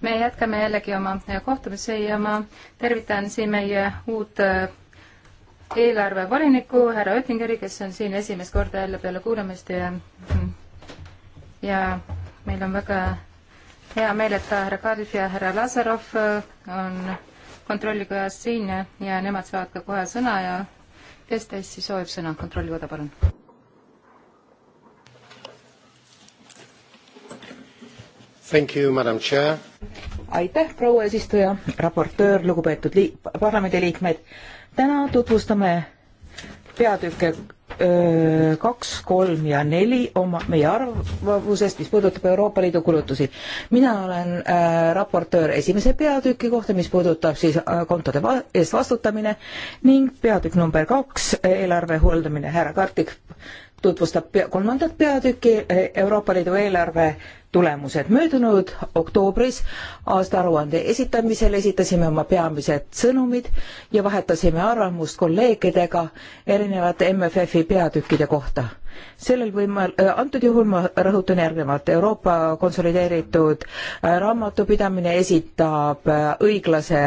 me jätkame jällegi oma kohtumisi ja ma tervitan siin meie uut äh, eelarvevoliniku härra Oettingeri, kes on siin esimest korda jälle peale kuulamist ja hm, ja meil on väga hea meel, et ka härra Kadri ja härra Lazarov äh, on kontrollikojas siin ja nemad saavad ka kohe sõna ja kes teist siis soovib sõna, kontrollikoda, palun aitäh, proua eesistuja, raportöör, lugupeetud lii-, parlamendiliikmed. täna tutvustame peatükke kaks, kolm ja neli oma, meie arvamusest, mis puudutab Euroopa Liidu kulutusi. mina olen äh, raportöör esimese peatüki kohta, mis puudutab siis äh, kontode va eest vastutamine ning peatükk number kaks, eelarve hooldamine, härra Kartik tutvustab kolmandat peatükki e, Euroopa Liidu eelarve tulemused. möödunud oktoobris aastaaruande esitamisel esitasime oma peamised sõnumid ja vahetasime arvamust kolleegidega erinevate MFF-i peatükkide kohta. sellel võimal-, e, antud juhul ma rõhutan järgnevalt, Euroopa konsolideeritud e, raamatupidamine esitab õiglase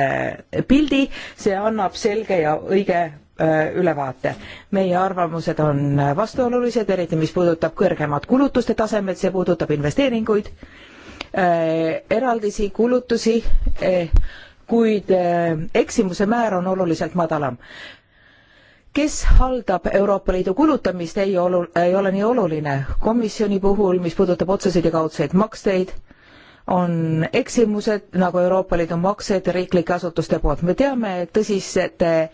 pildi, see annab selge ja õige Äh, ülevaate. meie arvamused on vastuolulised, eriti mis puudutab kõrgemat kulutuste tasemet, see puudutab investeeringuid, äh, eraldisi, kulutusi, äh, kuid eksimuse määr on oluliselt madalam. kes haldab Euroopa Liidu kulutamist, ei olu-, ei ole nii oluline. komisjoni puhul, mis puudutab otseseid ja kaudseid maksteid, on eksimused nagu Euroopa Liidu maksed riiklike asutuste poolt. me teame tõsiste äh,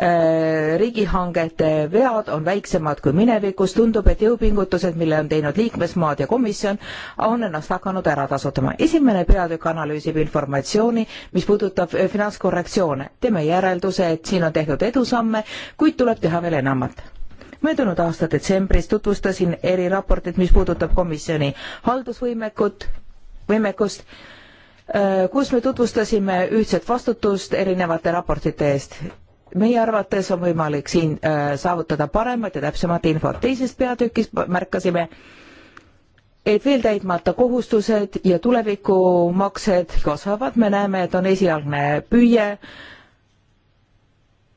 Äh, riigihangete vead on väiksemad kui minevikus, tundub, et jõupingutused, mille on teinud liikmesmaad ja komisjon, on ennast hakanud ära tasutama. esimene peatükk analüüsib informatsiooni, mis puudutab äh, finantskorrektsioone. teeme järelduse, et siin on tehtud edusamme, kuid tuleb teha veel enamat möödunud aasta detsembris tutvustasin eriraportit, mis puudutab komisjoni haldusvõimekut, võimekust äh, kus me tutvustasime ühtset vastutust erinevate raportite eest meie arvates on võimalik siin äh, saavutada paremat ja täpsemat infot. teises peatükis märkasime, et veel täitmata kohustused ja tulevikumaksed kasvavad, me näeme, et on esialgne püüe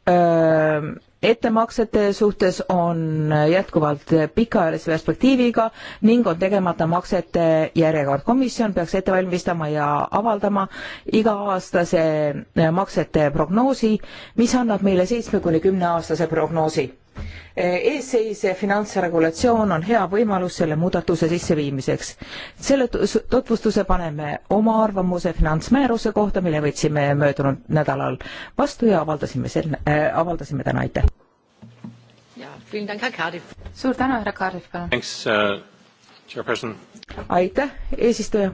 öö, äh, ettemaksete suhtes on jätkuvalt pikaajalise perspektiiviga ning on tegemata maksete järjekord. komisjon peaks ette valmistama ja avaldama iga-aastase maksete prognoosi, mis annab meile seitsme kuni kümne aastase prognoosi. eesseisev finantsregulatsioon on hea võimalus selle muudatuse sisseviimiseks. selle tutvustuse paneme oma arvamuse finantsmääruse kohta, mille võtsime möödunud nädalal vastu ja avaldasime sel äh,, avaldasime täna, aitäh! suur tänu, härra Cardiff, palun! Uh, aitäh, eesistuja!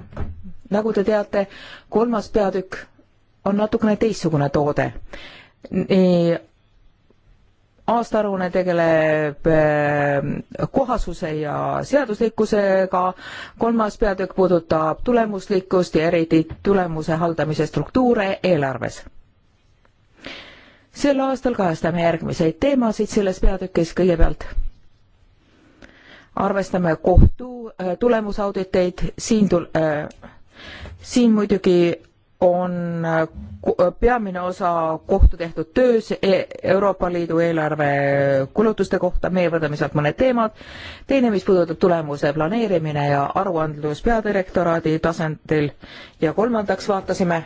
nagu te teate, kolmas peatükk on natukene teistsugune toode. nii aastaaruanne tegeleb äh, kohasuse ja seaduslikkusega, kolmas peatükk puudutab tulemuslikkust ja eriti tulemuse haldamise struktuure eelarves sel aastal kajastame järgmiseid teemasid selles peatükis kõigepealt. arvestame kohtu äh, tulemusauditeid, siin tul- äh,, siin muidugi on äh, äh, peamine osa kohtu tehtud töös e-, Euroopa Liidu eelarve kulutuste kohta, meie võtame sealt mõned teemad. teine, mis puudutab tulemuse planeerimine ja aruandlus peadirektoraadi tasandil ja kolmandaks vaatasime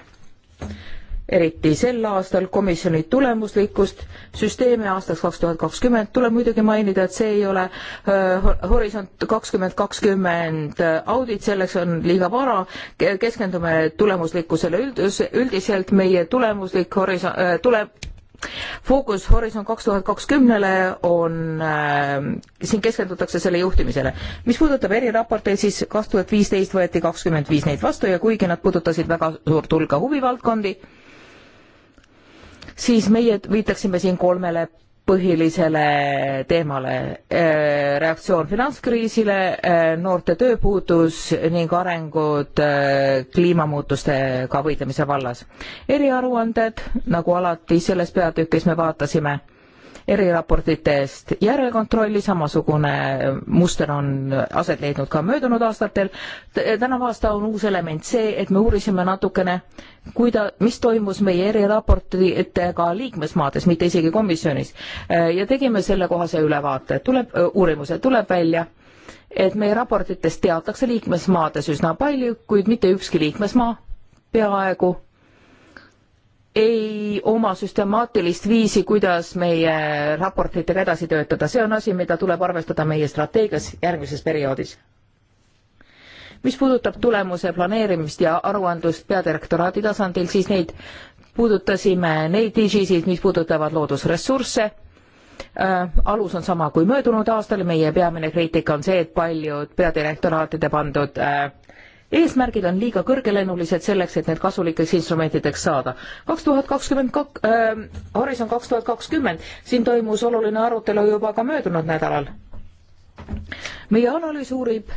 eriti sel aastal komisjoni tulemuslikkust, süsteemi aastaks kaks tuhat kakskümmend, tuleb muidugi mainida, et see ei ole äh, Horisont kakskümmend kakskümmend audit, selleks on liiga vara, keskendume tulemuslikkusele üldus, üldiselt meie tulemuslik horisont äh,, tule-, fookus Horisont kaks tuhat kakskümnele on äh,, siin keskendutakse selle juhtimisele. mis puudutab eriraporteid, siis kaks tuhat viisteist võeti kakskümmend viis neid vastu ja kuigi nad puudutasid väga suurt hulka huvivaldkondi, siis meie viitaksime siin kolmele põhilisele teemale, äh, reaktsioon finantskriisile, äh, noorte tööpuudus ning arengud äh, kliimamuutustega võitlemise vallas. eriaruanded, nagu alati selles peatükis me vaatasime eriraportite eest järelkontrolli, samasugune muster on aset leidnud ka möödunud aastatel. tänavu aasta on uus element see, et me uurisime natukene, kuida-, mis toimus meie eriraportitega liikmesmaades, mitte isegi komisjonis. ja tegime sellekohase ülevaate, tuleb, uurimuse tuleb välja et meie raportitest teatakse liikmesmaades üsna palju, kuid mitte ükski liikmesmaa peaaegu ei oma süstemaatilist viisi, kuidas meie raportitega edasi töötada, see on asi, mida tuleb arvestada meie strateegias järgmises perioodis. mis puudutab tulemuse planeerimist ja aruandlust peadirektoraadi tasandil, siis neid puudutasime, neid digisid, mis puudutavad loodusressursse äh,, alus on sama kui möödunud aastal, meie peamine kriitika on see, et paljud peadirektoraatide pandud äh, eesmärgid on liiga kõrgelennulised selleks, et need kasulikeks instrumentideks saada. kaks tuhat kakskümmend kak-, äh, Horisont kaks tuhat kakskümmend, siin toimus oluline arutelu juba ka möödunud nädalal. meie analüüs uurib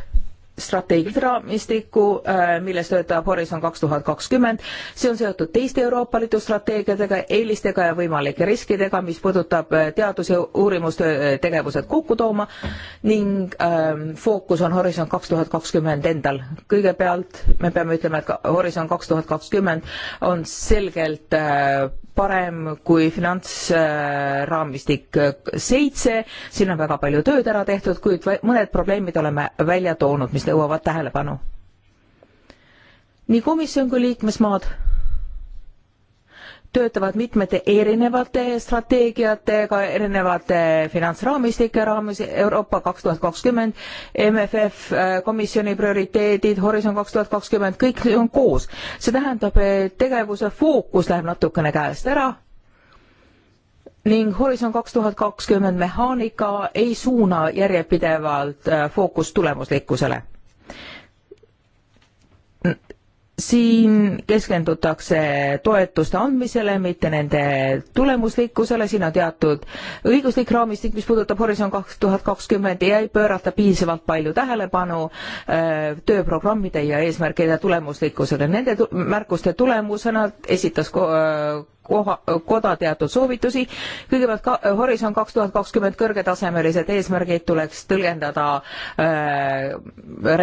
strateegilist raamistikku, äh, milles töötab Horisont kaks tuhat kakskümmend. see on seotud teiste Euroopa Liidu strateegiadega, eelistega ja võimalike riskidega, mis puudutab äh, teadus- ja uurimustöö äh, tegevused kokku tooma ning ähm, fookus on Horisont kaks tuhat kakskümmend endal. kõigepealt me peame ütlema, et Horisont kaks tuhat kakskümmend on selgelt äh, parem kui finantsraamistik seitse, siin on väga palju tööd ära tehtud, kuid mõned probleemid oleme välja toonud, mis mis nõuavad tähelepanu. nii komisjon kui liikmesmaad töötavad mitmete erinevate strateegiatega, erinevate finantsraamistike raames, Euroopa kaks tuhat kakskümmend, MFF äh, komisjoni prioriteedid, Horisont kaks tuhat kakskümmend, kõik on koos. see tähendab, et tegevuse fookus läheb natukene käest ära ning Horisont kaks tuhat kakskümmend mehaanika ei suuna järjepidevalt äh, fookust tulemuslikkusele siin keskendutakse toetuste andmisele, mitte nende tulemuslikkusele, siin on teatud õiguslik raamistik, mis puudutab Horisont kaks tuhat kakskümmend ja ei pöörata piisavalt palju tähelepanu äh, tööprogrammide ja eesmärkide tulemuslikkusele. Nende tu märkuste tulemusena esitas ko äh, koha, koda teatud soovitusi. kõigepealt ka, äh, Horisont kaks tuhat kakskümmend kõrgetasemelised eesmärgid tuleks tõlgendada äh,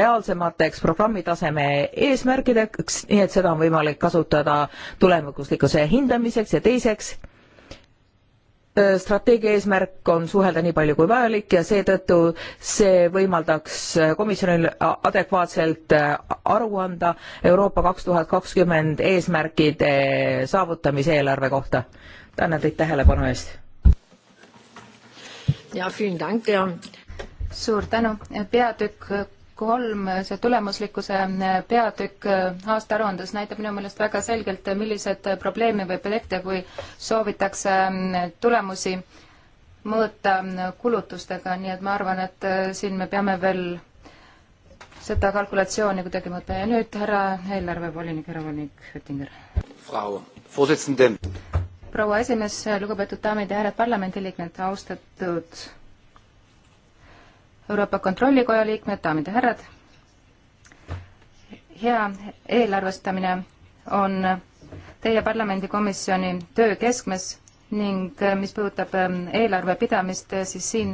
reaalsemateks programmi taseme eesmärkideks, nii et seda on võimalik kasutada tulemuslikkuse hindamiseks ja teiseks Äh, strateegia eesmärk on suhelda nii palju kui vajalik ja seetõttu see võimaldaks äh, komisjonil adekvaatselt äh, aru anda Euroopa kaks tuhat kakskümmend eesmärkide saavutamise eelarve kohta. tänan teid tähelepanu eest. ja, suur tänu, peatükk kolm, see tulemuslikkuse äh, peatükk äh, aastaaruandes näitab minu meelest väga selgelt, äh, millised probleeme võib ette, kui soovitakse tulemusi mõõta kulutustega, nii et ma arvan, et siin me peame veel seda kalkulatsiooni kuidagi mõõta ja nüüd härra eelarvevolinik, härra volinik Oettinger. proua esimees, lugupeetud daamid ja härrad parlamendiliikmed, austatud Euroopa Kontrollikoja liikmed, daamid ja härrad. hea eelarvestamine on teie parlamendikomisjoni töö keskmes ning äh, mis puudutab ähm, eelarve pidamist, äh, siis siin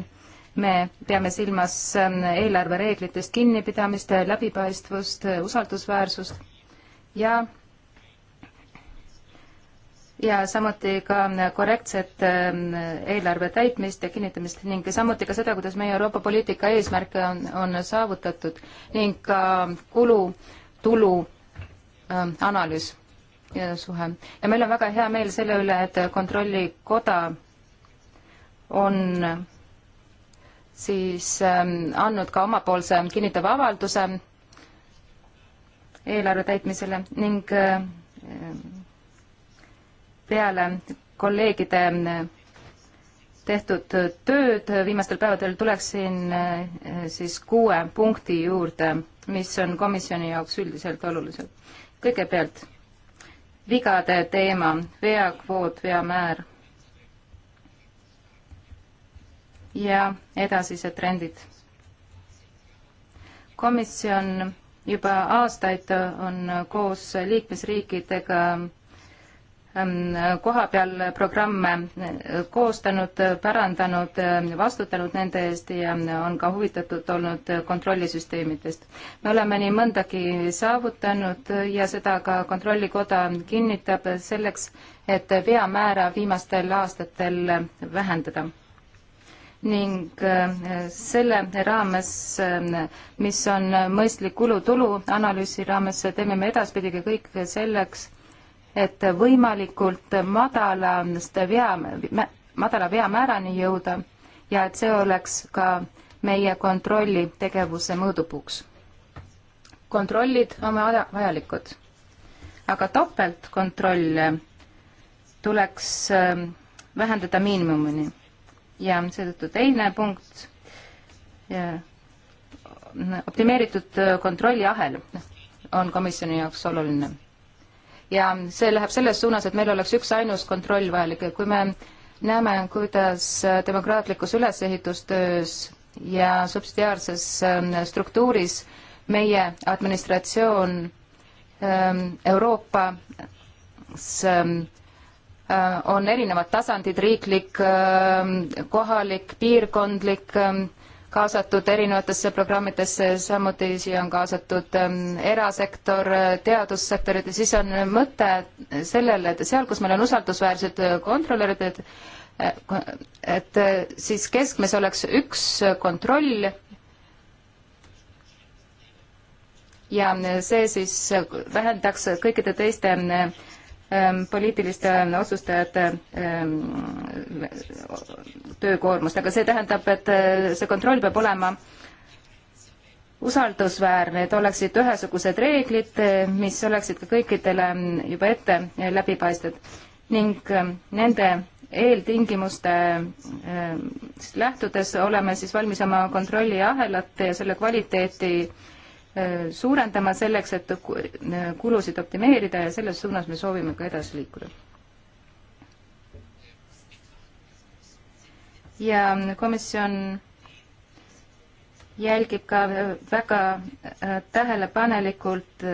me peame silmas ähm, eelarvereeglitest kinnipidamist, läbipaistvust, äh, usaldusväärsust ja ja samuti ka korrektset ähm, eelarve täitmist ja kinnitamist ning samuti ka seda, kuidas meie Euroopa poliitika eesmärke on, on saavutatud ning ka kulu-tulu ähm, analüüs ja suhe. ja meil on väga hea meel selle üle, et Kontrollikoda on siis ähm, andnud ka omapoolse kinnitava avalduse eelarve täitmisele ning äh, peale kolleegide äh, tehtud tööd viimastel päevadel tuleksin äh, siis kuue punkti juurde, mis on komisjoni jaoks üldiselt olulised. kõigepealt vigade teema, veakvoot, veamäär ja edasised trendid. komisjon juba aastaid on koos liikmesriikidega Ähm, kohapeal programme äh, koostanud, parandanud, äh, vastutanud nende eest ja äh, on ka huvitatud olnud kontrollisüsteemidest. me oleme nii mõndagi saavutanud ja seda ka Kontrollikoda kinnitab selleks, et veamäära viimastel aastatel vähendada ning selle raames, mis on mõistlik kulu-tulu analüüsi raames, teeme me edaspidigi kõik selleks et võimalikult madalast vea, madala veamäärani jõuda ja et see oleks ka meie kontrolli tegevuse mõõdupuuks. kontrollid on vajalikud, aga topeltkontrolle tuleks ähm, vähendada miinimumini ja seetõttu teine punkt, optimeeritud äh, kontrolliahel on komisjoni jaoks oluline ja see läheb selles suunas, et meil oleks üksainus kontroll vajalik ja kui me näeme, kuidas demokraatlikus ülesehitustöös ja subsidiaarses ähm, struktuuris meie administratsioon ähm, Euroopas ähm, äh, on erinevad tasandid, riiklik, kohalik, piirkondlik kaasatud erinevatesse programmidesse, samuti siia on kaasatud ähm, erasektor, teadussektorid ja siis on mõte sellele, et seal, kus meil on usaldusväärsed kontrolörid, et äh, et äh, siis keskmes oleks üks kontroll ja see siis vähendaks kõikide teiste äh, Ehm, poliitiliste ehm, otsustajate ehm, töökoormust, aga see tähendab, et see kontroll peab olema usaldusväärne, et oleksid ühesugused reeglid, mis oleksid ka kõikidele juba ette läbipaistvad ning nende eeltingimuste lähtudes oleme siis valmis oma kontrolliahelat ja selle kvaliteeti Äh, suurendama selleks, et äh, kulusid optimeerida ja selles suunas me soovime ka edasi liikuda. ja komisjon jälgib ka väga äh, tähelepanelikult,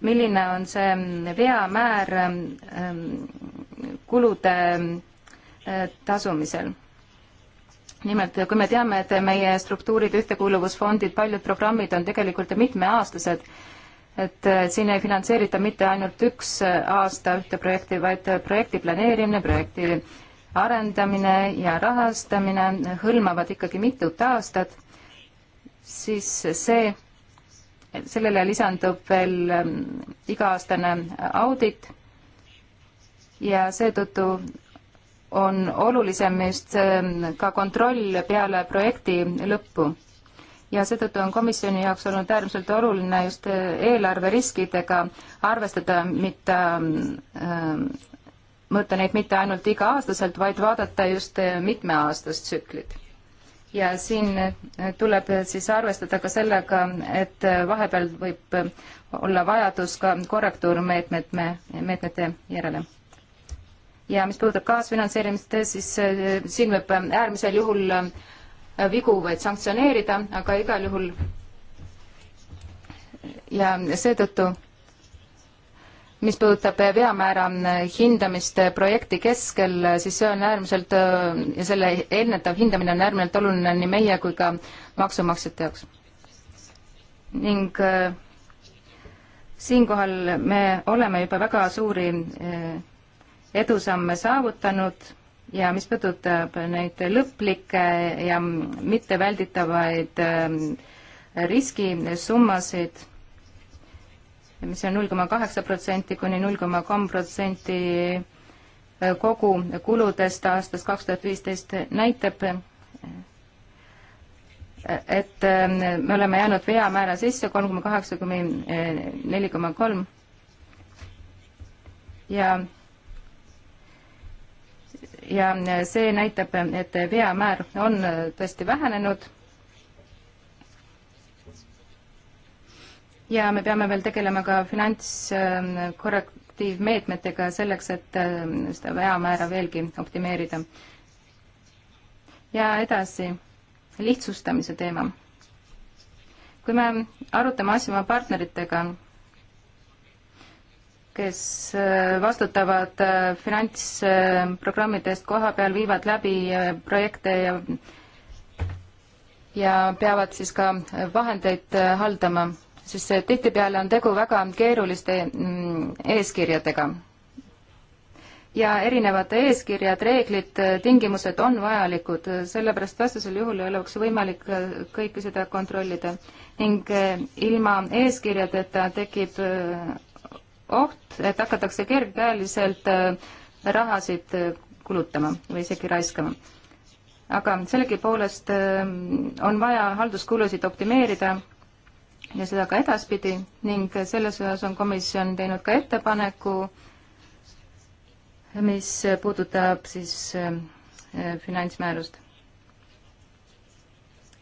milline on see veamäär kulude tasumisel nimelt, kui me teame, et meie struktuurid, ühtekuuluvusfondid, paljud programmid on tegelikult mitmeaastased, et äh, siin ei finantseerita mitte ainult üks äh, aasta ühte projekti, vaid äh, projekti planeerimine, projekti arendamine ja rahastamine hõlmavad ikkagi mitut aastat, siis see, sellele lisandub veel ähm, iga-aastane audit ja seetõttu on olulisem just ähm, ka kontroll peale projekti lõppu. ja seetõttu on komisjoni jaoks olnud äärmiselt oluline just äh, eelarveriskidega arvestada, mitte ähm, mõõta neid mitte ainult iga-aastaselt, vaid vaadata just äh, mitmeaastast tsüklit. ja siin äh, tuleb siis arvestada ka sellega, et vahepeal võib olla vajadus ka korrektuurmeetmete, meetmete järele ja mis puudutab kaasfinantseerimist, siis äh, siin võib äh, äärmisel juhul äh, vigu vaid sanktsioneerida, aga igal juhul ja seetõttu, mis puudutab veamäära hindamist projekti keskel, siis see on äärmiselt ja selle eelnetav hindamine on äärmiselt oluline nii meie kui ka maksumaksjate jaoks. ning siinkohal me oleme juba väga suuri edusamme saavutanud ja mis puudutab neid lõplikke ja mittevälditavaid ähm, riskisummasid, mis on null koma kaheksa protsenti kuni null koma kolm protsenti äh, kogu kuludest aastast kaks tuhat viisteist, näitab, et ähm, me oleme jäänud veamäära sisse kolm koma kaheksa kuni äh, neli koma kolm ja ja see näitab, et veamäär on tõesti vähenenud. ja me peame veel tegelema ka finantskorrektiivmeetmetega selleks, et seda veamäära veelgi optimeerida. ja edasi, lihtsustamise teema. kui me arutame asju oma partneritega, kes äh, vastutavad äh, finantsprogrammidest koha peal, viivad läbi äh, projekte ja ja peavad siis ka vahendeid haldama, sest tihtipeale on tegu väga keeruliste mm, eeskirjadega. ja erinevad eeskirjad, reeglid, tingimused on vajalikud, sellepärast vastasel juhul ei oleks võimalik kõike seda kontrollida. ning ilma eeskirjadeta tekib oht, et hakatakse kergekäeliselt äh, rahasid äh, kulutama või isegi raiskama. aga sellegipoolest äh, on vaja halduskulusid optimeerida ja seda ka edaspidi ning selles osas on komisjon teinud ka ettepaneku, mis puudutab siis finantsmäärust.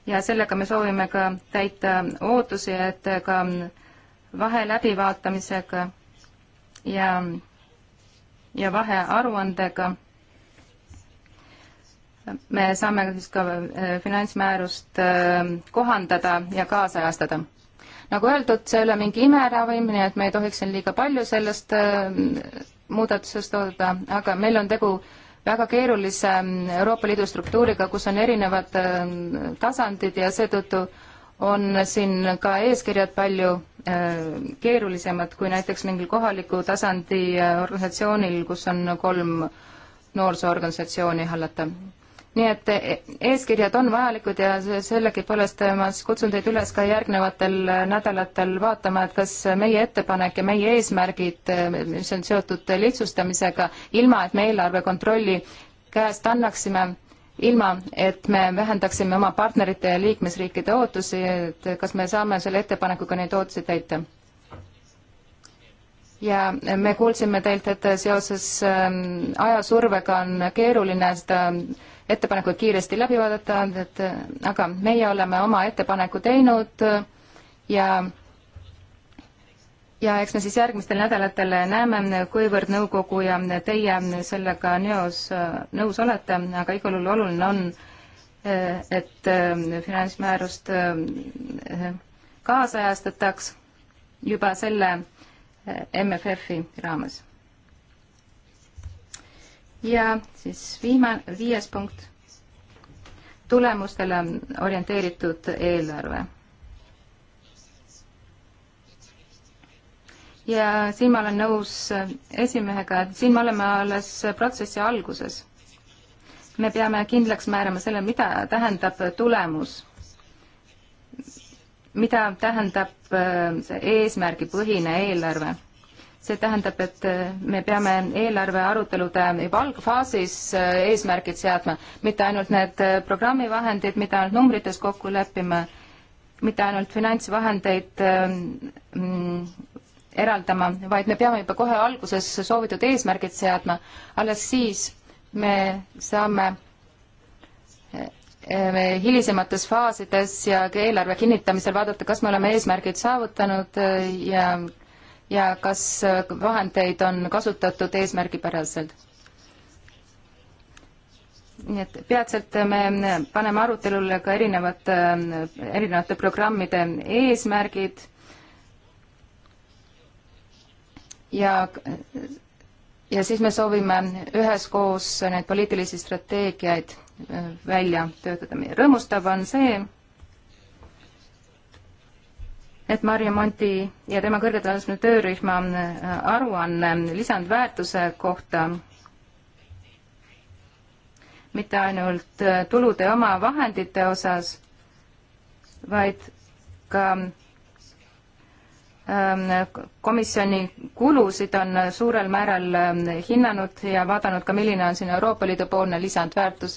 ja sellega me soovime ka täita ootusi, et ka vahe läbivaatamisega ja, ja vahearuandega me saame siis ka äh, finantsmäärust äh, kohandada ja kaasajastada. nagu öeldud, see ei ole mingi imeravim, nii et me ei tohiks siin liiga palju sellest äh, muudatusest oodata, aga meil on tegu väga keerulise mm, Euroopa Liidu struktuuriga, kus on erinevad tasandid ja seetõttu äh, on siin ka eeskirjad palju äh, keerulisemad kui näiteks mingil kohaliku tasandi äh, organisatsioonil, kus on kolm noorsoorganisatsiooni hallata. nii et äh, eeskirjad on vajalikud ja sellegipoolest ma siis kutsun teid üles ka järgnevatel nädalatel vaatama, et kas meie ettepanek ja meie eesmärgid, mis on seotud lihtsustamisega, ilma et me eelarve kontrolli käest annaksime ilma, et me vähendaksime oma partnerite ja liikmesriikide ootusi, et kas me saame selle ettepanekuga neid ootusi täita. ja me kuulsime teilt, et seoses ähm, ajasurvega on keeruline seda ettepanekut kiiresti läbi vaadata, et aga meie oleme oma ettepaneku teinud äh, ja ja eks me siis järgmistel nädalatel näeme, kuivõrd nõukogu ja teie sellega nõus, nõus olete, aga igal juhul oluline on, et eh, finantsmäärust eh, kaasajastataks juba selle eh, MFF-i raames. ja siis viimane, viies punkt, tulemustele orienteeritud eelarve ja siin ma olen nõus äh, esimehega, et siin me oleme alles protsessi alguses. me peame kindlaks määrama selle, mida tähendab tulemus, mida tähendab äh, see eesmärgipõhine eelarve. see tähendab, et äh, me peame eelarve arutelude juba algfaasis eesmärgid seadma, mitte ainult need programmivahendid, mitte ainult numbrites kokku leppima, mitte ainult finantsvahendeid mm, eraldama, vaid me peame juba kohe alguses soovitud eesmärgid seadma, alles siis me saame eh, me hilisemates faasides ja eelarve kinnitamisel vaadata, kas me oleme eesmärgid saavutanud eh, ja, ja kas eh, vahendeid on kasutatud eesmärgipäraselt. nii et peatselt me paneme arutelule ka erinevad, erinevate programmide eesmärgid ja, ja siis me soovime üheskoos neid poliitilisi strateegiaid äh, välja töötada. rõõmustav on see, et Marju Monti ja tema kõrgetasemel töörühma äh, aruanne lisandväärtuse kohta mitte ainult äh, tulude ja omavahendite osas, vaid ka Ähm, komisjoni kulusid on suurel määral ähm, hinnanud ja vaadanud ka, milline on siin Euroopa Liidu poolne lisandväärtus.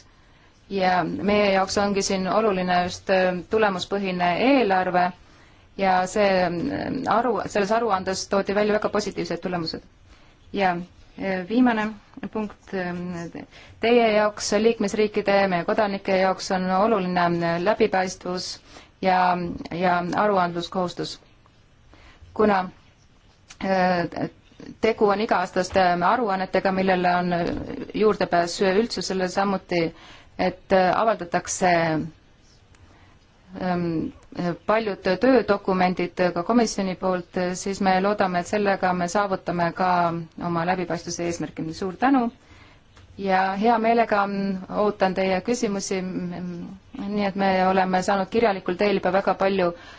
ja meie jaoks ongi siin oluline just ähm, tulemuspõhine eelarve ja see aru, selles aruandes toodi välja väga positiivsed tulemused. ja äh, viimane punkt, teie jaoks, liikmesriikide, meie kodanike jaoks on oluline äh, läbipaistvus ja, ja aruandluskohustus kuna äh, tegu on iga-aastaste aruannetega, millele on juurdepääs üldsusele, samuti et äh, avaldatakse ähm, paljud töödokumendid ka komisjoni poolt, siis me loodame, et sellega me saavutame ka oma läbipaistvuse eesmärki. suur tänu ja hea meelega mm, ootan teie küsimusi. Mm, mm, nii et me oleme saanud kirjalikul teel juba väga palju äh,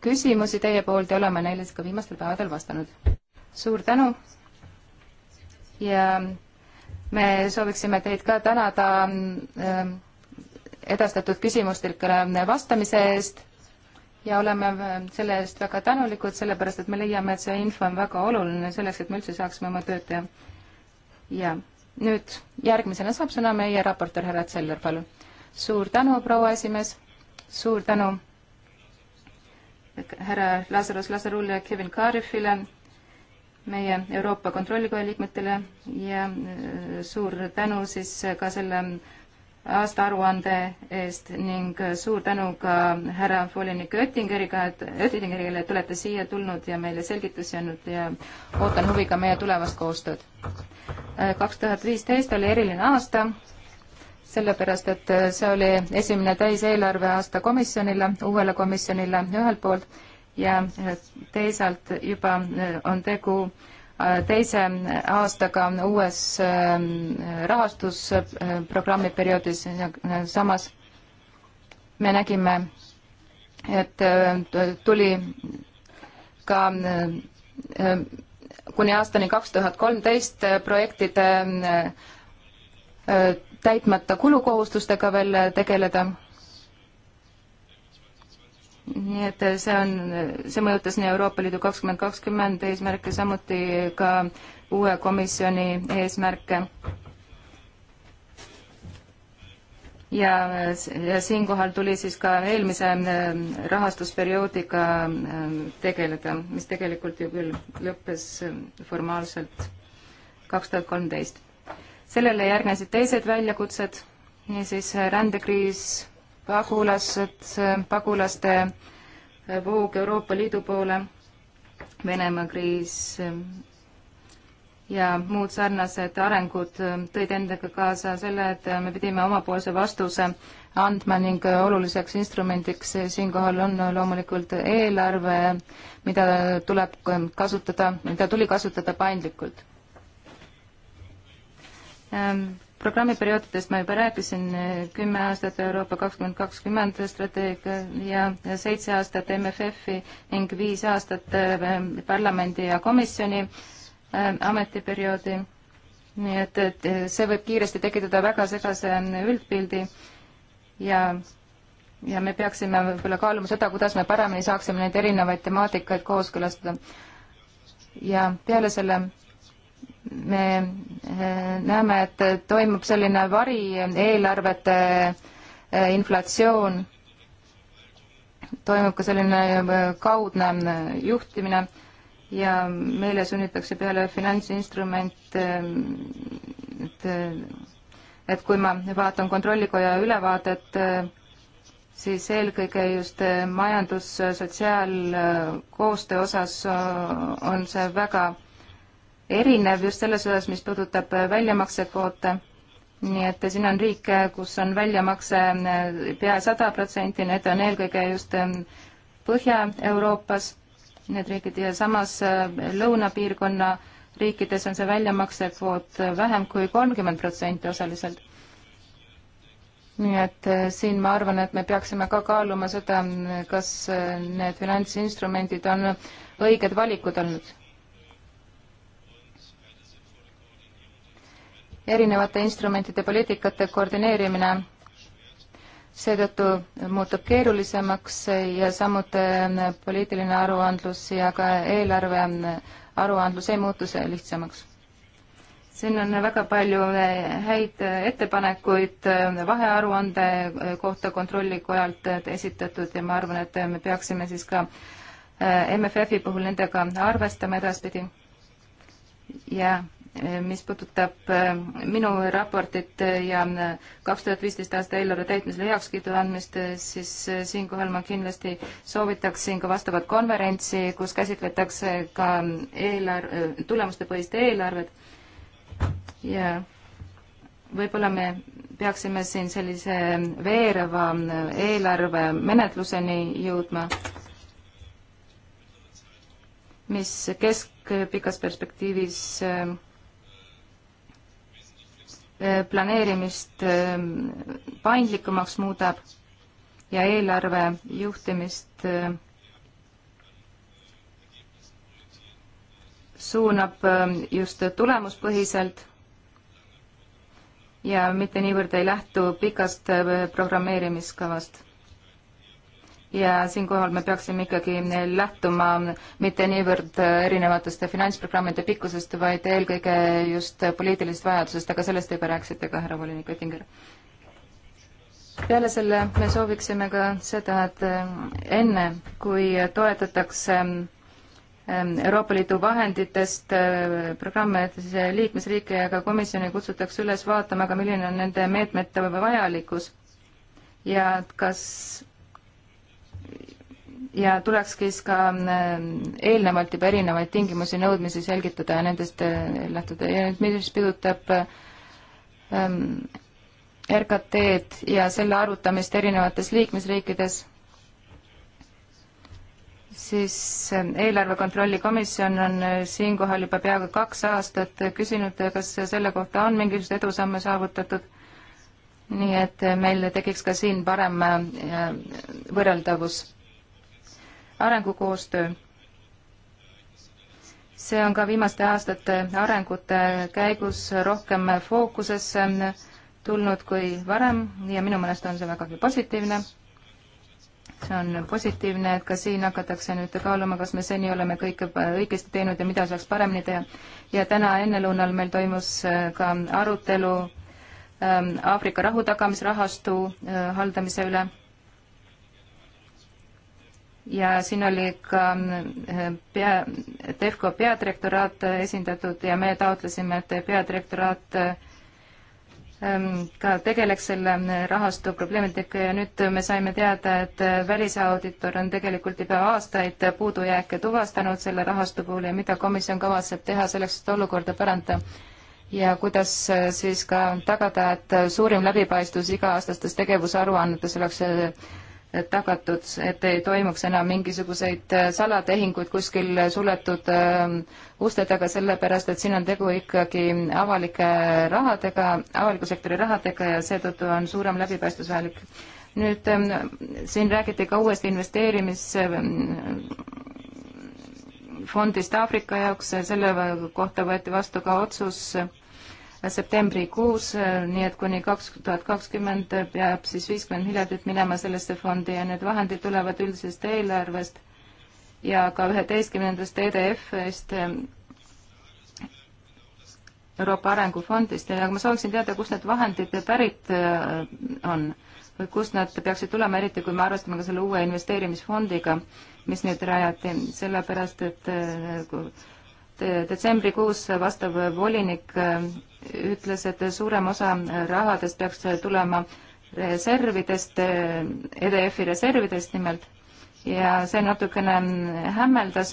küsimusi teie poolt ja oleme neile ka viimastel päevadel vastanud. suur tänu ja me sooviksime teid ka tänada edastatud küsimustele vastamise eest ja oleme selle eest väga tänulikud, sellepärast et me leiame, et see info on väga oluline selleks, et me üldse saaksime oma tööd teha. ja nüüd järgmisena saab sõna meie raportöör härra Zeller, palun. suur tänu, proua esimees, suur tänu härra Lazarus Lazarul ja Kevin Cariffile, meie Euroopa Kontrollikoja liikmetele ja äh, suur tänu siis ka selle aastaaruande eest ning äh, suur tänu ka härra volinik Oettingeriga, et Oettingerile, et olete siia tulnud ja meile selgitusi andnud ja ootan huviga meie tulevast koostööd. Äh, kaks tuhat viisteist oli eriline aasta sellepärast et see oli esimene täiseelarve aasta komisjonile, uuele komisjonile ühelt poolt ja teisalt juba äh, on tegu äh, teise aastaga uues äh, rahastusprogrammi perioodis, samas me nägime, et tuli ka kuni aastani kaks tuhat kolmteist projektide täitmata kulukohustustega veel tegeleda. nii et see on, see mõjutas nii Euroopa Liidu kakskümmend kakskümmend eesmärke, samuti ka uue komisjoni eesmärke. ja, ja siinkohal tuli siis ka eelmise äh, rahastusperioodiga äh, tegeleda, mis tegelikult ju küll lõppes äh, formaalselt kaks tuhat kolmteist sellele järgnesid teised väljakutsed, niisiis äh, rändekriis, pagulased, äh, pagulaste äh, voog Euroopa Liidu poole, Venemaa kriis ja muud sarnased arengud tõid endaga kaasa selle, et me pidime omapoolse vastuse andma ning oluliseks instrumendiks siinkohal on loomulikult eelarve, mida tuleb kasutada, mida tuli kasutada paindlikult Ehm, programmiperioodidest ma juba rääkisin, kümme aastat Euroopa kakskümmend kakskümmend strateegia ja, ja seitse aastat MFF-i ning viis aastat ehm, parlamendi ja komisjoni ehm, ametiperioodi. nii et, et see võib kiiresti tekitada väga segase üldpildi ja, ja me peaksime võib-olla kaaluma seda, kuidas me paremini saaksime neid erinevaid temaatikaid kooskõlastada. ja peale selle me eh, näeme, et toimub selline varieelarvete eh, inflatsioon, toimub ka selline eh, kaudne juhtimine ja meile sunnitakse peale finantsinstrument, et et kui ma vaatan Kontrollikoja ülevaadet, siis eelkõige just majandus-sotsiaalkoostöö osas on see väga erinev just selles osas, mis puudutab äh, väljamaksekvoote. nii et siin on riike, kus on väljamakse äh, pea sada protsenti, need on eelkõige just ähm, Põhja-Euroopas, need riigid ja samas äh, lõunapiirkonna riikides on see väljamaksekvoot vähem kui kolmkümmend protsenti osaliselt nii et siin ma arvan, et me peaksime ka kaaluma seda, mm, kas need finantsinstrumendid on õiged valikud olnud. erinevate instrumentide poliitikate koordineerimine seetõttu muutub keerulisemaks ja samuti poliitiline aruandlus ja ka eelarve aruandlus ei muutu see lihtsamaks. siin on väga palju häid ettepanekuid vahearuande kohta Kontrollikojalt esitatud ja ma arvan, et me peaksime siis ka eh, MFF-i puhul nendega arvestama edaspidi ja yeah mis puudutab äh, minu raportit ja äh, kaks tuhat viisteist aasta eelarve täitmisele heakskiidu andmist, siis äh, siinkohal ma kindlasti soovitaksin ka vastavat konverentsi, kus käsitletakse ka eelarve, tulemustepõhist eelarvet ja võib-olla me peaksime siin sellise veereva eelarve menetluseni jõudma, mis keskpikas perspektiivis Äh, planeerimist äh, paindlikumaks muudab ja eelarve juhtimist äh, suunab just tulemuspõhiselt ja mitte niivõrd ei lähtu pikast programmeerimiskavast ja siinkohal me peaksime ikkagi lähtuma mitte niivõrd erinevatest finantsprogrammide pikkusest, vaid eelkõige just poliitilisest vajadusest, aga sellest juba rääkisite ka, härra volinik Oettinger. peale selle me sooviksime ka seda, et enne, kui toetatakse ähm, Euroopa Liidu vahenditest äh, programme äh, liikmesriike ja ka komisjoni kutsutakse üles vaatama ka, milline on nende meetmete vajalikkus ja et kas ja tuleks siis ka ähm, eelnevalt juba erinevaid tingimusi, nõudmisi selgitada ja nendest äh, lähtuda ja nüüd mis pidutab ähm, RKT-d ja selle arvutamist erinevates liikmesriikides, siis ähm, eelarve kontrolli komisjon on äh, siinkohal juba peaaegu kaks aastat küsinud, äh, kas selle kohta on mingisuguseid edusamme saavutatud nii et meil tekiks ka siin parem võrreldavus arengukoostöö. see on ka viimaste aastate arengute käigus rohkem fookusesse tulnud kui varem ja minu meelest on see vägagi positiivne. see on positiivne, et ka siin hakatakse nüüd kaaluma, kas me seni oleme kõike õigesti teinud ja mida saaks paremini teha. ja täna ennelõunal meil toimus äh, ka arutelu ähm, Aafrika rahutagamisrahastu äh, haldamise üle ja siin oli ka mm, pea, TEFCO peadirektoraat esindatud ja me taotlesime, et peadirektoraat mm, ka tegeleks selle rahastu probleemidega ja nüüd me saime teada, et välisauditor on tegelikult juba aastaid puudujääke tuvastanud selle rahastu puhul ja mida komisjon kavatseb teha selleks, et olukorda parandada ja kuidas äh, siis ka tagada, et suurim läbipaistvus iga-aastastes tegevusaruannetes oleks äh, tagatud, et ei toimuks enam mingisuguseid äh, salatehinguid kuskil suletud äh, uste taga, sellepärast et siin on tegu ikkagi avalike rahadega, avaliku sektori rahadega ja seetõttu on suurem läbipaistvus vajalik. nüüd ähm, siin räägiti ka uuest investeerimisfondist äh, Aafrika jaoks, selle kohta võeti vastu ka otsus septembrikuus, äh, nii et kuni kaks tuhat kakskümmend peab siis viiskümmend miljardit minema sellesse fondi ja need vahendid tulevad üldisest eelarvest ja ka üheteistkümnendast EDF-ist, äh, Euroopa Arengufondist ja ma sooviksin teada, kust need vahendid pärit äh, on või kust nad peaksid tulema, eriti kui me arvestame ka selle uue investeerimisfondiga, mis nüüd rajati, sellepärast et nagu detsembrikuus vastav volinik äh, ütles, et suurem osa äh, rahadest peaks äh, tulema reservidest, EDF-i reservidest nimelt, ja see natukene hämmeldas,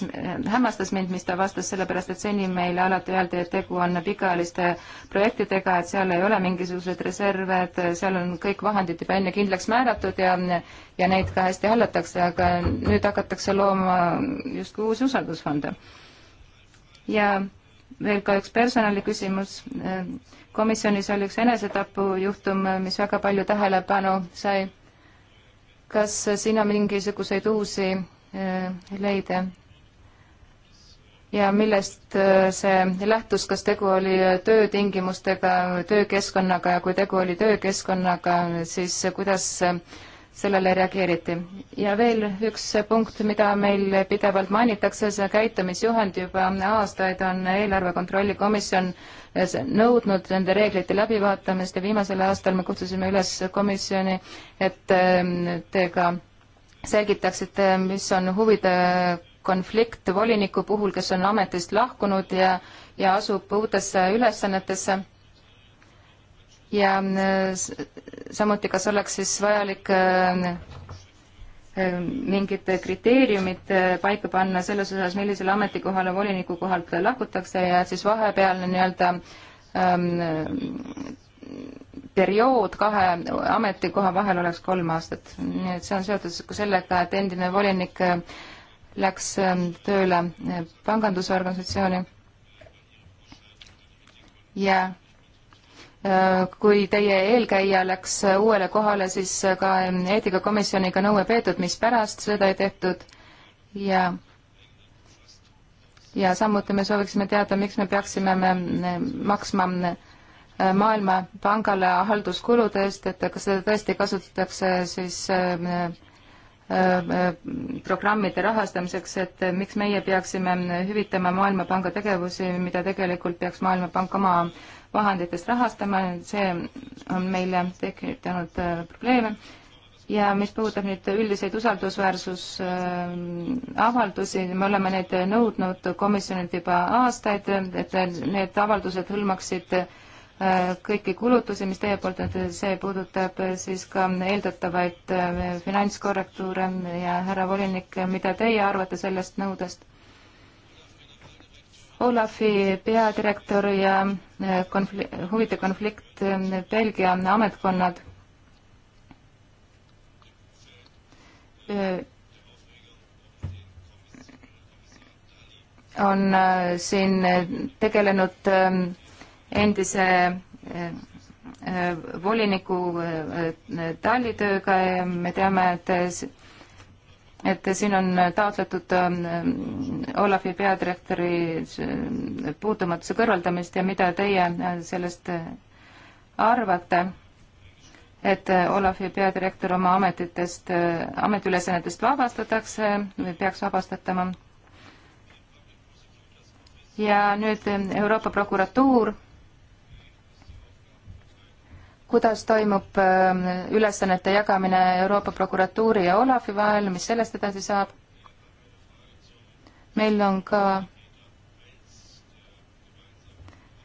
hämmastas mind, mis ta vastas, sellepärast et seni meile alati öeldi, et tegu on pikaajaliste projektidega, et seal ei ole mingisuguseid reserve, et seal on kõik vahendid juba enne kindlaks määratud ja ja neid ka hästi hallatakse, aga nüüd hakatakse looma justkui uusi usaldusfonde ja veel ka üks personaliküsimus. komisjonis oli üks enesetapujuhtum, mis väga palju tähelepanu sai. kas siin on mingisuguseid uusi eh, leide? ja millest eh, see lähtus, kas tegu oli töötingimustega, töökeskkonnaga ja kui tegu oli töökeskkonnaga, siis kuidas eh, sellele reageeriti. ja veel üks punkt, mida meil pidevalt mainitakse, see käitumisjuhend juba aastaid on eelarve kontrolli komisjon eh, nõudnud nende reeglite läbivaatamist ja viimasel aastal me kutsusime üles komisjoni, et eh, te ka selgitaksite, mis on huvide konflikt voliniku puhul, kes on ametist lahkunud ja, ja asub uutesse ülesannetesse ja äh, samuti, kas oleks siis vajalik äh, äh, mingid kriteeriumid paika panna selles osas, millisele ametikohale voliniku kohalt lahkutakse ja siis vahepealne nii-öelda ähm, periood kahe ametikoha vahel oleks kolm aastat. nii et see on seotud ka sellega, et endine volinik läks ähm, tööle pangandusorganisatsiooni ja Äh, kui teie eelkäija läks uuele kohale, siis ka eetikakomisjoniga nõu ei peetud, mispärast seda ei tehtud ja ja samuti me sooviksime teada, miks me peaksime me maksma äh, Maailmapangale halduskulude eest, et kas seda tõesti kasutatakse siis äh, Äh, äh, programmide rahastamiseks, et äh, miks meie peaksime hüvitama Maailmapanga tegevusi, mida tegelikult peaks Maailmapank oma vahenditest rahastama, see on meile tekitanud probleeme. ja mis puudutab nüüd üldiseid usaldusväärsusavaldusi, me oleme neid nõudnud komisjonilt juba aastaid, et need avaldused hõlmaksid äh, kõiki kulutusi, mis teie poolt on, see puudutab siis ka eeldatavaid äh, finantskorrektuure ja härra volinik, mida teie arvate sellest nõudest? Olafi peadirektor ja äh, konfli-, huvide konflikt äh, Belgia ametkonnad on siin tegelenud ähm, endise eh, eh, voliniku eh, tallitööga ja me teame, et et siin on taotletud Olavi peadirektori puutumatuse kõrvaldamist ja mida teie sellest arvate, et Olavi peadirektor oma ametitest, ametiülesannetest vabastatakse või peaks vabastatama? ja nüüd Euroopa Prokuratuur kuidas toimub ähm, ülesannete jagamine Euroopa prokuratuuri ja Olafi vahel, mis sellest edasi saab. meil on ka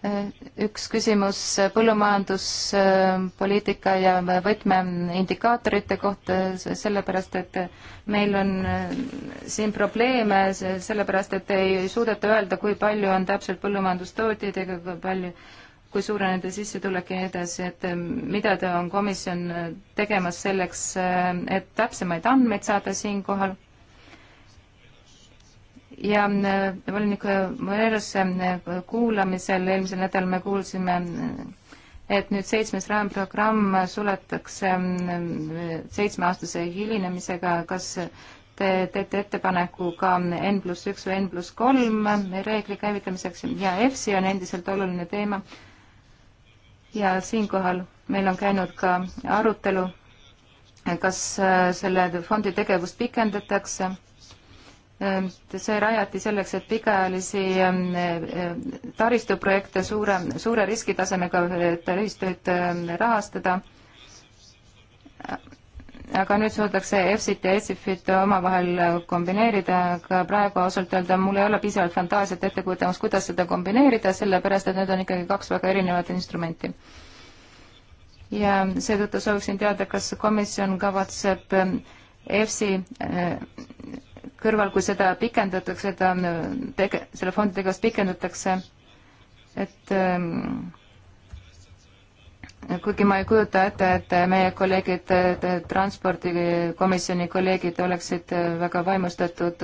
äh, üks küsimus äh, põllumajanduspoliitika äh, ja võtmeindikaatorite kohta, sellepärast et meil on siin probleeme, sellepärast et ei suudeta öelda, kui palju on täpselt põllumajandustootjaid ega kui palju äh, kui suure nende sissetulek ja nii edasi, et eh, mida ta on komisjon eh, tegemas selleks, eh, et täpsemaid andmeid saada siinkohal. ja volinik Moeras kuulamisel eelmisel nädalal me kuulsime, et nüüd seitsmes raamprogramm suletakse seitsmeaastase hilinemisega, kas te teete ettepaneku ka N pluss üks või N pluss kolm reegli käivitamiseks ja EFSI on endiselt oluline teema ja siinkohal meil on käinud ka arutelu, kas äh, selle fondi tegevust pikendatakse. Ähm, see rajati selleks, et pikaajalisi ähm, äh, taristuprojekte suure, suure riskitasemega taristuid ähm, rahastada aga nüüd suudetakse EFSit ja ESIFit omavahel kombineerida, aga praegu ausalt öelda mul ei ole piisavalt fantaasiat ettekujutamas, kuidas seda kombineerida, sellepärast et need on ikkagi kaks väga erinevat instrumenti. ja seetõttu sooviksin teada, kas komisjon kavatseb EFSi ähm, äh, kõrval, kui seda pikendatakse, seda äh, tege-, selle fondi tegevust pikendatakse, et ähm, kuigi ma ei kujuta ette, et meie kolleegid, transpordikomisjoni kolleegid oleksid väga vaimustatud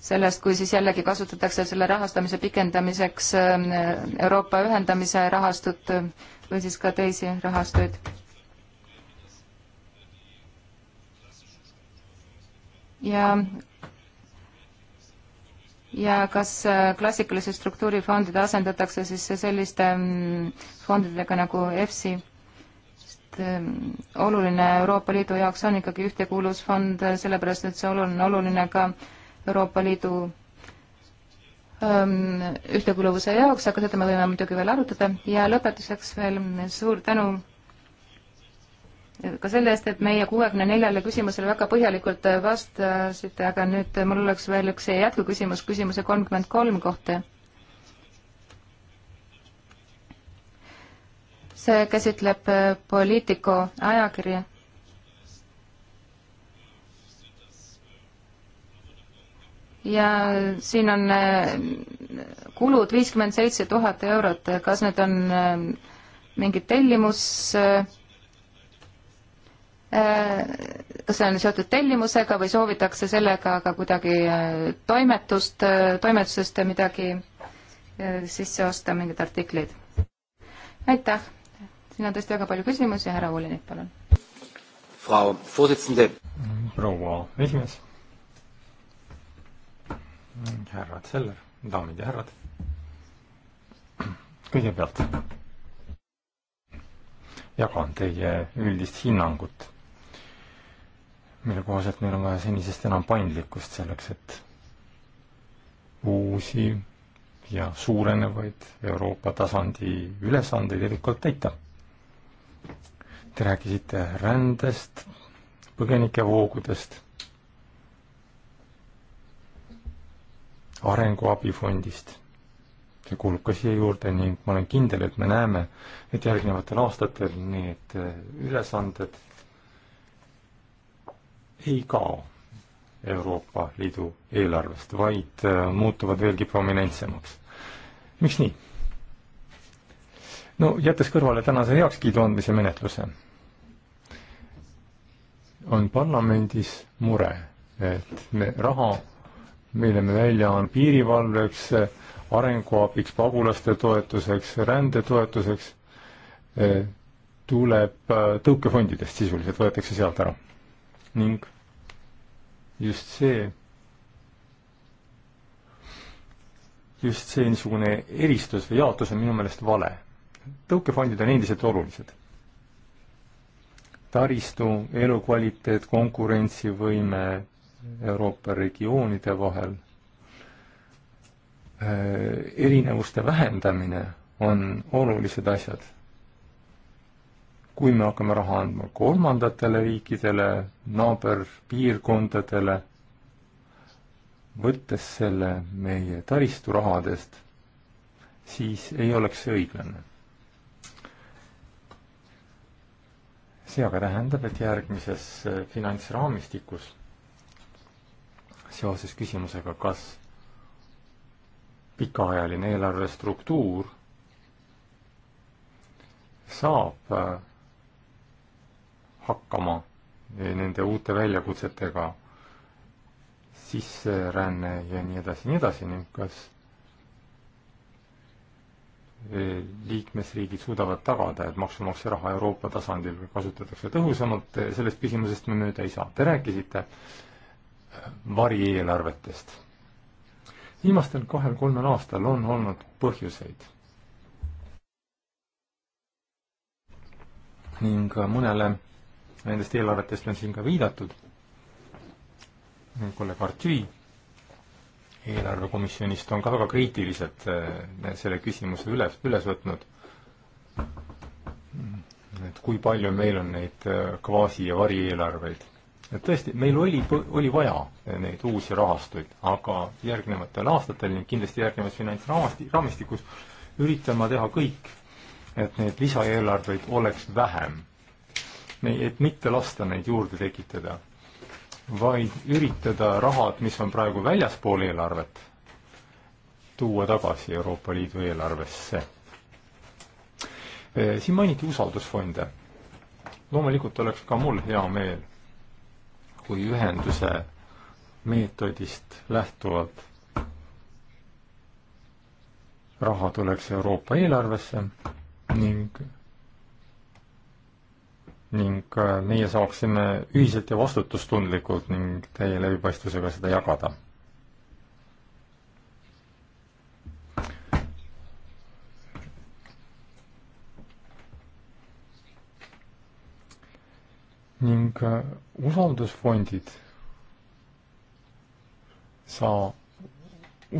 sellest, kui siis jällegi kasutatakse selle rahastamise pikendamiseks ähm, Euroopa ühendamise rahastut või siis ka teisi rahastuid. ja ja kas äh, klassikalised struktuurifondid asendatakse siis selliste mm, fondidega nagu EFSI? et ehm, oluline Euroopa Liidu jaoks on ikkagi ühtekuuluvusfond, eh, sellepärast et see on oluline ka Euroopa Liidu ehm, ühtekuuluvuse jaoks, aga seda me võime muidugi veel arutada ja lõpetuseks veel suur tänu eh, ka selle eest, et meie kuuekümne neljale küsimusele väga põhjalikult eh, vastasite, aga nüüd mul oleks veel üks jätkuküsimus küsimuse kolmkümmend kolm kohta see käsitleb äh, Politico ajakirja. ja siin on äh, kulud viiskümmend seitse tuhat eurot, kas need on äh, mingid tellimus, kas see on seotud tellimusega või soovitakse sellega ka kuidagi toimetust, toimetusest midagi sisse osta, mingeid artikleid? aitäh! siin on tõesti väga palju küsimusi, härra volinik, palun. proua esimees, härrad Seller, daamid ja härrad, kõigepealt jagan teie üldist hinnangut, mille kohaselt meil on vaja senisest enam paindlikkust selleks, et uusi ja suurenevaid Euroopa tasandi ülesandeid edukalt täita Te rääkisite rändest, põgenikevoogudest, arenguabifondist. see kuulub ka siia juurde ning ma olen kindel, et me näeme, et järgnevatel aastatel need äh, ülesanded ei kao Euroopa Liidu eelarvest, vaid äh, muutuvad veelgi prominentsemaks. miks nii? no jättes kõrvale tänase heakskiidu andmise menetluse, on parlamendis mure, et me raha, mille me välja on piirivalveks, arenguabiks, pagulaste toetuseks, rändetoetuseks, eh, tuleb eh, tõukefondidest sisuliselt, võetakse sealt ära. ning just see, just see niisugune eristus või jaotus on minu meelest vale tõukefondid on endiselt olulised. taristu, elukvaliteet, konkurentsivõime Euroopa regioonide vahel, äh, erinevuste vähendamine on olulised asjad. kui me hakkame raha andma kolmandatele riikidele, naaberpiirkondadele, võttes selle meie taristurahadest, siis ei oleks see õiglane see aga tähendab, et järgmises äh, finantsraamistikus seoses küsimusega, kas pikaajaline eelarve struktuur saab äh, hakkama äh, nende uute väljakutsetega, sisseränne ja nii edasi, nii edasi, ning kas liikmesriigid suudavad tagada, et maksumaksja raha Euroopa tasandil kasutatakse tõhusamalt, sellest küsimusest me mööda ei saa. Te rääkisite varieelarvetest. viimastel kahel-kolmel aastal on olnud põhjuseid ning mõnele nendest eelarvetest on siin ka viidatud, kolleeg Artüi eelarvekomisjonist on ka väga kriitilised eh, selle küsimuse üles, üles võtnud. et kui palju meil on neid eh, kvaasi- ja varieelarveid. et tõesti, meil oli, oli vaja neid uusi rahastuid, aga järgnevatel aastatel ning kindlasti järgnevas finantsraamistikus üritan ma teha kõik, et neid lisaeelarveid oleks vähem. et mitte lasta neid juurde tekitada vaid üritada rahad, mis on praegu väljaspool eelarvet, tuua tagasi Euroopa Liidu eelarvesse. Eh, siin mainiti usaldusfonde. loomulikult oleks ka mul hea meel, kui ühenduse meetodist lähtuvalt raha tuleks Euroopa eelarvesse ning ning äh, meie saaksime ühiselt ja vastutustundlikult ning täie läbipaistvusega seda jagada. ning äh, usaldusfondid saa,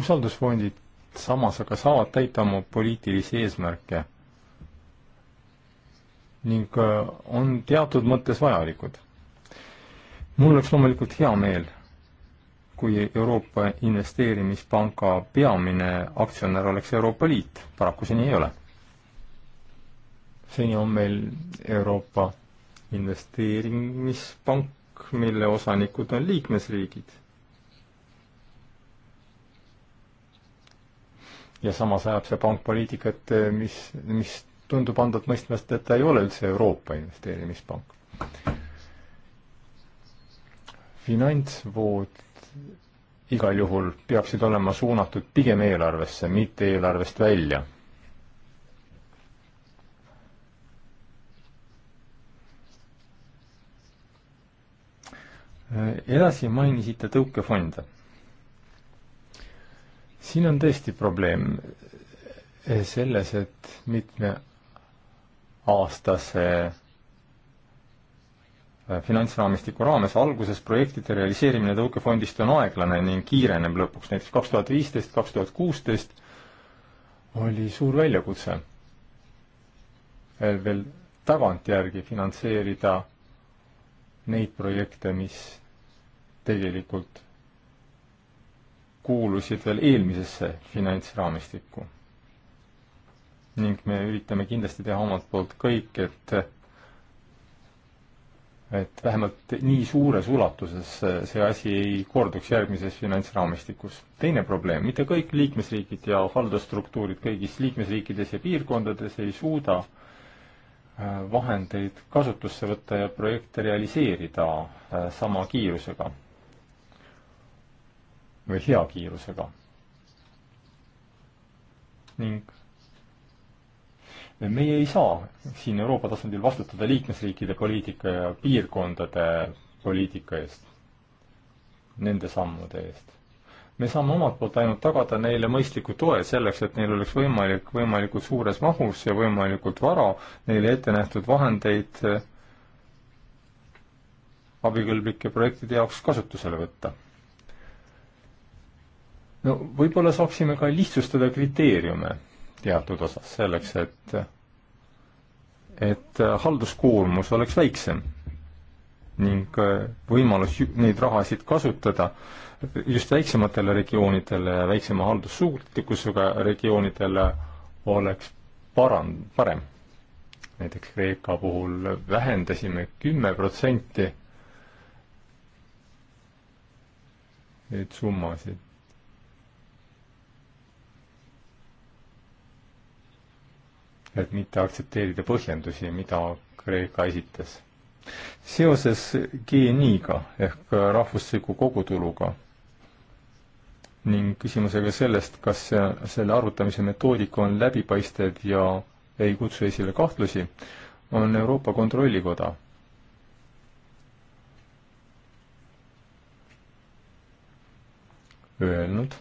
usaldusfondid samas aga saavad täita oma poliitilisi eesmärke ning äh, on teatud mõttes vajalikud. mul oleks loomulikult hea meel, kui Euroopa Investeerimispanga peamine aktsionär oleks Euroopa Liit, paraku see nii ei ole. seni on meil Euroopa Investeerimispank, mille osanikud on liikmesriigid. ja samas ajab see pank poliitikat, mis, mis tundub andvat mõistmast, et ta ei ole üldse Euroopa Investeerimispank. finantsvood igal juhul peaksid olema suunatud pigem eelarvesse, mitte eelarvest välja. edasi mainisite tõukefonde. siin on tõesti probleem selles, et mitme aastase äh, finantsraamistiku raames alguses projektide realiseerimine tõukefondist on aeglane ning kiireneb lõpuks. näiteks kaks tuhat viisteist, kaks tuhat kuusteist oli suur väljakutse äh, veel tagantjärgi finantseerida neid projekte, mis tegelikult kuulusid veel eelmisesse finantsraamistikku ning me üritame kindlasti teha omalt poolt kõik, et et vähemalt nii suures ulatuses see asi ei korduks järgmises finantsraamistikus. teine probleem, mitte kõik liikmesriigid ja haldusstruktuurid kõigis liikmesriikides ja piirkondades ei suuda äh, vahendeid kasutusse võtta ja projekte realiseerida äh, sama kiirusega või hea kiirusega. ning meie ei saa siin Euroopa tasandil vastutada liikmesriikide poliitika ja piirkondade poliitika eest, nende sammude eest. me saame omalt poolt ainult tagada neile mõistliku toe selleks, et neil oleks võimalik võimalikult suures mahus ja võimalikult vara neile ette nähtud vahendeid eh, abikõlblike projektide jaoks kasutusele võtta no võib-olla saaksime ka lihtsustada kriteeriume teatud osas selleks, et, et halduskoormus oleks väiksem ning äh, võimalus neid rahasid kasutada just väiksematele regioonidele ja väiksema haldussuutlikkusega regioonidele oleks paran-, parem. näiteks Kreeka puhul vähendasime kümme protsenti neid summasid et mitte aktsepteerida põhjendusi, mida Kreeka esitas. seoses GNI-ga ehk rahvusliku kogutuluga ning küsimusega sellest, kas selle arvutamise metoodika on läbipaistev ja ei kutsu esile kahtlusi, on Euroopa Kontrollikoda öelnud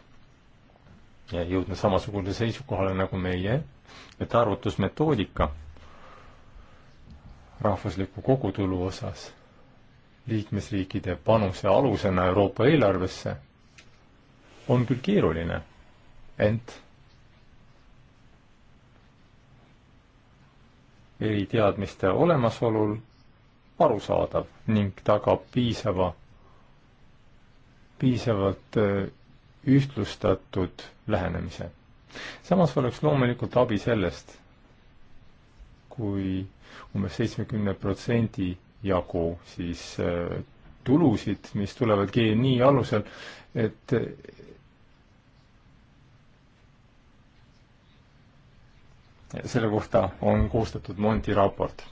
ja jõudnud samasugusele seisukohale nagu meie et arvutusmetoodika rahvusliku kogutulu osas liikmesriikide panuse alusena Euroopa eelarvesse on küll keeruline, ent eriteadmiste olemasolul arusaadav ning tagab piisava, piisavalt äh, ühtlustatud lähenemise samas oleks loomulikult abi sellest kui, kui umbes seitsmekümne protsendi jagu siis äh, tulusid, mis tulevad GNI alusel, et äh, selle kohta on koostatud Monti raport.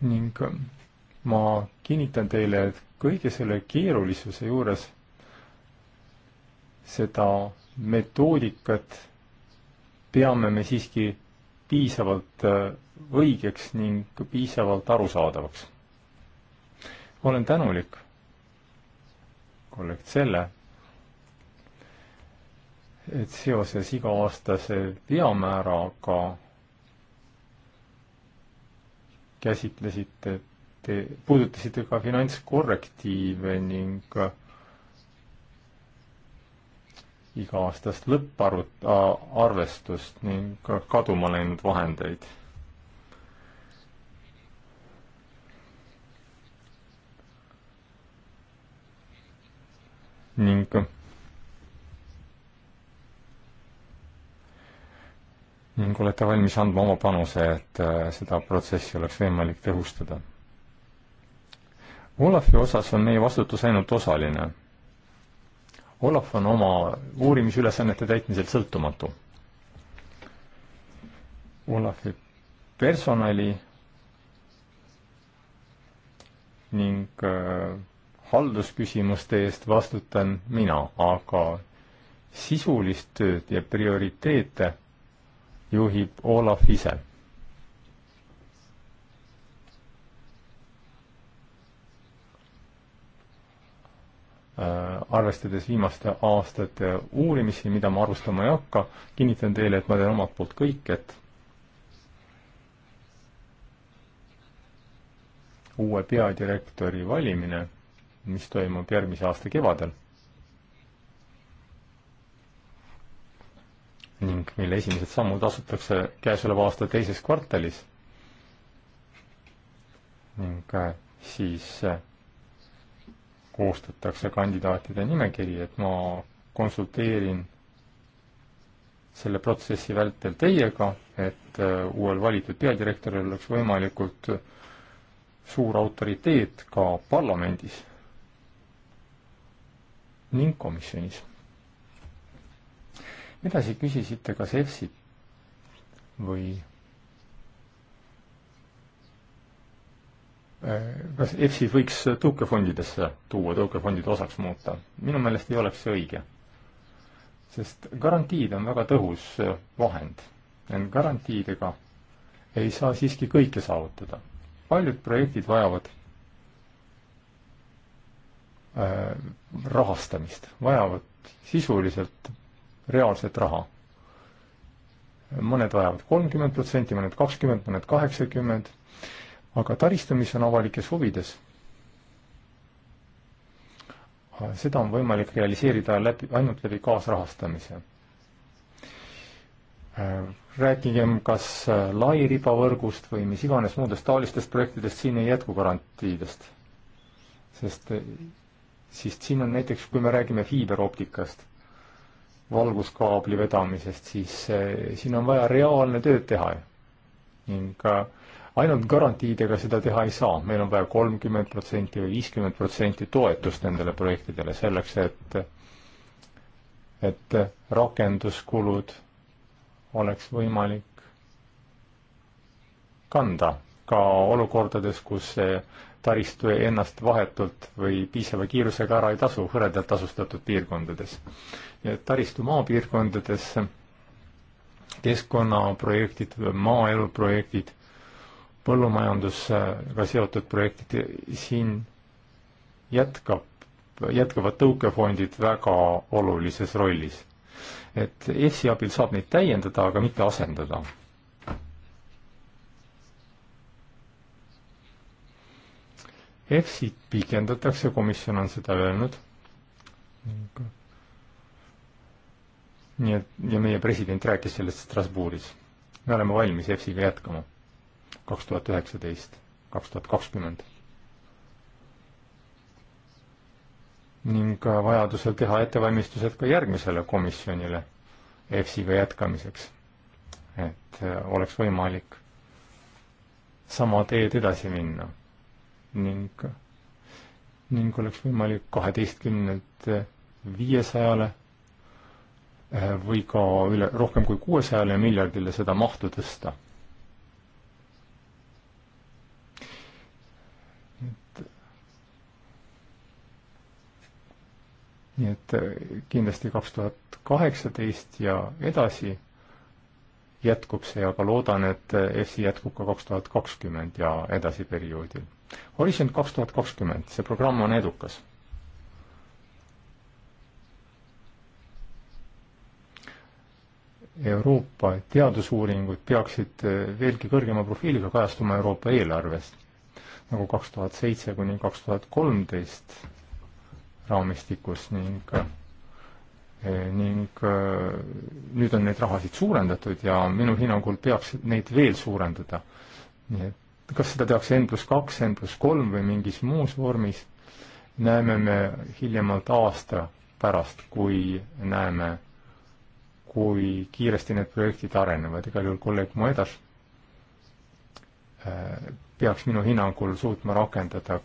ning äh, ma kinnitan teile, et kõige selle keerulisuse juures seda metoodikat peame me siiski piisavalt äh, õigeks ning piisavalt arusaadavaks. olen tänulik kollekt selle, et seoses iga-aastase veamääraga käsitlesite te, puudutasite ka finantskorrektiive ning äh, iga-aastast lõpparvut-, arvestust ning kaduma läinud vahendeid. ning ning olete valmis andma oma panuse, et äh, seda protsessi oleks võimalik tõhustada. Olafi osas on meie vastutus ainult osaline Olav on oma uurimisülesannete täitmisel sõltumatu. Olavi personali ning äh, haldusküsimuste eest vastutan mina, aga sisulist tööd ja prioriteete juhib Olav ise Äh, arvestades viimaste aastate uurimisi, mida ma arvustama ei hakka, kinnitan teile, et ma teen omalt poolt kõik, et uue peadirektori valimine, mis toimub järgmise aasta kevadel ning mille esimesed sammud asutakse käesoleva aasta teises kvartalis ning äh, siis äh, koostatakse kandidaatide nimekiri, et ma konsulteerin selle protsessi vältel teiega, et äh, uuel valitud peadirektoril oleks võimalikult suur autoriteet ka parlamendis ning komisjonis. edasi küsisite, kas EFSI või Äh, kas EFSI võiks tõukefondidesse tuua, tõukefondide osaks muuta? minu meelest ei oleks see õige. sest garantiid on väga tõhus äh, vahend. garantiidega ei saa siiski kõike saavutada. paljud projektid vajavad äh, rahastamist, vajavad sisuliselt reaalset raha. mõned vajavad kolmkümmend protsenti, mõned kakskümmend, mõned kaheksakümmend aga taristu, mis on avalikes huvides, ah, seda on võimalik realiseerida läbi, ainult läbi kaasrahastamise. Äh, rääkigem kas äh, lairibavõrgust või mis iganes muudest taolistest projektidest, siin ei jätku garantiidest. sest, äh, sest siin on näiteks, kui me räägime fiiberoptikast, valguskaabli vedamisest, siis siin on vaja reaalne tööd teha ning äh, ainult garantiidega seda teha ei saa, meil on vaja kolmkümmend protsenti või viiskümmend protsenti toetust nendele projektidele selleks, et et rakenduskulud oleks võimalik kanda ka olukordades, kus see taristu ennast vahetult või piisava kiirusega ära ei tasu hõredalt asustatud piirkondades. nii et taristu maapiirkondades keskkonnaprojektid, maaeluprojektid põllumajandusega seotud projektid, siin jätkab, jätkavad tõukefondid väga olulises rollis. et EFSi abil saab neid täiendada, aga mitte asendada. EFSit pikendatakse, komisjon on seda öelnud. nii et, ja meie president rääkis sellest Strasbourgis. me oleme valmis EFSiga jätkama kaks tuhat üheksateist, kaks tuhat kakskümmend. ning vajadusel teha ettevalmistused ka järgmisele komisjonile EFSI-ga jätkamiseks, et äh, oleks võimalik sama teed edasi minna ning, ning oleks võimalik kaheteistkümnelt äh, viiesajale äh, või ka üle, rohkem kui kuuesajale miljardile seda mahtu tõsta nii et eh, kindlasti kaks tuhat kaheksateist ja edasi jätkub see, aga loodan, et eh, EFSI jätkub ka kaks tuhat kakskümmend ja edasi perioodil. Horisont kaks tuhat kakskümmend, see programm on edukas. Euroopa teadusuuringud peaksid eh, veelgi kõrgema profiiliga kajastuma Euroopa eelarves, nagu kaks tuhat seitse kuni kaks tuhat kolmteist raamistikus ning eh, ning eh, nüüd on neid rahasid suurendatud ja minu hinnangul peaks neid veel suurendada. nii et kas seda tehakse N pluss kaks, N pluss kolm või mingis muus vormis, näeme me hiljemalt aasta pärast, kui näeme, kui kiiresti need projektid arenevad, igal juhul kolleeg Moedas eh, peaks minu hinnangul suutma rakendada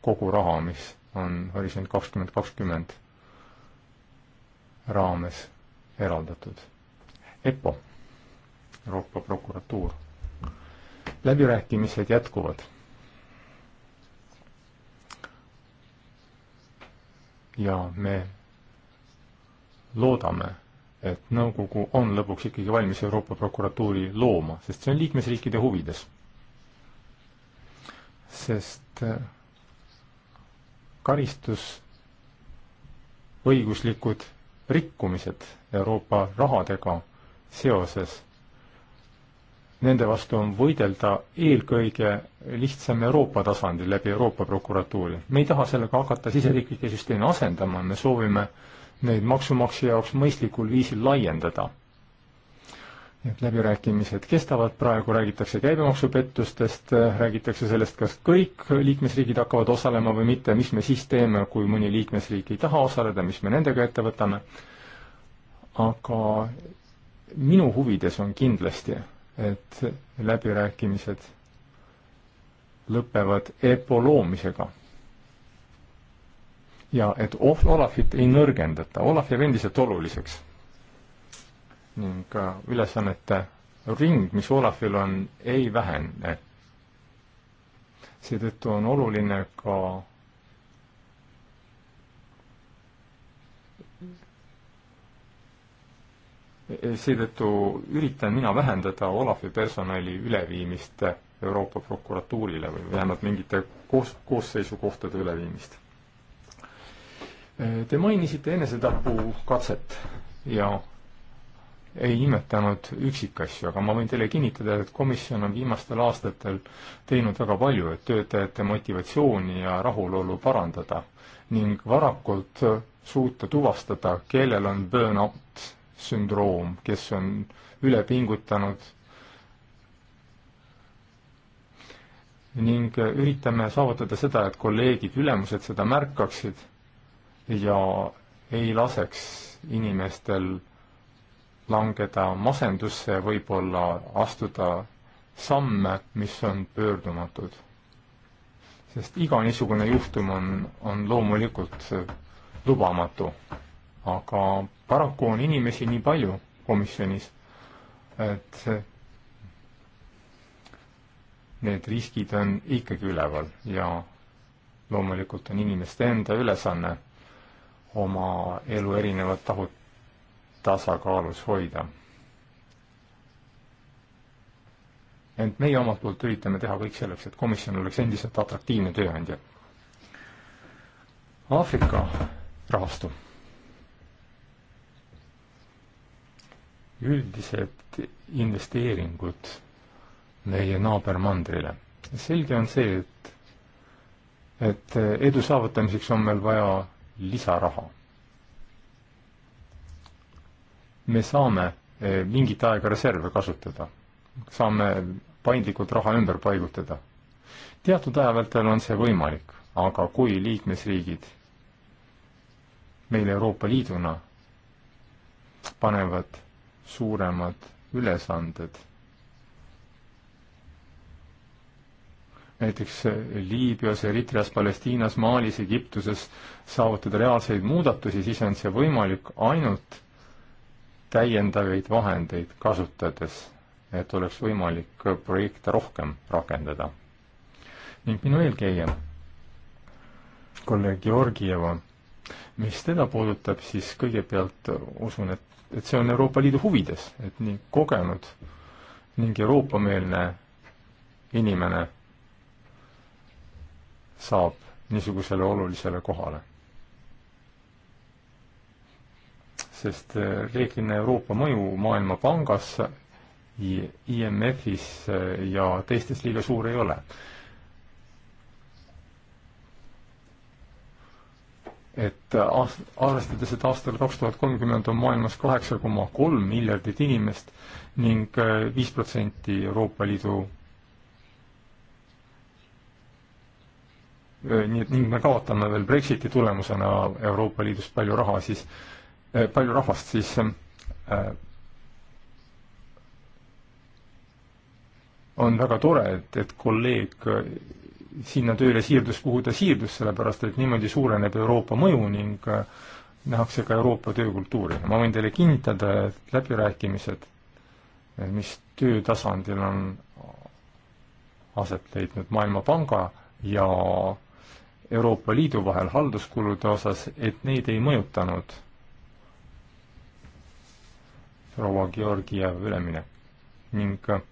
kogu raha, mis on Horisont kakskümmend kakskümmend raames eraldatud. EPPO, Euroopa Prokuratuur. läbirääkimised jätkuvad. ja me loodame, et nõukogu on lõpuks ikkagi valmis Euroopa prokuratuuri looma, sest see on liikmesriikide huvides. sest karistusõiguslikud rikkumised Euroopa rahadega seoses. Nende vastu on võidelda eelkõige lihtsam Euroopa tasandil läbi Euroopa prokuratuuri. me ei taha sellega hakata siseriiklikke süsteeme asendama, me soovime neid maksumaksja jaoks mõistlikul viisil laiendada et läbirääkimised kestavad, praegu räägitakse käibemaksupettustest, räägitakse sellest, kas kõik liikmesriigid hakkavad osalema või mitte, mis me siis teeme, kui mõni liikmesriik ei taha osaleda, mis me nendega ette võtame. aga minu huvides on kindlasti, et läbirääkimised lõpevad EPO loomisega. ja et Olafit ei nõrgendata, Olaf jääb endiselt oluliseks ning ülesannete ring, mis Olafil on, ei vähene. seetõttu on oluline ka seetõttu üritan mina vähendada Olavi personali üleviimist Euroopa prokuratuurile või vähemalt mingite koos, koosseisukohtade üleviimist. Te mainisite enesetapu katset ja ei nimetanud üksikasju, aga ma võin teile kinnitada, et komisjon on viimastel aastatel teinud väga palju, et töötajate motivatsiooni ja rahulolu parandada ning varakult suuta tuvastada, kellel on burnout sündroom, kes on üle pingutanud ning üritame saavutada seda, et kolleegid, ülemused seda märkaksid ja ei laseks inimestel langeda masendusse, võib-olla astuda samme, mis on pöördumatud. sest iga niisugune juhtum on, on loomulikult lubamatu. aga paraku on inimesi nii palju komisjonis, et need riskid on ikkagi üleval ja loomulikult on inimeste enda ülesanne oma elu erinevad tahud tasakaalus hoida. ent meie omalt poolt üritame teha kõik selleks, et komisjon oleks endiselt atraktiivne tööandja. Aafrika rahastu. üldised investeeringud meie naabermandrile. selge on see, et, et edu saavutamiseks on meil vaja lisaraha me saame eh, mingit aega reserve kasutada, saame paindlikult raha ümber paigutada. teatud aja vältel on see võimalik, aga kui liikmesriigid meil Euroopa Liiduna panevad suuremad ülesanded, näiteks Liibüas, Eritreas, Palestiinas, Malis, Egiptuses saavutada reaalseid muudatusi, siis on see võimalik ainult täiendavaid vahendeid kasutades, et oleks võimalik projekte rohkem rakendada. ning minu eelkäija, kolleeg Georgieva, mis teda puudutab, siis kõigepealt usun, et, et see on Euroopa Liidu huvides, et nii kogenud ning Euroopa-meelne inimene saab niisugusele olulisele kohale sest äh, reeglina Euroopa mõju Maailmapangas, IMF-is äh, ja teistes liiga suur ei ole. et äh, aast-, arvestades, et aastal kaks tuhat kolmkümmend on maailmas kaheksa koma kolm miljardit inimest ning viis protsenti Euroopa Liidu nii et ning me kaotame veel Brexiti tulemusena Euroopa Liidust palju raha, siis Äh, palju rahvast siis äh, on väga tore, et, et kolleeg äh, sinna tööle siirdus, kuhu ta siirdus, sellepärast et niimoodi suureneb Euroopa mõju ning nähakse ka Euroopa töökultuuri. ma võin teile kinnitada, et läbirääkimised, mis töötasandil on aset leidnud Maailmapanga ja Euroopa Liidu vahel halduskulude osas, et neid ei mõjutanud proua Georgiev üleminek ning äh,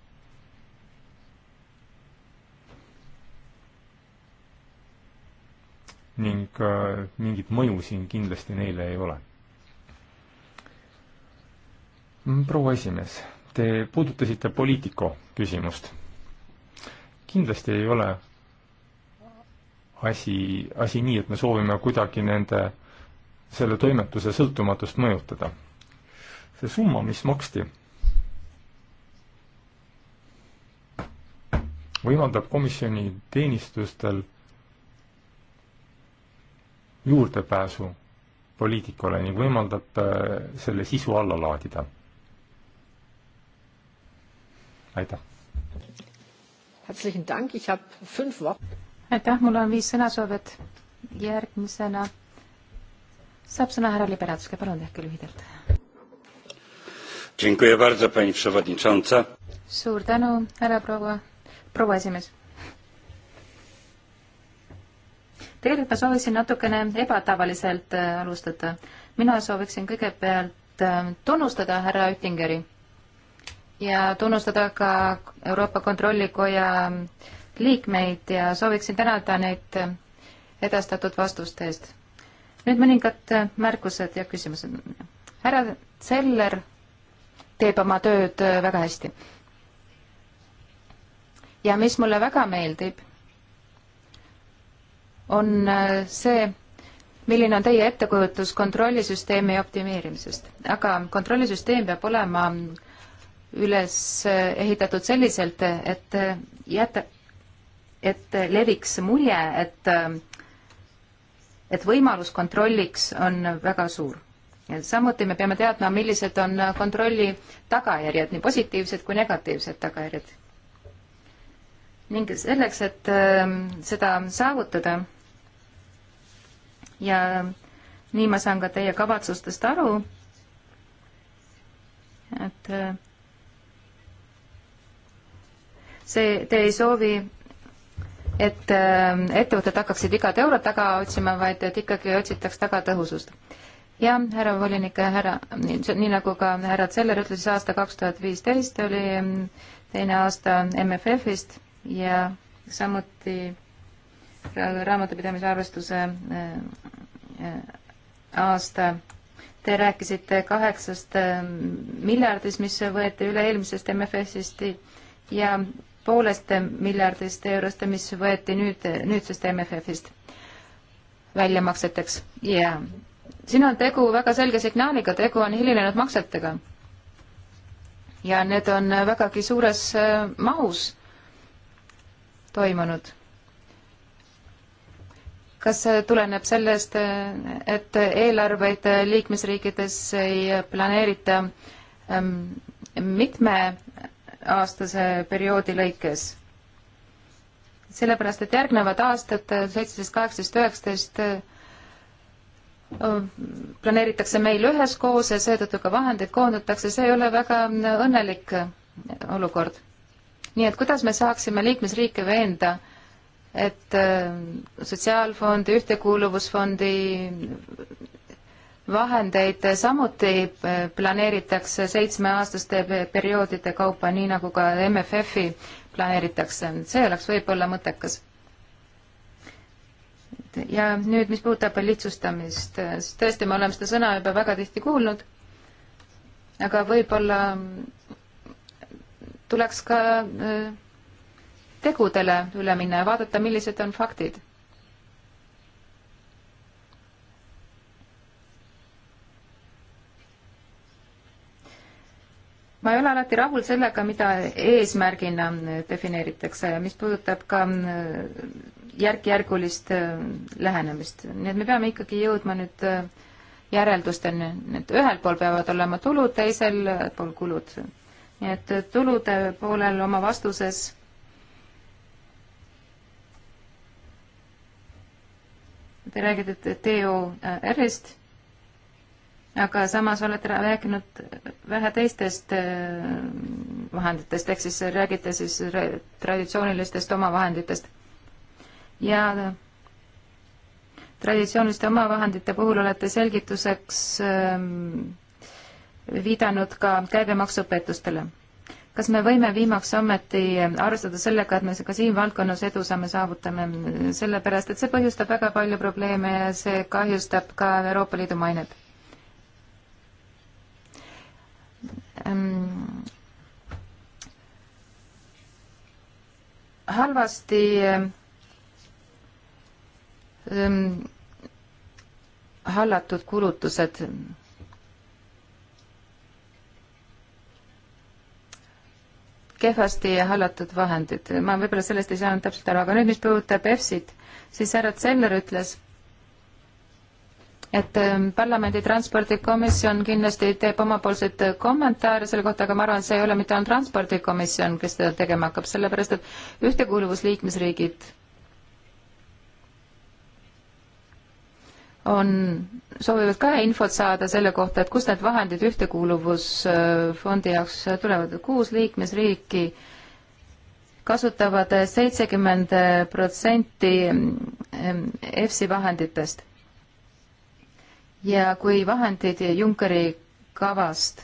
ning äh, mingit mõju siin kindlasti neile ei ole. Mm, proua esimees, te puudutasite poliitiku küsimust. kindlasti ei ole asi, asi nii, et me soovime kuidagi nende, selle toimetuse sõltumatust mõjutada see summa, mis maksti, võimaldab komisjoni teenistustel juurdepääsu poliitikale ning võimaldab äh, selle sisu alla laadida. aitäh! aitäh, mul on viis sõnasoovet. järgmisena saab sõna härra Liberatske, palun tehke lühidalt suur tänu, härra proua, proua esimees. tegelikult ma sooviksin natukene ebatavaliselt äh, alustada. mina sooviksin kõigepealt äh, tunnustada härra Oettingeri ja tunnustada ka Euroopa Kontrollikoja liikmeid ja sooviksin tänada neid äh, edastatud vastuste eest. nüüd mõningad märkused ja küsimused. härra Zeller teeb oma tööd äh, väga hästi. ja mis mulle väga meeldib, on äh, see, milline on teie ettekujutus kontrollisüsteemi optimeerimisest, aga kontrollisüsteem peab olema üles äh, ehitatud selliselt, et jäta, et leviks mulje, et, et võimalus kontrolliks on väga suur samuti me peame teadma, millised on kontrolli tagajärjed, nii positiivsed kui negatiivsed tagajärjed. ning selleks, et ähm, seda saavutada ja nii ma saan ka teie kavatsustest aru, et äh, see, te ei soovi, et äh, ettevõtted hakkaksid igat eurot taga otsima, vaid et ikkagi otsitaks taga tõhusust ja härra volinik, härra, nii nagu ka härra Zeller ütles, aasta kaks tuhat viisteist oli teine aasta MFF-ist ja samuti raamatupidamise arvestuse äh, äh, aasta. Te rääkisite kaheksast äh, miljardist, mis võeti üle eelmisest MFF-ist ja poolest miljardist eurost, mis võeti nüüd, nüüdsest MFF-ist väljamakseteks ja yeah siin on tegu väga selge signaaliga, tegu on hilinenud maksetega. ja need on vägagi suures äh, mahus toimunud. kas see äh, tuleneb sellest, äh, et eelarveid liikmesriikides ei planeerita ähm, mitmeaastase perioodi lõikes? sellepärast, et järgnevad aastad, seitseteist, kaheksateist, üheksateist planeeritakse meil üheskoos ja seetõttu ka vahendeid koondatakse, see ei ole väga õnnelik olukord. nii et kuidas me saaksime liikmesriike veenda, et äh, Sotsiaalfondi, Ühtekuuluvusfondi vahendeid samuti äh, planeeritakse seitsmeaastaste perioodide kaupa, nii nagu ka MFF-i planeeritakse, see oleks võib-olla mõttekas ja nüüd, mis puudutab lihtsustamist, siis tõesti, me oleme seda sõna juba väga tihti kuulnud, aga võib-olla tuleks ka äh, tegudele üle minna ja vaadata, millised on faktid. ma ei ole alati rahul sellega, mida eesmärgina defineeritakse ja mis puudutab ka äh, järk-järgulist äh, lähenemist, nii et me peame ikkagi jõudma nüüd äh, järeldusteni, et ühel pool peavad olema tulud, teisel äh, pool kulud. nii et tulude poolel oma vastuses Te räägite TOR-ist, aga samas olete rääkinud vähe teistest vahenditest, ehk siis räägite siis traditsioonilistest omavahenditest ja traditsiooniliste omavahendite puhul olete selgituseks ähm, viidanud ka käibemaksupettustele. kas me võime viimaks ometi arvestada sellega, et me ka siin valdkonnas edusamme saavutame, sellepärast et see põhjustab väga palju probleeme ja see kahjustab ka Euroopa Liidu mainet? Ähm, halvasti ähm, Ehm, hallatud kulutused. kehvasti hallatud vahendid, ma võib-olla sellest ei saanud täpselt aru, aga nüüd, mis puudutab EFSit, siis härra Zeller ütles, et ehm, parlamendi transpordikomisjon kindlasti teeb omapoolseid kommentaare selle kohta, aga ma arvan, see ei ole mitte ainult transpordikomisjon, kes seda tegema hakkab, sellepärast et ühtekuuluvusliikmesriigid on, soovivad ka infot saada selle kohta, et kust need vahendid ühtekuuluvusfondi jaoks tulevad, kuus liikmesriiki kasutavad seitsekümmend protsenti ähm, EFSI vahenditest. ja kui vahendid Junckeri kavast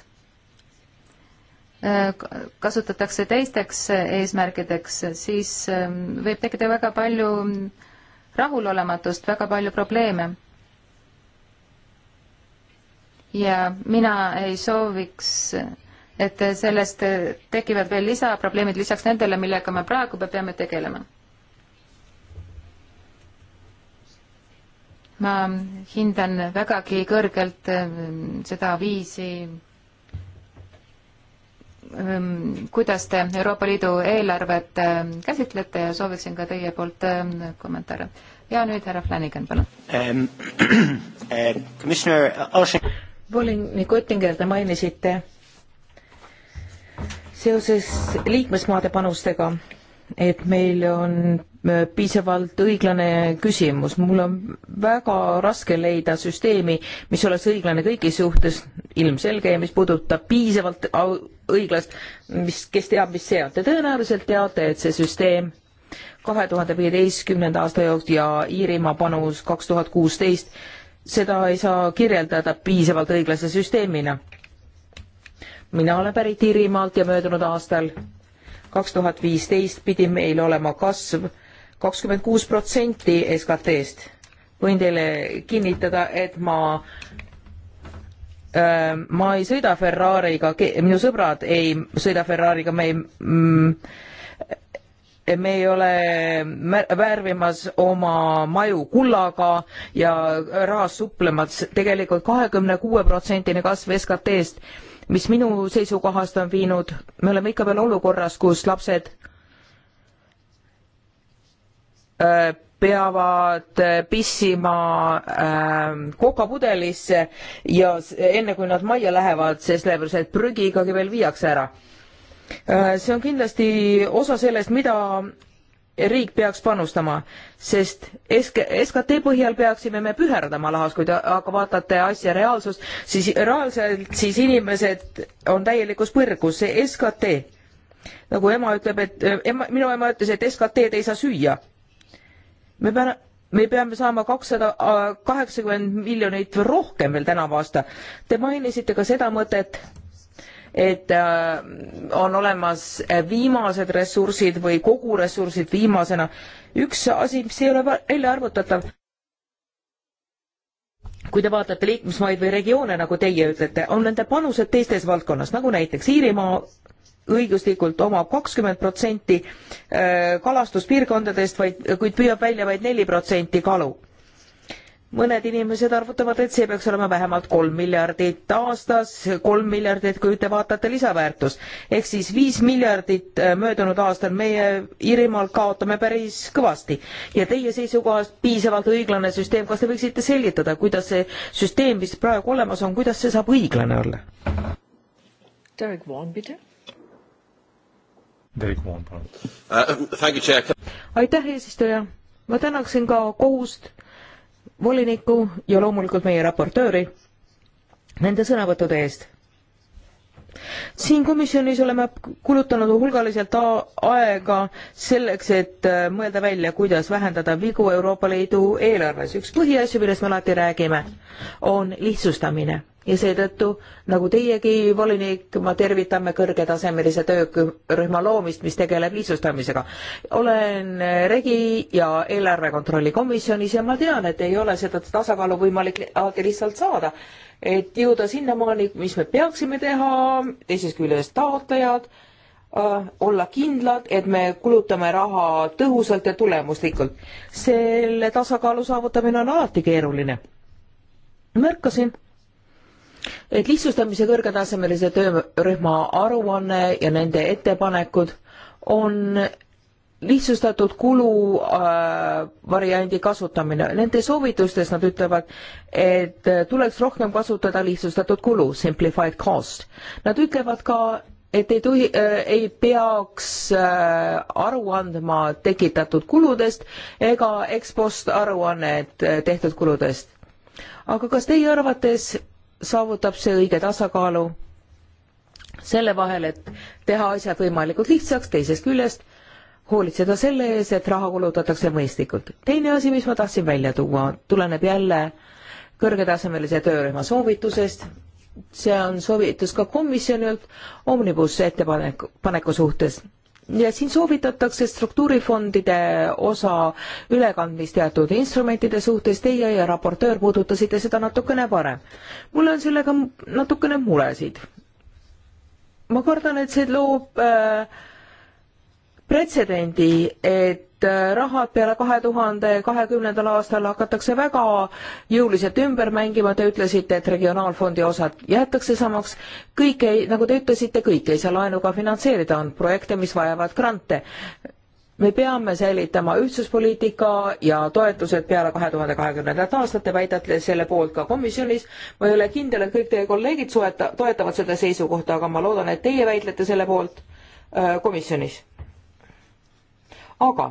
äh, kasutatakse teisteks eesmärkideks, siis ähm, võib tekkida väga palju rahulolematust, väga palju probleeme ja mina ei sooviks, et sellest tekivad veel lisaprobleemid lisaks nendele, millega me praegu peame tegelema. ma hindan vägagi kõrgelt ähm, seda viisi, ähm, kuidas te Euroopa Liidu eelarvet ähm, käsitlete ja sooviksin ka teie poolt kommentaare. ja nüüd härra Flanagan, palun um,. Uh, volinik Oettinger, te mainisite seoses liikmesmaade panustega, et meil on äh, piisavalt õiglane küsimus. mul on väga raske leida süsteemi, mis oleks õiglane kõigi suhtes, ilmselge, ja mis puudutab piisavalt õiglast, mis, kes teab, mis see on. Te tõenäoliselt teate, et see süsteem kahe tuhande viieteistkümnenda aasta jooksul ja Iirimaa panus kaks tuhat kuusteist seda ei saa kirjeldada piisavalt õiglase süsteemina. mina olen pärit Iirimaalt ja möödunud aastal kaks tuhat viisteist pidi meil olema kasv kakskümmend kuus protsenti SKT-st. võin teile kinnitada, et ma ähm, ma ei sõida Ferrari'ga, minu sõbrad ei sõida Ferrari'ga, me ei mm, me ei ole värvimas oma maju kullaga ja rahas suplemas tegelikult kahekümne kuue protsendine kasv SKT-st, mis minu seisukohast on viinud, me oleme ikka veel olukorras, kus lapsed äh, peavad äh, pissima äh, kokapudelisse ja enne kui nad majja lähevad, sellepärast et prügi ikkagi veel viiakse ära Äh, see on kindlasti osa sellest, mida riik peaks panustama, sest SK, SKT põhjal peaksime me püherdama lahas, kui te aga vaatate asja reaalsust, siis reaalselt siis inimesed on täielikus põrgus, see SKT. nagu ema ütleb, et ema, minu ema ütles, et SKT-d ei saa süüa. me peame, me peame saama kakssada äh, kaheksakümmend miljonit rohkem veel tänavu aasta. Te mainisite ka seda mõtet et et äh, on olemas viimased ressursid või kogu ressursid viimasena. üks asi, mis ei ole välja arvutatav, kui te vaatate liikmesmaid või regioone, nagu teie ütlete, on nende panused teistes valdkonnas, nagu näiteks Iirimaa õiguslikult omab kakskümmend protsenti äh, kalastuspiirkondadest, vaid, kuid püüab välja vaid neli protsenti kalu mõned inimesed arvutavad, et see peaks olema vähemalt kolm miljardit aastas, kolm miljardit, kui te vaatate lisaväärtust. ehk siis viis miljardit äh, möödunud aastal meie Iirimaal kaotame päris kõvasti. ja teie seisukohast piisavalt õiglane süsteem, kas te võiksite selgitada, kuidas see süsteem, mis praegu olemas on, kuidas see saab õiglane olla? Derek Vaughan, bitte. Derek Vaughan, palun uh,. aitäh, eesistuja. ma tänaksin ka kohust volinikku ja loomulikult meie raportööri nende sõnavõttude eest siin komisjonis oleme kulutanud hulgaliselt aega selleks, et äh, mõelda välja, kuidas vähendada vigu Euroopa Liidu eelarves. üks põhiasju, millest me alati räägime, on lihtsustamine ja seetõttu, nagu teiegi, volinik, ma tervitame kõrgetasemelise töörühma loomist, mis tegeleb lihtsustamisega. olen Regi ja eelarve kontrolli komisjonis ja ma tean, et ei ole seda tasakaalu võimalik alati lihtsalt saada et jõuda sinnamaani, mis me peaksime teha, teisest küljest taotlejad, äh, olla kindlad, et me kulutame raha tõhusalt ja tulemuslikult. selle tasakaalu saavutamine on alati keeruline. märkasin, et lihtsustamise kõrgetasemelise töörühma aruanne ja nende ettepanekud on lihtsustatud kulu äh, variandi kasutamine. Nende soovitustes nad ütlevad, et tuleks rohkem kasutada lihtsustatud kulu, simplified cost. Nad ütlevad ka, et ei tohi äh,, ei peaks äh, aru andma tekitatud kuludest ega ekspost aruannet äh, tehtud kuludest. aga kas teie arvates saavutab see õige tasakaalu selle vahel, et teha asjad võimalikult lihtsaks, teisest küljest hoolitseda selle ees, et raha kulutatakse mõistlikult. teine asi, mis ma tahtsin välja tuua, tuleneb jälle kõrgetasemelise töörühma soovitusest, see on soovitus ka komisjonilt Omnibus ettepaneku, paneku suhtes. ja siin soovitatakse struktuurifondide osa ülekandmist teatud instrumentide suhtes, teie ja raportöör puudutasite seda natukene varem. mul on sellega natukene muresid. ma kardan, et see loob äh, pretsedendi, et äh, rahad peale kahe tuhande kahekümnendal aastal hakatakse väga jõuliselt ümber mängima, te ütlesite, et regionaalfondi osad jäetakse samaks, kõike, nagu te ütlesite, kõike ei saa laenuga finantseerida, on projekte, mis vajavad grante me peame säilitama ühtsuspoliitika ja toetused peale kahe tuhande kahekümnendat aastat, te väidate selle poolt ka komisjonis. ma ei ole kindel, et kõik teie kolleegid soeta-, toetavad seda seisukohta, aga ma loodan, et teie väitlete selle poolt äh, komisjonis aga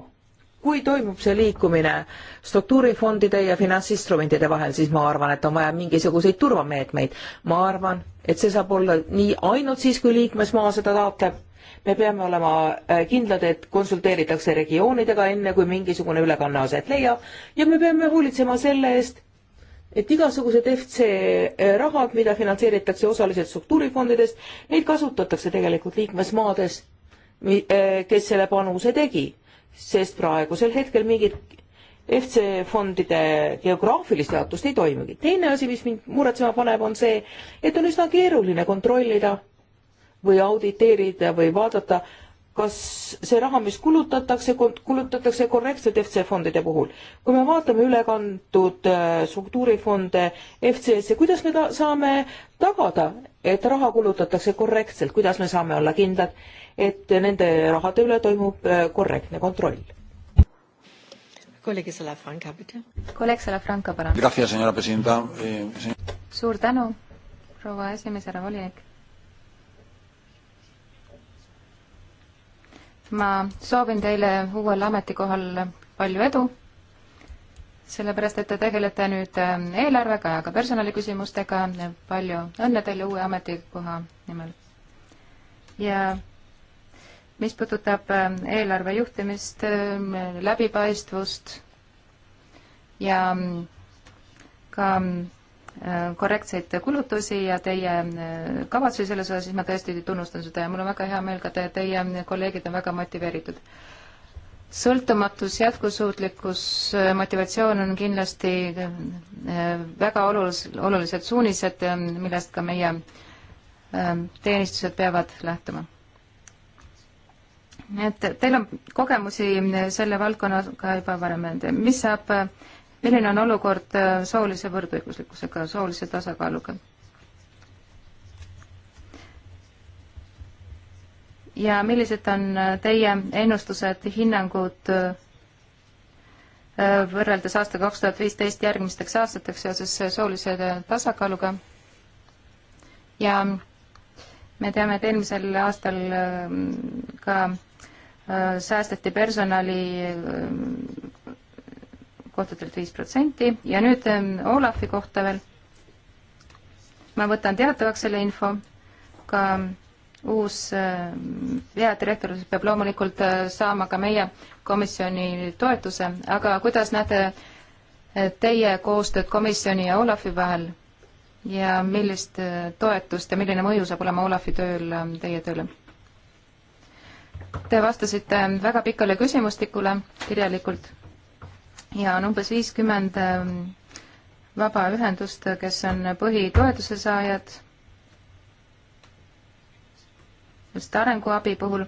kui toimub see liikumine struktuurifondide ja finantsinstrumentide vahel, siis ma arvan, et on vaja mingisuguseid turvameetmeid. ma arvan, et see saab olla nii ainult siis, kui liikmesmaa seda taotleb. me peame olema äh, kindlad, et konsulteeritakse regioonidega, enne kui mingisugune ülekanne aset leiab ja me peame hoolitsema selle eest, et igasugused FC äh, rahad, mida finantseeritakse osaliselt struktuurifondidest, neid kasutatakse tegelikult liikmesmaades, äh, kes selle panuse tegi sest praegusel hetkel mingit FC fondide geograafilist jaotust ei toimugi. teine asi, mis mind muretsema paneb, on see, et on üsna keeruline kontrollida või auditeerida või vaadata, kas see raha, mis kulutatakse, kulutatakse korrektselt FC fondide puhul. kui me vaatame ülekantud äh, struktuurifonde FCS-e, kuidas me ta saame tagada, et raha kulutatakse korrektselt, kuidas me saame olla kindlad, et nende rahade üle toimub äh, korrektne kontroll. kolleeg Salafranca, kolleeg Salafranca, palun. Eh, suur tänu, proua esimees, härra volinik ma soovin teile uuel ametikohal palju edu, sellepärast et te tegelete nüüd äh, eelarvega ja ka personaliküsimustega, palju õnne teile uue ametikoha nimel. ja mis puudutab ähm, eelarve juhtimist, ähm, läbipaistvust ja ähm, ka korrektseid kulutusi ja teie äh, kavatsusi selles osas, siis ma tõesti tunnustan seda ja mul on väga hea meel ka te, teie äh, kolleegid on väga motiveeritud. sõltumatus, jätkusuutlikkus, äh, motivatsioon on kindlasti väga olulis-, olulised suunised, millest ka meie teenistused peavad lähtuma et teil on kogemusi selle valdkonnaga juba varem, et mis saab, milline on olukord soolise võrdõiguslikkusega, soolise tasakaaluga? ja millised on teie ennustused, hinnangud äh, võrreldes aasta kaks tuhat viisteist järgmisteks aastateks seoses soolise tasakaaluga? ja me teame, et eelmisel aastal äh, ka Äh, säästeti personali äh, kohtadelt viis protsenti ja nüüd ähm, Olafi kohta veel. ma võtan teatavaks selle info, ka ähm, uus äh, peadirektor peab loomulikult saama ka meie komisjoni toetuse, aga kuidas näete teie koostööd komisjoni ja Olafi vahel ja millist toetust ja milline mõju saab olema Olafi tööl ähm, teie tööle? Te vastasite väga pikale küsimustikule kirjalikult ja on umbes viiskümmend ähm, vabaühendust, kes on põhitoetuse saajad just arenguabi puhul.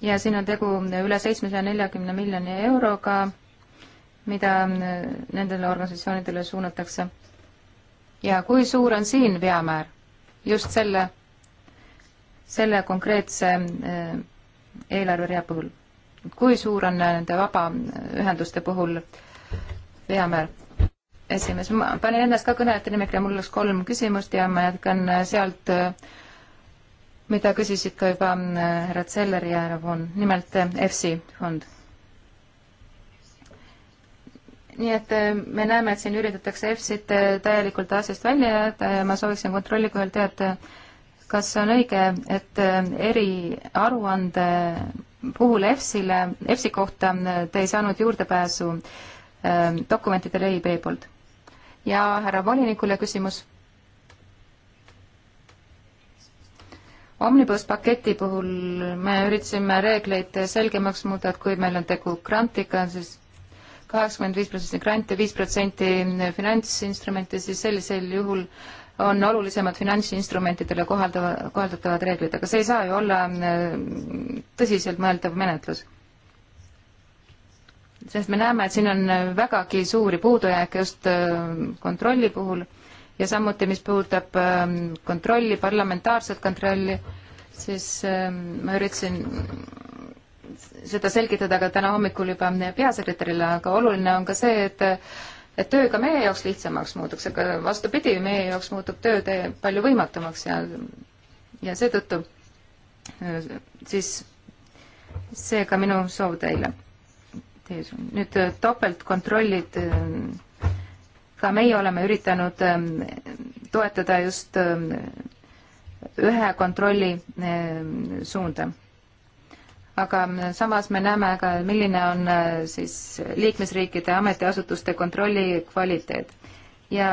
ja siin on tegu üle seitsmesaja neljakümne miljoni euroga, mida ähm, nendele organisatsioonidele suunatakse. ja kui suur on siin veamäär? just selle selle konkreetse eh, eelarverea puhul. kui suur on nende vabaühenduste puhul veamäär? esimees, ma panin ennast ka kõnelejate nimekirja, mul oleks kolm küsimust ja ma jätkan eh, sealt, eh, mida küsisid ka juba härra Zeller ja härra Voon, nimelt EFSI fond nii et me näeme, et siin üritatakse EFSit täielikult asjast välja jätta ja ma sooviksin kontrolli kohal teada, kas on õige, et äh, eriaruande puhul EFSile, EFSi kohta äh, te ei saanud juurdepääsu äh, dokumentidele EIB poolt? ja härra volinikule küsimus. Omnibus paketi puhul me üritasime reegleid selgemaks muuta, et kui meil on tegu grantiga, siis kaheksakümmend viis protsenti grante, viis protsenti finantsinstrumente, siis sellisel juhul äh, on olulisemad finantsinstrumentidele kohaldava, kohaldatavad reeglid, aga see ei saa ju olla mm, tõsiseltmõeldav menetlus. sest me näeme, et siin on vägagi suuri puudujääke just äh, kontrolli puhul ja samuti, mis puudutab ähm, kontrolli, parlamentaarset kontrolli, siis ähm, ma üritasin seda selgitada ka täna hommikul juba peasekretärile, aga oluline on ka see, et et töö ka meie jaoks lihtsamaks muutuks, aga vastupidi, meie jaoks muutub töö palju võimatumaks ja, ja seetõttu äh, siis see ka minu soov teile. nüüd äh, topeltkontrollid, äh, ka meie oleme üritanud toetada just ühe kontrolli suunda aga samas me näeme ka, milline on äh, siis liikmesriikide ametiasutuste kontrolli kvaliteet. ja,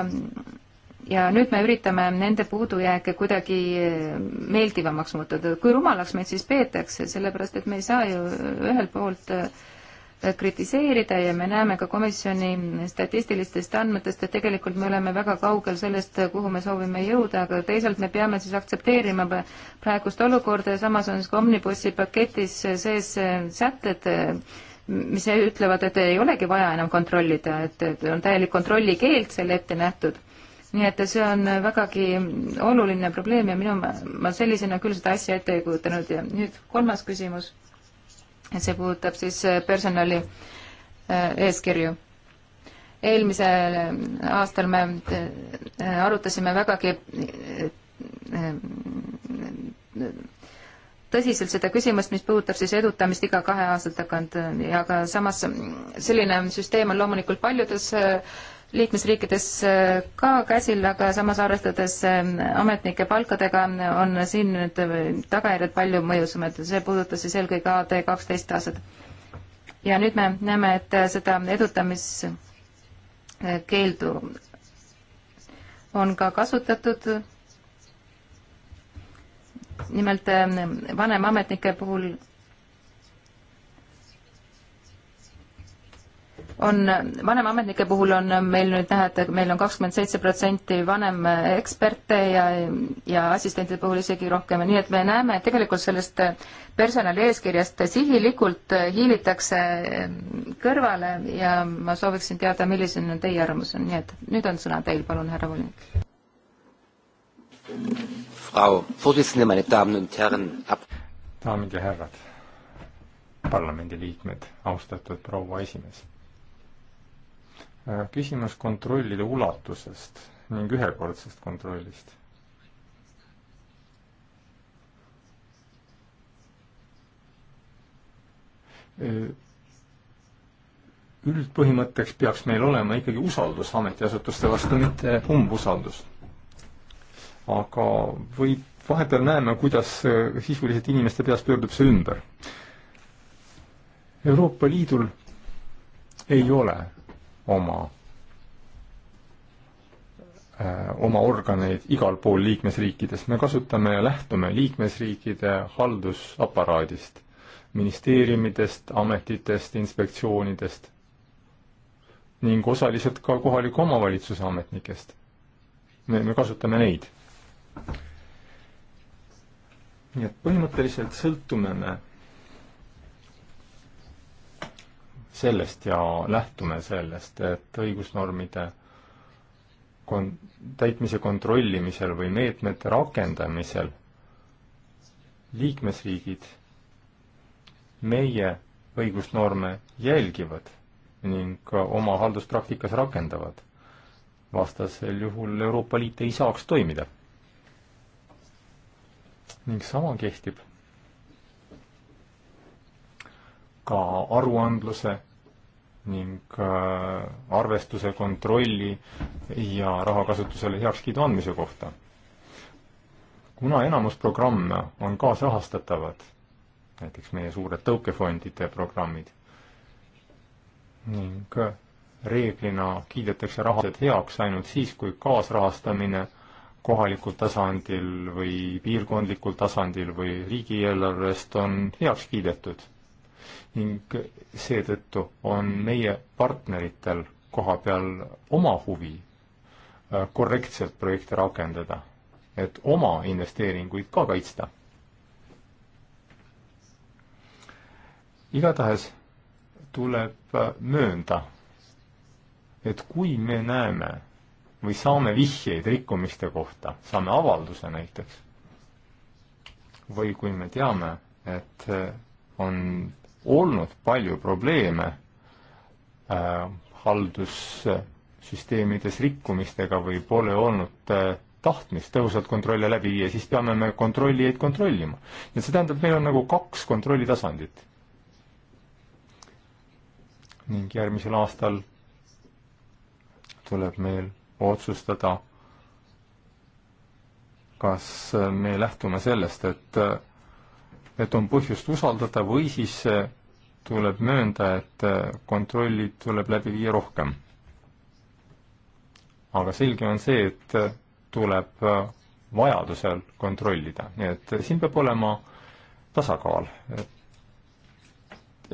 ja nüüd me üritame nende puudujääke kuidagi äh, meeldivamaks muutuda, kui rumalaks meid siis peetakse, sellepärast et me ei saa ju ühelt poolt äh, kritiseerida ja me näeme ka komisjoni statistilistest andmetest, et tegelikult me oleme väga kaugel sellest, kuhu me soovime jõuda, aga teisalt me peame siis aktsepteerima praegust olukorda ja samas on siis ka Omnibussi paketis sees sätted, mis ütlevad, et ei olegi vaja enam kontrollida, et on täielik kontrollikeeld selle ette nähtud nii et see on vägagi oluline probleem ja minu, ma sellisena küll seda asja ette ei kujutanud ja nüüd kolmas küsimus see puudutab siis äh, personali äh, eeskirju. eelmisel äh, aastal me arutasime vägagi tõsiselt seda küsimust, mis puudutab siis edutamist iga kahe aasta tagant ja ka samas mm, selline süsteem on loomulikult paljudes liikmesriikides äh, ka käsil, aga samas arvestades ähm, ametnike palkadega on siin nüüd äh, tagajärjed palju mõjusamad, see puudutas siis eelkõige AD kaksteist aastat. ja nüüd me näeme, et äh, seda edutamiskeeldu on ka kasutatud nimelt ähm, vanemametnike puhul on, vanemametnike puhul on meil nüüd näha, et meil on kakskümmend seitse protsenti vanem eksperte ja, ja assistentide puhul isegi rohkem, nii et me näeme, et tegelikult sellest personali eeskirjast sihilikult hiilitakse kõrvale ja ma sooviksin teada, milline on teie arvamus, nii et nüüd on sõna teil, palun, härra volinik. Frau Vorsitzende, meine Damen und Herren, ab-. daamid ja härrad, parlamendiliikmed, austatud proua esimees Äh, küsimus kontrollide ulatusest ning ühekordsest kontrollist. Äh, üldpõhimõtteks peaks meil olema ikkagi usaldus ametiasutuste vastu, mitte umbusaldus. aga võib, vahepeal näeme, kuidas äh, sisuliselt inimeste peas pöördub see ümber. Euroopa Liidul ei ole oma äh, oma organeid igal pool liikmesriikides, me kasutame ja lähtume liikmesriikide haldusaparaadist, ministeeriumidest, ametitest, inspektsioonidest ning osaliselt ka kohaliku omavalitsuse ametnikest. me, me kasutame neid. nii et põhimõtteliselt sõltume me sellest ja lähtume sellest, et õigusnormide kon-, täitmise kontrollimisel või meetmete rakendamisel liikmesriigid meie õigusnorme jälgivad ning oma halduspraktikas rakendavad. vastasel juhul Euroopa Liit ei saaks toimida. ning sama kehtib ka aruandluse ning äh, arvestuse kontrolli ja rahakasutusele heakskiidu andmise kohta. kuna enamus programme on kaasrahastatavad, näiteks meie suured tõukefondide programmid, ning äh, reeglina kiidetakse rahased heaks ainult siis, kui kaasrahastamine kohalikul tasandil või piirkondlikul tasandil või riigieelarvest on heaks kiidetud ning seetõttu on meie partneritel koha peal oma huvi äh, korrektselt projekte rakendada, et oma investeeringuid ka kaitsta. igatahes tuleb äh, möönda, et kui me näeme või saame vihjeid rikkumiste kohta, saame avalduse näiteks, või kui me teame, et äh, on olnud palju probleeme äh, haldussüsteemides rikkumistega või pole olnud äh, tahtmist tõhusalt kontrolle läbi viia, siis peame me kontrollijaid kontrollima. nii et see tähendab, meil on nagu kaks kontrollitasandit. ning järgmisel aastal tuleb meil otsustada, kas me lähtume sellest, et, et on põhjust usaldada või siis äh, tuleb möönda, et äh, kontrolli tuleb läbi viia rohkem. aga selge on see, et äh, tuleb äh, vajadusel kontrollida, nii et siin peab olema tasakaal.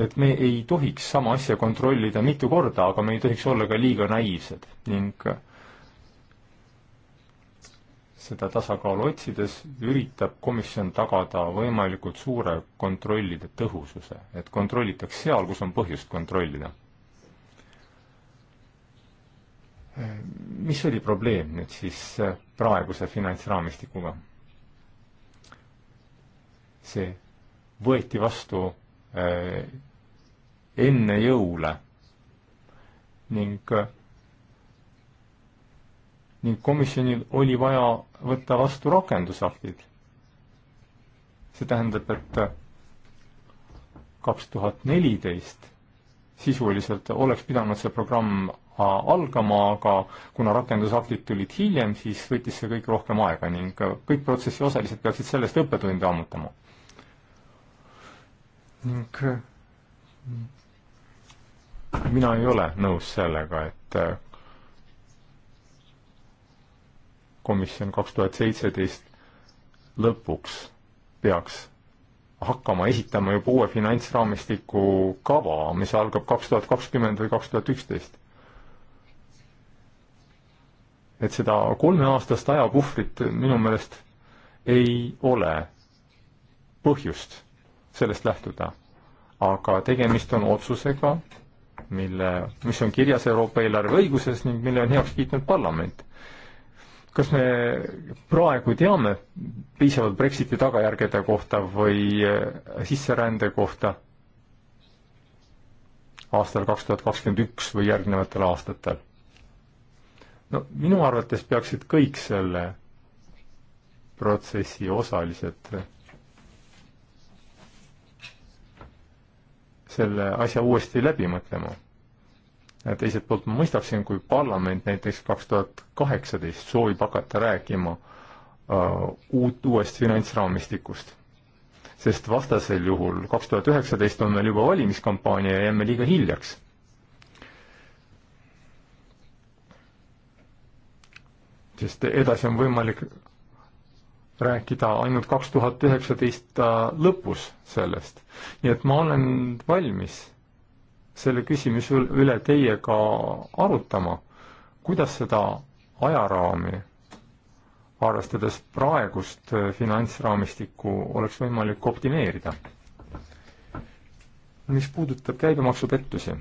et me ei tohiks sama asja kontrollida mitu korda, aga me ei tohiks olla ka liiga naiivsed ning äh, seda tasakaalu otsides üritab komisjon tagada võimalikult suure kontrollide tõhususe, et kontrollitaks seal, kus on põhjust kontrollida. mis oli probleem nüüd siis praeguse finantsraamistikuga? see võeti vastu äh, enne jõule ning äh, ning komisjonil oli vaja võtta vastu rakendusaktid. see tähendab, et kaks tuhat neliteist sisuliselt oleks pidanud see programm algama, aga kuna rakendusaktid tulid hiljem, siis võttis see kõik rohkem aega ning kõik protsessi osalised peaksid sellest õppetunde ammutama. ning mina ei ole nõus sellega, et komisjon kaks tuhat seitseteist lõpuks peaks hakkama esitama juba uue finantsraamistiku kava, mis algab kaks tuhat kakskümmend või kaks tuhat üksteist. et seda kolmeaastast ajapuhvrit minu meelest ei ole põhjust sellest lähtuda. aga tegemist on otsusega, mille, mis on kirjas Euroopa eelarve õiguses ning mille on heaks kiitnud parlament kas me praegu teame piisavalt Brexiti tagajärgede kohta või äh, sisserände kohta aastal kaks tuhat kakskümmend üks või järgnevatel aastatel? no minu arvates peaksid kõik selle protsessi osalised selle asja uuesti läbi mõtlema teiselt poolt ma mõistaksin, kui parlament näiteks kaks tuhat kaheksateist soovib hakata rääkima uh, uut, uuest finantsraamistikust. sest vastasel juhul kaks tuhat üheksateist on meil juba valimiskampaania ja jääme liiga hiljaks. sest edasi on võimalik rääkida ainult kaks tuhat üheksateist äh, lõpus sellest. nii et ma olen valmis selle küsimuse üle teiega arutama, kuidas seda ajaraami, arvestades praegust äh, finantsraamistikku, oleks võimalik optimeerida. mis puudutab käibemaksupettusi,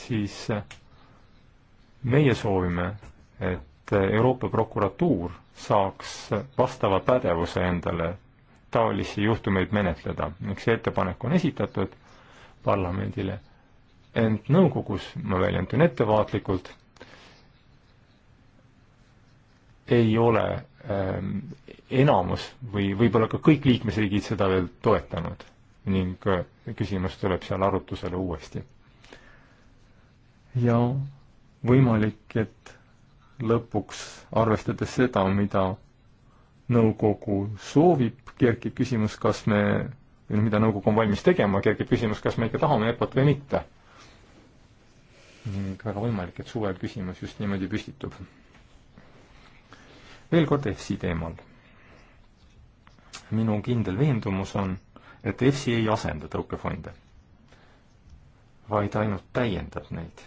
siis äh, meie soovime, et äh, Euroopa prokuratuur saaks vastava pädevuse endale taolisi juhtumeid menetleda ning see ettepanek on esitatud parlamendile. ent nõukogus, ma väljendun ettevaatlikult, ei ole ähm, enamus või võib-olla ka kõik liikmesriigid seda veel toetanud ning äh, küsimus tuleb seal arutusele uuesti. ja võimalik, et lõpuks, arvestades seda, mida nõukogu soovib, kerkib küsimus, kas me Noh, mida nõukogu on valmis tegema, kerkib küsimus, kas me ikka tahame EPA-t või mitte. ning väga võimalik, et suvel küsimus just niimoodi püstitub. veel kord EFSi teemal. minu kindel veendumus on, et EFSi ei asenda tõukefonde, vaid ainult täiendab neid.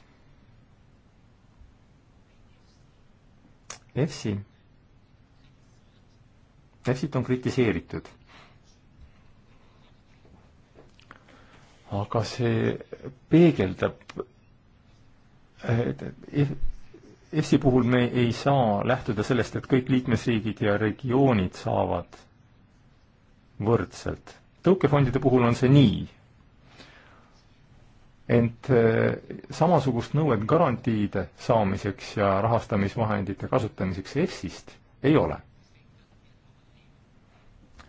EFSi, EFSit on kritiseeritud aga see peegeldab, et EFSi puhul me ei saa lähtuda sellest, et kõik liikmesriigid ja regioonid saavad võrdselt. tõukefondide puhul on see nii, ent eh, samasugust nõuet garantiide saamiseks ja rahastamisvahendite kasutamiseks EFSist ei ole.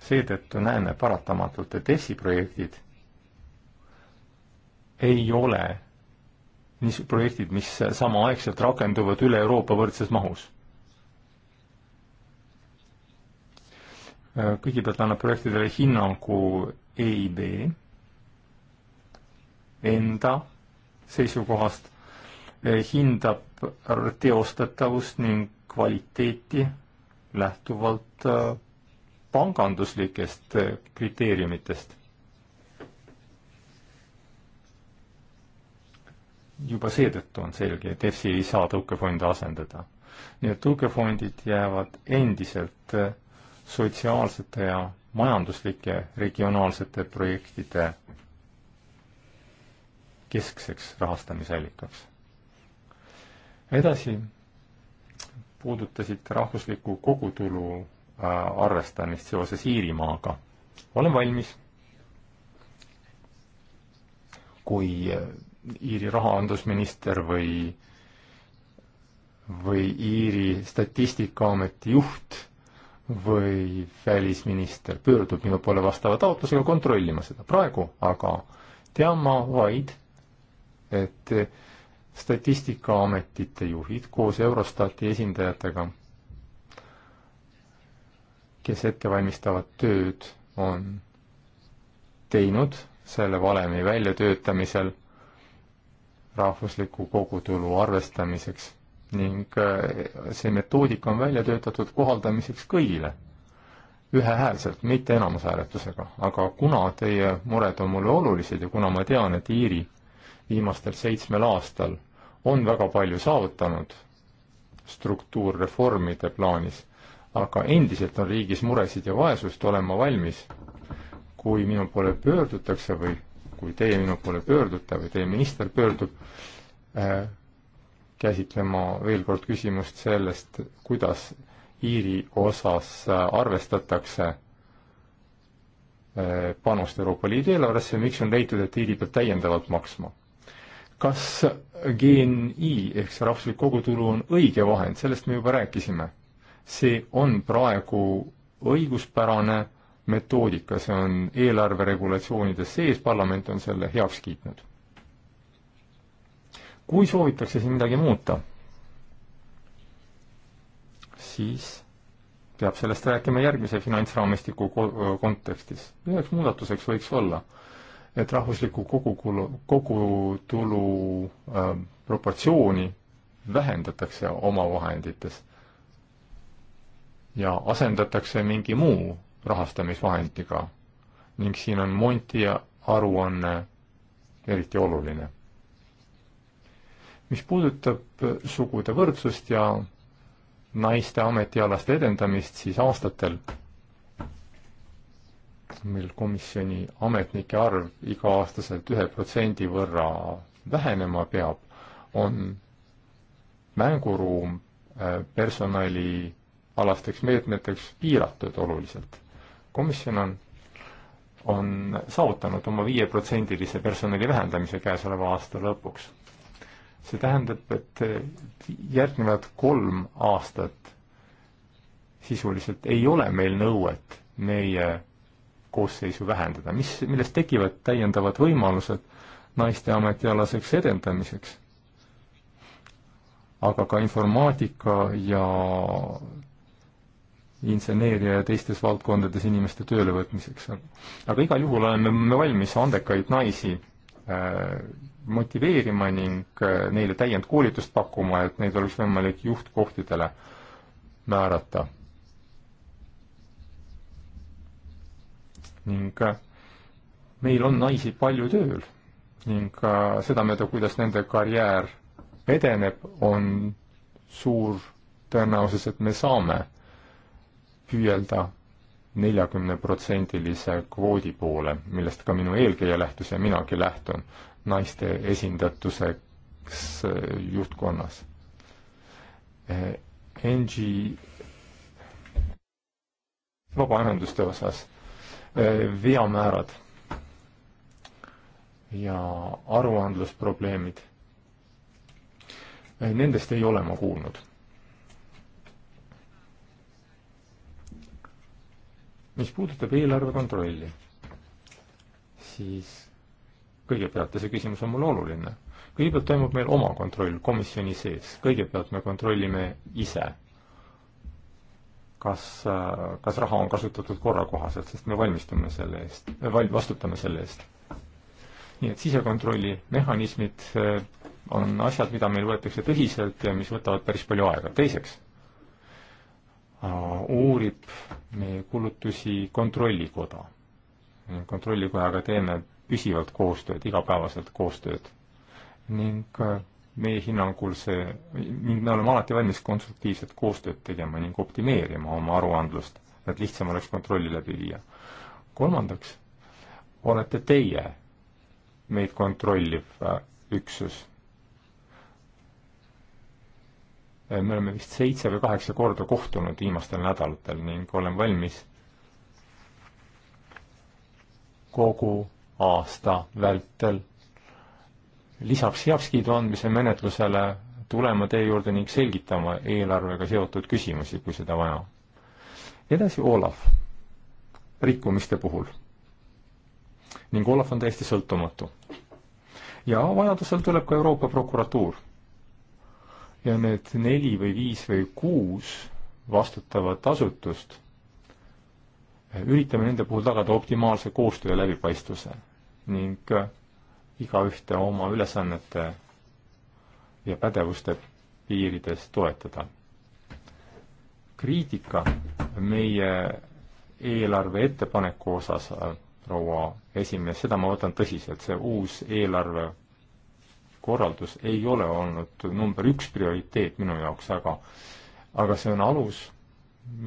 seetõttu näeme paratamatult, et EFSi projektid ei ole niisugused projektid, mis samaaegselt rakenduvad üle Euroopa võrdses mahus. kõigepealt annab projektidele hinnangu EIB enda seisukohast, hindab teostatavust ning kvaliteeti lähtuvalt panganduslikest kriteeriumitest juba seetõttu on selge, et EFSI ei saa tõukefonde asendada. nii et tõukefondid jäävad endiselt äh, sotsiaalsete ja majanduslike regionaalsete projektide keskseks rahastamisallikaks. edasi puudutasite rahvusliku kogutulu äh, arvestamist seoses Iirimaaga. olen valmis. kui äh, Iiri rahandusminister või, või Iiri statistikaameti juht või välisminister pöördub minu poole vastava taotlusega kontrollima seda. praegu aga tean ma vaid, et statistikaametite juhid koos Eurostati esindajatega, kes ette valmistavad tööd, on teinud selle valemi väljatöötamisel rahvusliku kogutulu arvestamiseks ning äh, see metoodika on välja töötatud kohaldamiseks kõigile ühehäälselt, mitte enamushääletusega. aga kuna teie mured on mulle olulised ja kuna ma tean, et Iiri viimastel seitsmel aastal on väga palju saavutanud struktuurreformide plaanis, aga endiselt on riigis muresid ja vaesust, olen ma valmis, kui minu poole pöördutakse või kui teie minu poole pöördute või teie minister pöördub äh,, käsitlema veel kord küsimust sellest, kuidas Iiri osas äh, arvestatakse äh, panust Euroopa Liidu eelarvesse, miks on leitud, et Iiri peab täiendavalt maksma kas GNI ehk see rahvuslik kogutulu on õige vahend, sellest me juba rääkisime. see on praegu õiguspärane metoodika, see on eelarveregulatsioonides sees, parlament on selle heaks kiitnud. kui soovitakse siin midagi muuta, siis peab sellest rääkima järgmise finantsraamistiku kontekstis. üheks muudatuseks võiks olla, et rahvusliku kogukulu, kogutulu äh, proportsiooni vähendatakse omavahendites ja asendatakse mingi muu rahastamisvahendiga ning siin on Monti aruanne eriti oluline. mis puudutab sugude võrdsust ja naiste ametialast edendamist, siis aastatel, mil komisjoni ametnike arv iga-aastaselt ühe protsendi võrra vähenema peab, on mänguruum eh, personalialasteks meetmeteks piiratud oluliselt komisjon on, on saavutanud oma viieprotsendilise personali vähendamise käesoleva aasta lõpuks. see tähendab, et järgnevad kolm aastat sisuliselt ei ole meil nõuet meie koosseisu vähendada, mis, millest tekivad täiendavad võimalused naiste ametialaseks edendamiseks, aga ka informaatika ja inseneeria ja teistes valdkondades inimeste töölevõtmiseks. aga igal juhul oleme me valmis andekaid naisi äh, motiveerima ning äh, neile täiendkoolitust pakkuma, et neid oleks võimalik juhtkohtadele määrata. ning äh, meil on naisi palju tööl ning sedamööda, kuidas nende karjäär edeneb, on suur tõenäosus, et me saame püüelda neljakümneprotsendilise kvoodi poole, millest ka minu eelkäija lähtus ja minagi lähtun, naiste esindatuseks äh, juhtkonnas. Äh, NG vabaühenduste osas äh, veamäärad ja aruandlusprobleemid, nendest ei ole ma kuulnud mis puudutab eelarve kontrolli, siis kõigepealt, ja see küsimus on mulle oluline, kõigepealt toimub meil oma kontroll komisjoni sees, kõigepealt me kontrollime ise, kas, kas raha on kasutatud korrakohaselt, sest me valmistume selle eest, val-, vastutame selle eest. nii et sisekontrolli mehhanismid äh, on asjad, mida meil võetakse tõsiselt ja mis võtavad päris palju aega. teiseks Äh, uurib meie kulutusi Kontrollikoda. kontrollikojaga teeme püsivalt koostööd, igapäevaselt koostööd ning äh, meie hinnangul see, ning me oleme alati valmis konstruktiivset koostööd tegema ning optimeerima oma aruandlust, et lihtsam oleks kontrolli läbi viia. kolmandaks olete teie meid kontrolliv äh, üksus Äh, me oleme vist seitse või kaheksa korda kohtunud viimastel nädalatel ning olen valmis kogu aasta vältel lisaks heakskiidu andmise menetlusele tulema teie juurde ning selgitama eelarvega seotud küsimusi, kui seda vaja. edasi Olav, rikkumiste puhul. ning Olav on täiesti sõltumatu. ja vajadusel tuleb ka Euroopa prokuratuur ja need neli või viis või kuus vastutavat asutust, üritame nende puhul tagada optimaalse koostöö ja läbipaistvuse ning äh, igaühte oma ülesannete ja pädevuste piirides toetada. kriitika meie eelarve ettepaneku osas, äh, proua esimees, seda ma võtan tõsiselt, see uus eelarve korraldus ei ole olnud number üks prioriteet minu jaoks, aga aga see on alus,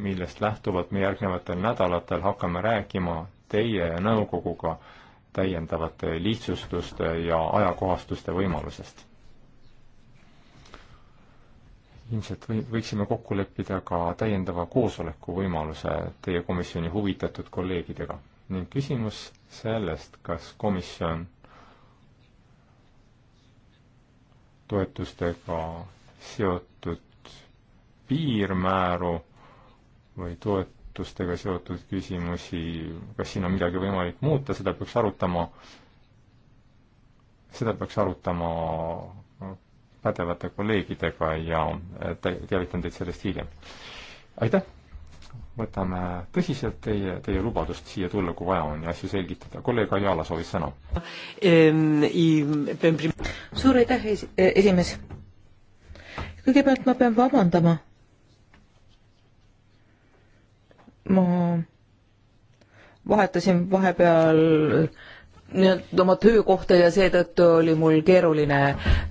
millest lähtuvalt me järgnevatel nädalatel hakkame rääkima teie ja nõukoguga täiendavate lihtsustuste ja ajakohastuste võimalusest. ilmselt või, võiksime kokku leppida ka täiendava koosoleku võimaluse teie komisjoni huvitatud kolleegidega ning küsimus sellest, kas komisjon toetustega seotud piirmääru või toetustega seotud küsimusi, kas siin on midagi võimalik muuta, seda peaks arutama, seda peaks arutama pädevate kolleegidega ja teavitan teid sellest hiljem. aitäh! võtame tõsiselt teie, teie lubadust siia tulla, kui vaja on ja asju selgitada. kolleeg Ajala soovis sõna. Ehm, suur aitäh, eh, esimees. kõigepealt ma pean vabandama. ma vahetasin vahepeal äh, oma töökohta ja seetõttu oli mul keeruline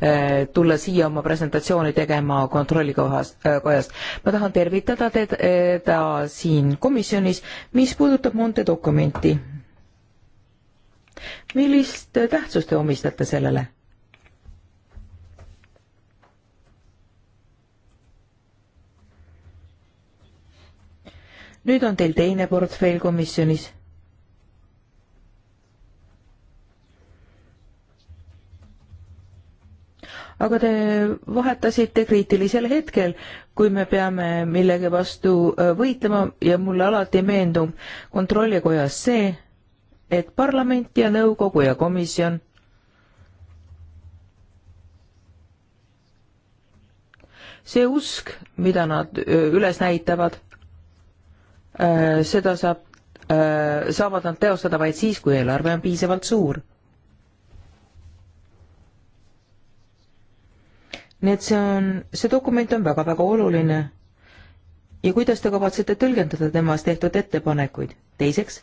eh, tulla siia oma presentatsiooni tegema kontrollikojast. Eh, ma tahan tervitada teda eh, siin komisjonis, mis puudutab Monte dokumenti. millist tähtsust te omistate sellele? nüüd on teil teine portfell komisjonis aga te vahetasite kriitilisel hetkel, kui me peame millegi vastu äh, võitlema ja mulle alati meenub kontrollikojas see, et parlament ja nõukogu ja komisjon see usk, mida nad äh, üles näitavad, äh, seda saab, saavad nad teostada vaid siis, kui eelarve on piisavalt suur nii et see on, see dokument on väga-väga oluline. ja kuidas te kavatsete tõlgendada temas tehtud ettepanekuid? teiseks,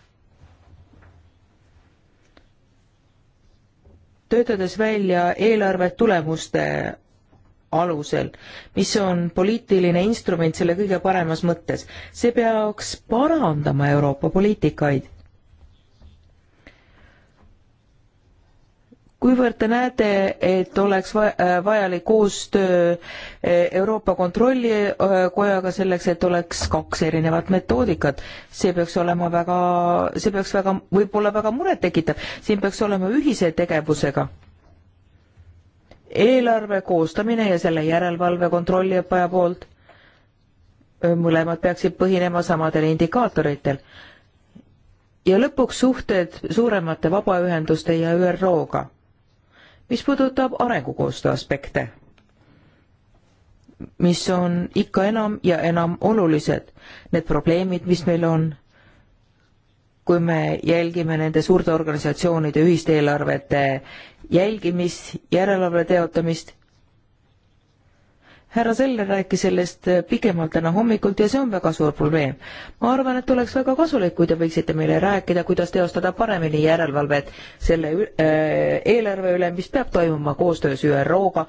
töötades välja eelarvet tulemuste alusel, mis on poliitiline instrument selle kõige paremas mõttes, see peaks parandama Euroopa poliitikaid kuivõrd te näete, et oleks äh, vajalik koostöö äh, Euroopa Kontrollikojaga selleks, et oleks kaks erinevat metoodikat, see peaks olema väga, see peaks väga, võib-olla väga murettekitav, siin peaks olema ühise tegevusega eelarve koostamine ja selle järelevalve kontrollijapaja poolt, mõlemad peaksid põhinema samadel indikaatoritel ja lõpuks suhted suuremate vabaühenduste ja ÜRO-ga mis puudutab arengukoostöö aspekte, mis on ikka enam ja enam olulised, need probleemid, mis meil on, kui me jälgime nende suurte organisatsioonide ühiste eelarvete jälgimist, järelevalve teotamist härra Seller rääkis sellest äh, pikemalt täna hommikul ja see on väga suur probleem. ma arvan, et oleks väga kasulik, kui te võiksite meile rääkida, kuidas teostada paremini järelevalvet selle äh, eelarve üle, mis peab toimuma koostöös ÜRO-ga,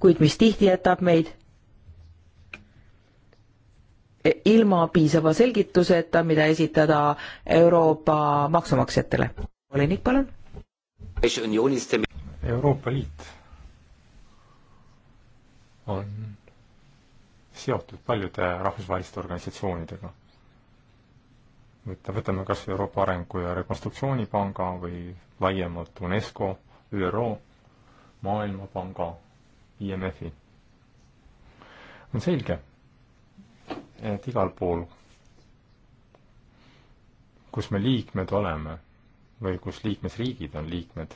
kuid mis tihti jätab meid e, ilma piisava selgituseta, mida esitada Euroopa maksumaksjatele. volinik, palun. Euroopa Liit on seotud paljude rahvusvaheliste organisatsioonidega. võta, võtame kas või Euroopa Arengu- ja Rekonstruktsioonipanga või laiemalt UNESCO, ÜRO, Maailmapanga, IMF-i. on selge, et igal pool, kus me liikmed oleme või kus liikmesriigid on liikmed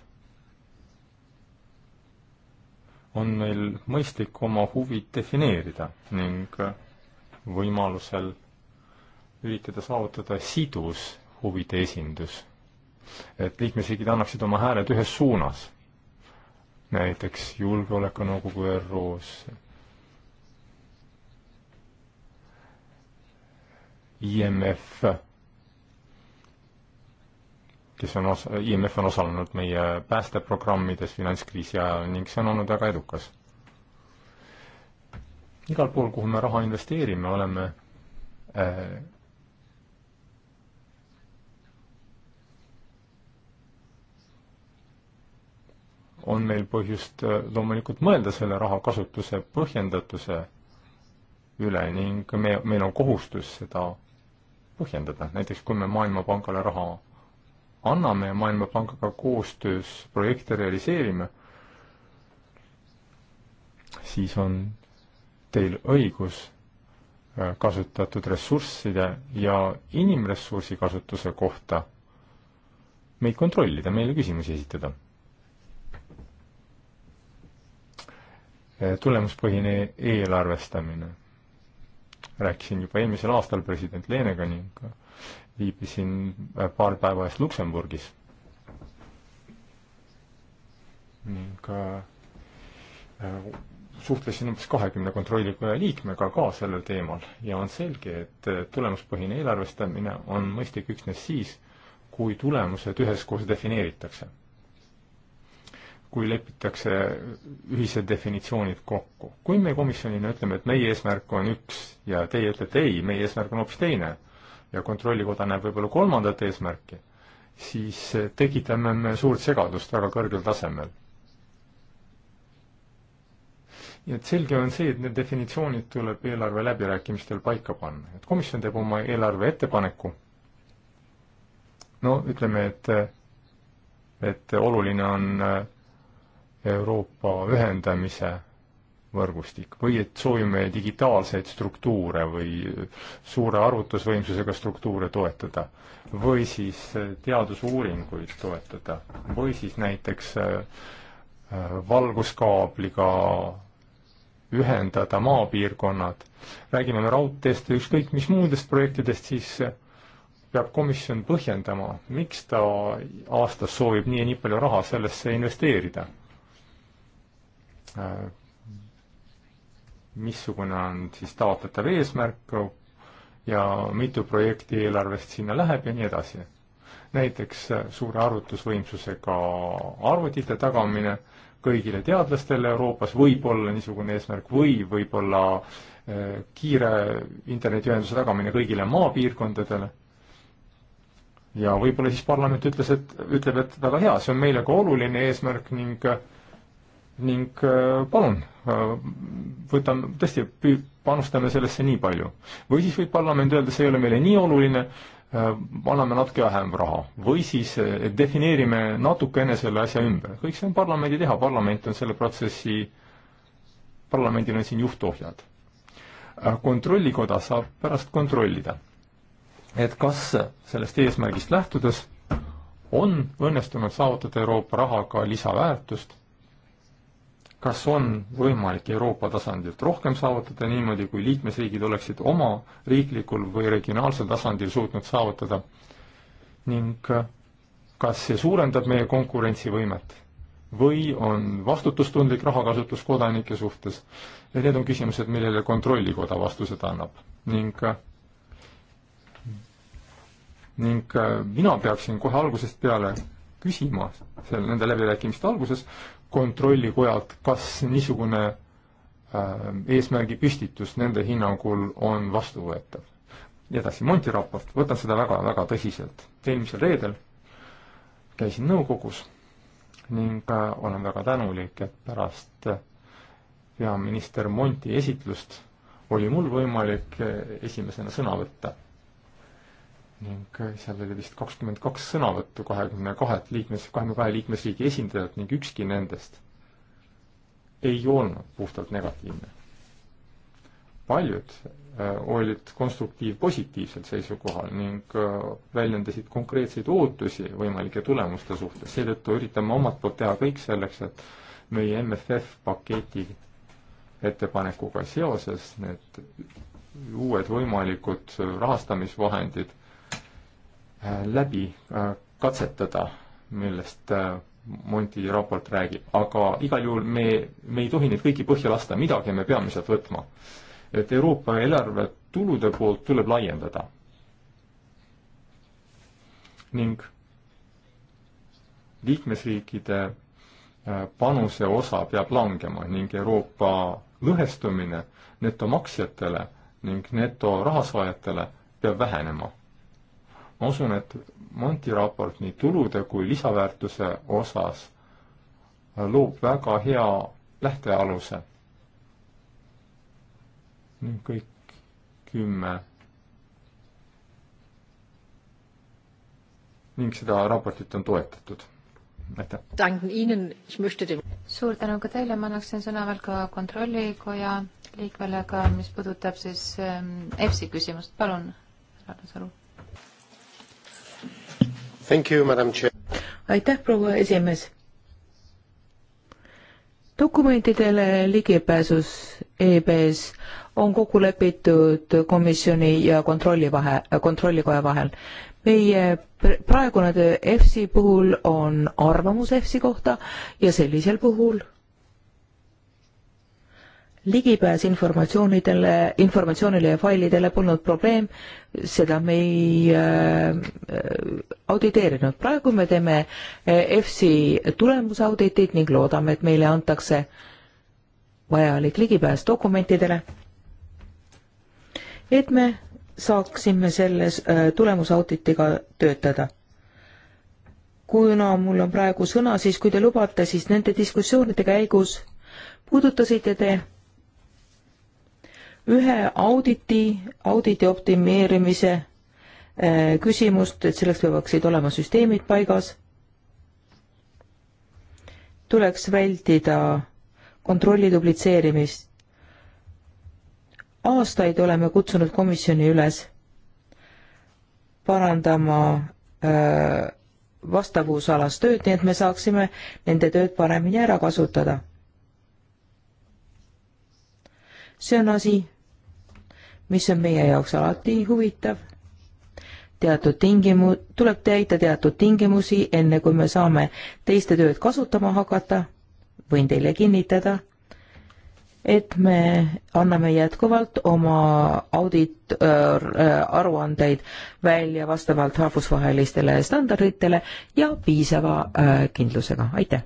on meil mõistlik oma huvid defineerida ning võimalusel üritada saavutada sidus huvide esindus. et liikmesriigid annaksid oma hääled ühes suunas, näiteks Julgeolekunõukogu ÜRO-s, IMF kes on osa, IMF on osalenud meie päästeprogrammides finantskriisi ajal ning see on olnud väga edukas. igal pool, kuhu me raha investeerime, oleme äh, on meil põhjust äh, loomulikult mõelda selle raha kasutuse põhjendatuse üle ning me, meil on kohustus seda põhjendada. näiteks kui me Maailmapangale raha anname ja Maailmapangaga koostöös projekte realiseerime, siis on teil õigus äh, kasutatud ressursside ja inimressursi kasutuse kohta meid kontrollida, meile küsimusi esitada. Äh, tulemuspõhine eelarvestamine. rääkisin juba eelmisel aastal president Leenega ning viibisin äh, paar päeva eest Luksemburgis ning äh, suhtlesin umbes kahekümne kontrollikoja liikmega ka sellel teemal ja on selge, et äh, tulemuspõhine eelarvestamine on mõistlik üksnes siis, kui tulemused üheskoos defineeritakse. kui lepitakse ühised definitsioonid kokku. kui me komisjonina ütleme, et meie eesmärk on üks ja teie ütlete ei, meie eesmärk on hoopis teine ja Kontrollikoda näeb võib-olla kolmandat eesmärki, siis tekitame me suurt segadust väga kõrgel tasemel. nii et selge on see, et need definitsioonid tuleb eelarve läbirääkimistel paika panna, et komisjon teeb oma eelarve ettepaneku, no ütleme, et et oluline on Euroopa ühendamise võrgustik või et soovime digitaalseid struktuure või suure arvutusvõimsusega struktuure toetada või siis eh, teadusuuringuid toetada või siis näiteks eh, eh, valguskaabliga ühendada maapiirkonnad. räägime me raudteest või ükskõik mis muudest projektidest, siis peab komisjon põhjendama, miks ta aastas soovib nii ja nii palju raha sellesse investeerida missugune on siis taotletav eesmärk ja mitu projekti eelarvest sinna läheb ja nii edasi. näiteks äh, suure arvutusvõimsusega arvutite tagamine kõigile teadlastele Euroopas, võib-olla niisugune eesmärk või võib-olla äh, kiire internetiühenduse tagamine kõigile maapiirkondadele ja võib-olla siis parlament ütles, et, ütleb, et väga hea, see on meile ka oluline eesmärk ning äh, ning äh, palun, äh, võtame, tõesti, panustame sellesse nii palju. või siis võib parlament öelda, see ei ole meile nii oluline, äh, anname natuke vähem raha. või siis defineerime natukene selle asja ümber. kõik see on parlamendi teha, parlament on selle protsessi, parlamendil on siin juhtohjad. kontrollikoda saab pärast kontrollida, et kas sellest eesmärgist lähtudes on õnnestunud saavutada Euroopa rahaga lisaväärtust kas on võimalik Euroopa tasandilt rohkem saavutada niimoodi, kui liikmesriigid oleksid oma riiklikul või regionaalsel tasandil suutnud saavutada ning äh, kas see suurendab meie konkurentsivõimet või on vastutustundlik rahakasutus kodanike suhtes ja need on küsimused, millele Kontrollikoda vastused annab ning äh, ning äh, mina peaksin kohe algusest peale küsima seal nende läbirääkimiste alguses, kontrollikojalt, kas niisugune äh, eesmärgi püstitus nende hinnangul on vastuvõetav. edasi, Monti raport, võtan seda väga-väga tõsiselt. eelmisel reedel käisin nõukogus ning äh, olen väga tänulik, et pärast äh, peaminister Monti esitlust oli mul võimalik esimesena sõna võtta ning seal oli vist kakskümmend kaks sõnavõttu kahekümne kahelt liikmes, kahekümne kahe liikmesriigi esindajalt ning ükski nendest ei olnud puhtalt negatiivne. paljud äh, olid konstruktiivpositiivsel seisukohal ning äh, väljendasid konkreetseid ootusi võimalike tulemuste suhtes, seetõttu üritame omalt poolt teha kõik selleks, et meie MFF paketi ettepanekuga seoses need uued võimalikud rahastamisvahendid Äh, läbi äh, katsetada, millest äh, Monti raport räägib, aga igal juhul me, me ei tohi neid kõiki põhja lasta, midagi me peame sealt võtma. et Euroopa eelarve tulude poolt tuleb laiendada. ning liikmesriikide panuse osa peab langema ning Euroopa lõhestumine netomaksjatele ning netorahasaajatele peab vähenema ma usun, et Monti raport nii tulude kui lisaväärtuse osas loob väga hea lähtealuse. nüüd kõik kümme. ning seda raportit on toetatud. aitäh! suur tänu ka teile, ma annaksin sõna veel ka kontrollikoja liikmele, aga mis puudutab siis ähm, EFSi küsimust, palun, härra Salu aitäh, proua esimees. dokumentidele ligipääsus EB-s on kokku lepitud komisjoni ja kontrolli vahe, kontrollikoja vahel. meie praegune töö EFSi puhul on arvamus EFSi kohta ja sellisel puhul ligipääs informatsioonidele, informatsioonile ja failidele polnud probleem, seda me ei äh, auditeerinud. praegu me teeme äh, EFSI tulemusauditit ning loodame, et meile antakse vajalik ligipääs dokumentidele, et me saaksime selles äh, tulemusauditiga töötada kuna mul on praegu sõna, siis kui te lubate, siis nende diskussioonide käigus puudutasite te ühe auditi, auditi optimeerimise äh, küsimust, et selleks peaksid olema süsteemid paigas. tuleks vältida kontrolli duplitseerimist. aastaid oleme kutsunud komisjoni üles parandama äh, vastavusalast tööd, nii et me saaksime nende tööd paremini ära kasutada. see on asi, mis on meie jaoks alati huvitav. teatud tingimu-, tuleb täita teatud tingimusi, enne kui me saame teiste tööd kasutama hakata. võin teile kinnitada, et me anname jätkuvalt oma audit äh,, äh aruandeid välja vastavalt rahvusvahelistele standarditele ja piisava äh, kindlusega, aitäh!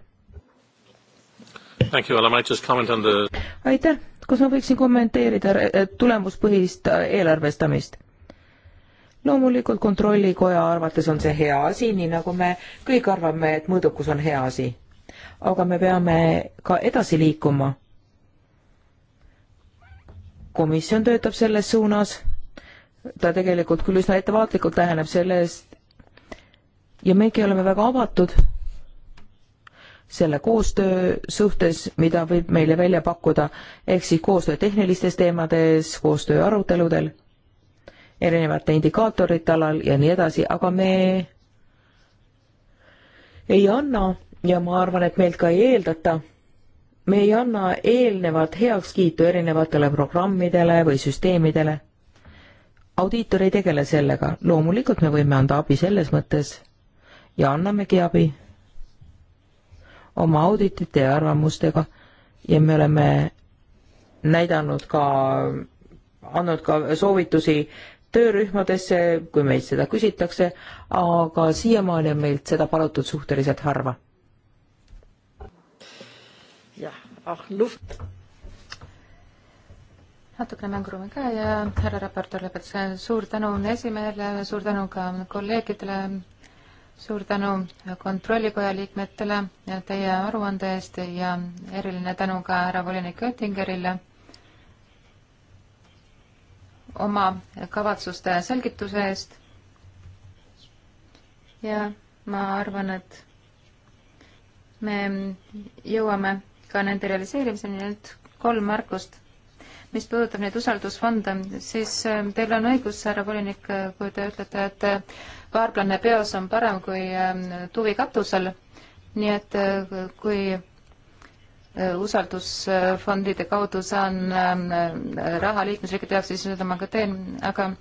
The... aitäh! kas ma võiksin kommenteerida eh, tulemuspõhist eh, eelarvestamist? loomulikult Kontrollikoja arvates on see hea asi, nii nagu me kõik arvame, et mõõdukus on hea asi. aga me peame ka edasi liikuma. komisjon töötab selles suunas, ta tegelikult küll üsna ettevaatlikult läheneb selle eest ja meiegi oleme väga avatud selle koostöö suhtes, mida võib meile välja pakkuda, ehk siis koostöö tehnilistes teemades, koostöö aruteludel, erinevate indikaatorite alal ja nii edasi, aga me ei anna ja ma arvan, et meilt ka ei eeldata, me ei anna eelnevat heakskiitu erinevatele programmidele või süsteemidele. audiitor ei tegele sellega, loomulikult me võime anda abi selles mõttes ja annamegi abi oma auditite ja arvamustega ja me oleme näidanud ka, andnud ka soovitusi töörühmadesse, kui meilt seda küsitakse, aga siiamaani on meilt seda palutud suhteliselt harva. jah, ah luht. natukene mänguruumi ka ja härra raportöör lõpetas, suur tänu esimehele, suur tänu ka kolleegidele suur tänu Kontrollikoja liikmetele teie aruande eest ja eriline tänu ka härra volinik Oettingerile oma kavatsuste selgituse eest. ja ma arvan, et me jõuame ka nende realiseerimiseni, nüüd kolm märkust mis puudutab neid usaldusfonde, siis teil on õigus, härra volinik, kui te ütlete, et vaarplane peos on parem kui ähm, tuvi katusel, nii et äh, kui äh, usaldusfondide kaudu saan ähm, äh, raha liikmesriikide jaoks, siis seda ma ka teen, aga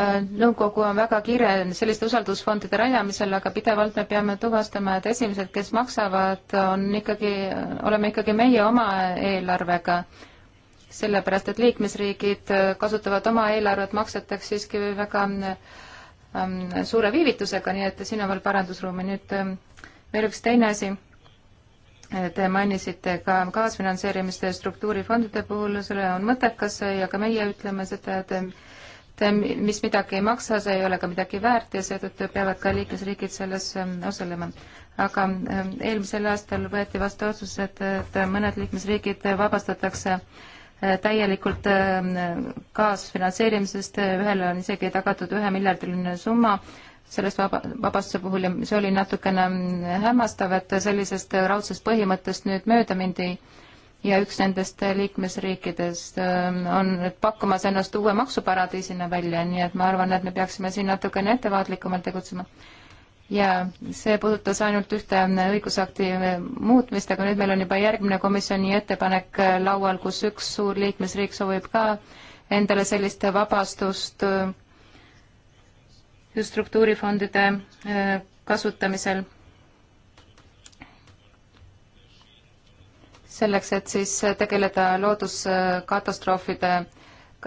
nõukogu on väga kiire selliste usaldusfondide rajamisel, aga pidevalt me peame tuvastama, et esimesed, kes maksavad, on ikkagi, oleme ikkagi meie oma eelarvega, sellepärast et liikmesriigid kasutavad oma eelarvet makseteks siiski väga äh, Ähm, suure viivitusega, nii et siin on veel parandusruumi. nüüd ähm, veel üks teine asi. Äh, te mainisite ka kaasfinantseerimiste struktuurifondide puhul, selle on mõttekas ja ka meie ütleme seda, et et mis midagi ei maksa, see ei ole ka midagi väärt ja seetõttu peavad ka liikmesriigid selles ähm, osalema. aga eelmisel aastal võeti vastu otsus, et, et mõned liikmesriigid vabastatakse äh, täielikult äh, kaasfinantseerimisest, äh, ühele on isegi tagatud ühemiljardiline summa, sellest vaba, vabastuse puhul ja see oli natukene mm, hämmastav, et sellisest raudsest põhimõttest nüüd mööda mindi ja üks nendest liikmesriikidest ähm, on nüüd pakkumas ennast uue maksuparadiisina välja, nii et ma arvan, et me peaksime siin natukene ettevaatlikumalt tegutsema ja see puudutas ainult ühte õigusakti muutmist, aga nüüd meil on juba järgmine komisjoni ettepanek laual, kus üks suur liikmesriik soovib ka endale sellist vabastust äh, struktuurifondide äh, kasutamisel. selleks, et siis tegeleda looduskatastroofide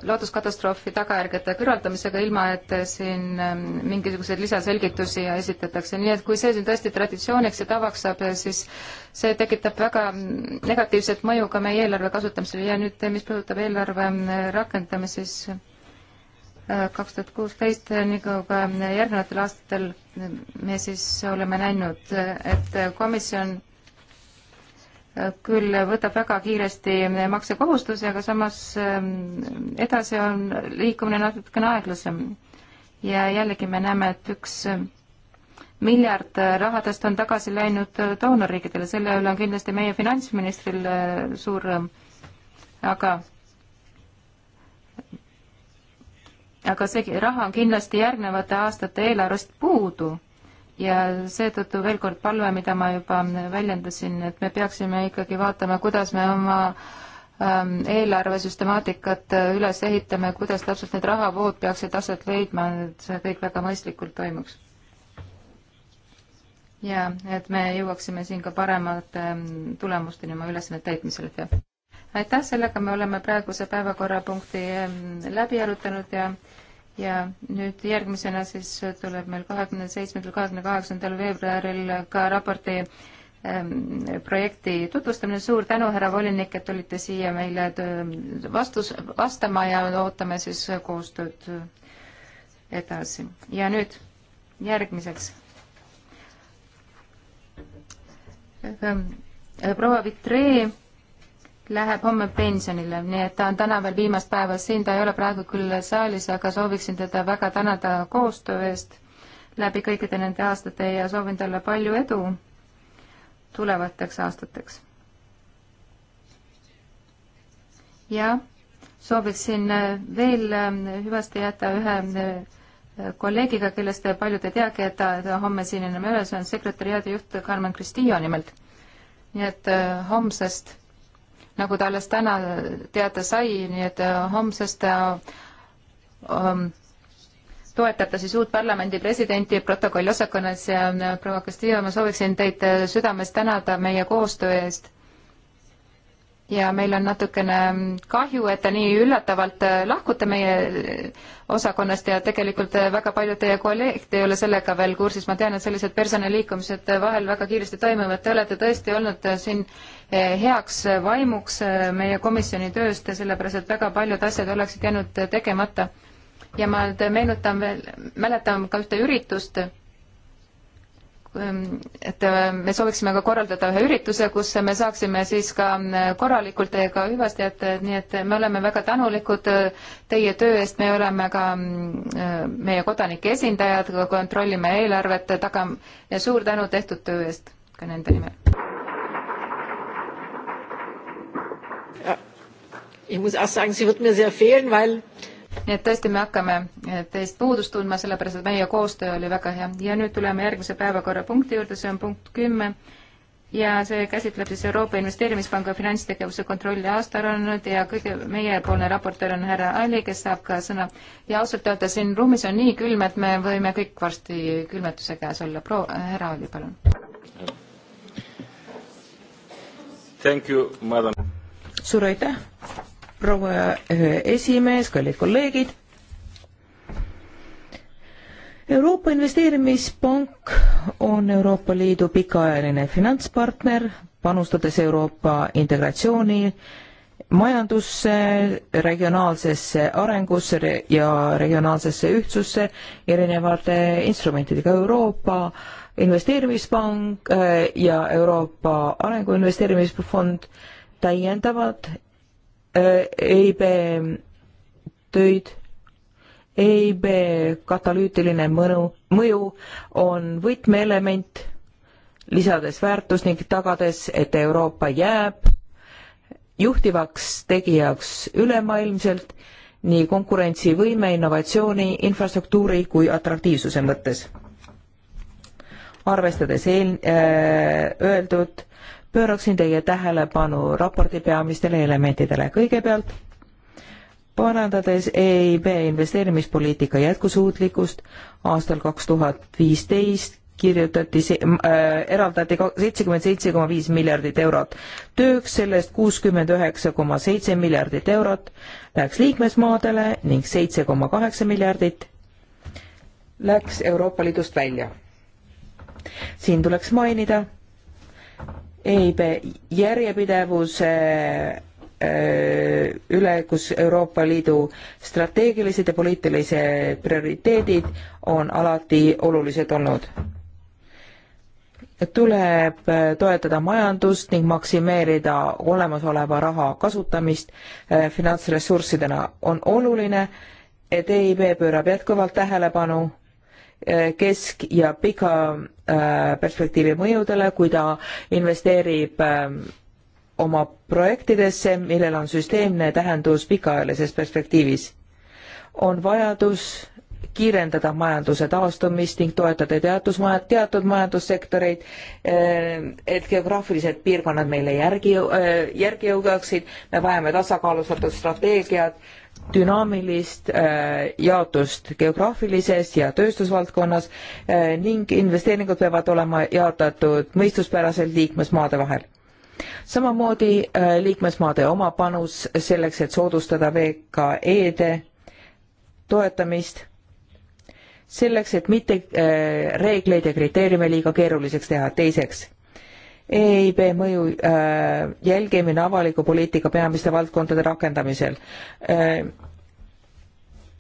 looduskatastroofi tagajärgede kõrvaldamisega, ilma et siin ähm, mingisuguseid lisaselgitusi esitatakse, nii et kui see siin tõesti traditsiooniks ja tavaks saab, siis see tekitab väga mm, negatiivset mõju ka meie eelarve kasutamisele ja nüüd, mis puudutab eelarve mm, rakendamist, siis äh, kaks tuhat kuusteist, äh, nii kui ka äh, järgnevatel aastatel mm, me siis oleme näinud, et komisjon küll võtab väga kiiresti maksekohustusi, aga samas ähm, edasi on liikumine natukene aeglasem. ja jällegi me näeme, et üks äh, miljard äh, rahadest on tagasi läinud äh, doonorriikidele, selle üle on kindlasti meie finantsministril suur rõõm. aga aga see raha on kindlasti järgnevate aastate eelarvest puudu ja seetõttu veel kord palve, mida ma juba väljendasin, et me peaksime ikkagi vaatama, kuidas me oma ähm, eelarve süstemaatikat äh, üles ehitame, kuidas täpselt need rahavood peaksid aset leidma, et see kõik väga mõistlikult toimuks. ja et me jõuaksime siin ka paremate ähm, tulemusteni oma ülesannete täitmisel, et jah. aitäh, sellega me oleme praeguse päevakorrapunkti ähm, läbi arutanud ja ja nüüd järgmisena siis tuleb meil kahekümne seitsmendal, kahekümne kaheksandal veebruaril ka raporti ähm, projekti tutvustamine, suur tänu, härra volinik, et tulite siia meile vastus, vastama ja ootame siis koostööd edasi. ja nüüd järgmiseks. Ähm, proua Vitree läheb homme pensionile, nii et ta on täna veel viimast päeva siin, ta ei ole praegu küll saalis, aga sooviksin teda väga tänada koostöö eest läbi kõikide nende aastate ja soovin talle palju edu tulevateks aastateks. ja sooviksin veel ähm, hüvasti jätta ühe äh, kolleegiga, kellest paljud ei teagi, et ta, ta homme siin enam ei ole, see on sekretäriaadi juht Carmen Castillo nimelt. nii et äh, homsest nagu ta alles täna teada sai, nii et äh, homsest um, toetab ta siis uut parlamendi presidenti protokolli osakonnas ja äh, proua Castillo, ma sooviksin teid südamest tänada meie koostöö eest ja meil on natukene kahju, et te nii üllatavalt äh, lahkute meie äh, osakonnast ja tegelikult äh, väga paljud teie kolleegid ei ole sellega veel kursis, ma tean, et sellised personaliliikumised vahel väga kiiresti toimuvad, te olete tõesti olnud siin heaks vaimuks meie komisjoni tööst ja sellepärast, et väga paljud asjad oleksid jäänud tegemata. ja ma meenutan veel, mäletan ka ühte üritust Ähm, et äh, me sooviksime ka korraldada ühe ürituse, kus me saaksime siis ka äh, korralikult teiega hüvasti, et äh, nii et me oleme väga tänulikud teie töö eest, me oleme ka mm, meie kodanike esindajad, kontrollime eelarvet taga ja suur tänu tehtud töö eest ka nende nimel. Ich muss auch sagen, sie wird mir sehr fehlen, weil nii et tõesti, me hakkame eh, teist puudust tundma, sellepärast et meie koostöö oli väga hea. ja nüüd tuleme järgmise päevakorrapunkti juurde, see on punkt kümme ja see käsitleb siis Euroopa Investeerimispanga finantstegevuse kontrolli aastaaruannet ja kõige meiepoolne raportöör on härra Ali, kes saab ka sõna. ja ausalt öelda siin ruumis on nii külm, et me võime kõik varsti külmetuse käes olla. proua, härra Ali, palun. suur aitäh proua äh, esimees, kallid kolleegid. Euroopa Investeerimispank on Euroopa Liidu pikaajaline finantspartner, panustades Euroopa integratsiooni, majandusse, regionaalsesse arengusse ja regionaalsesse ühtsusse erinevate instrumentidega Euroopa Investeerimispank äh, ja Euroopa Arenguinvesteerimisfond täiendavad EIB töid, EIB katalüütiline mõnu, mõju on võtmeelement, lisades väärtus ning tagades, et Euroopa jääb juhtivaks tegijaks ülemaailmselt nii konkurentsivõime, innovatsiooni, infrastruktuuri kui atraktiivsuse mõttes. arvestades eel- äh,, öeldud pööraksin teie tähelepanu raporti peamistele elementidele. kõigepealt parandades EIB investeerimispoliitika jätkusuutlikkust aastal kaks tuhat viisteist kirjutati äh,, eraldati seitsekümmend seitse koma viis miljardit eurot tööks, sellest kuuskümmend üheksa koma seitse miljardit eurot läks liikmesmaadele ning seitse koma kaheksa miljardit läks Euroopa Liidust välja. siin tuleks mainida, EIB järjepidevuse äh, üle, kus Euroopa Liidu strateegilised ja poliitilised prioriteedid on alati olulised olnud. tuleb äh, toetada majandust ning maksimeerida olemasoleva raha kasutamist äh, finantsressurssidena. on oluline, et EIB pöörab jätkuvalt tähelepanu kesk- ja pika Äh, perspektiivi mõjudele, kui ta investeerib ähm, oma projektidesse, millel on süsteemne tähendus pikaajalises perspektiivis. on vajadus kiirendada majanduse taastumist ning toetada teadusmaja, teatud majandussektoreid, äh, et geograafilised piirkonnad meile järgi, äh, järgi jõuaksid, me vajame tasakaalustatud strateegiat dünaamilist äh, jaotust geograafilises ja tööstusvaldkonnas äh, ning investeeringud peavad olema jaotatud mõistuspäraselt liikmesmaade vahel. samamoodi äh, liikmesmaade oma panus selleks, et soodustada VKE-de toetamist, selleks, et mitte reegleid ja kriteeriume liiga keeruliseks teha. teiseks EIB mõju äh, jälgimine avaliku poliitika peamiste valdkondade rakendamisel äh,.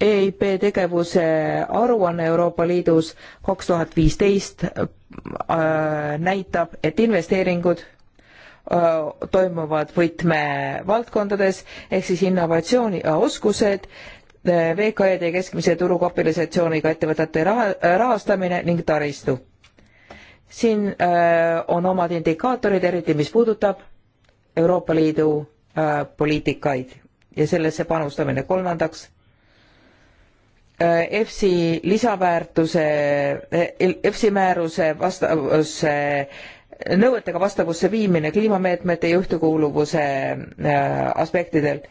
EIB tegevuse aruanne Euroopa Liidus kaks tuhat viisteist äh, näitab, et investeeringud äh, toimuvad võtmevaldkondades ehk siis innovatsiooni ja oskused, äh, VKE-de keskmise turukapitalisatsiooniga ettevõtete raha, rahastamine ning taristu siin äh, on omad indikaatorid, eriti mis puudutab Euroopa Liidu äh, poliitikaid ja sellesse panustamine. kolmandaks äh,, EFSI lisaväärtuse, äh, EFSI määruse vastavusse äh, nõuetega vastavusse viimine kliimameetmete ja ühtekuuluvuse äh, aspektidel.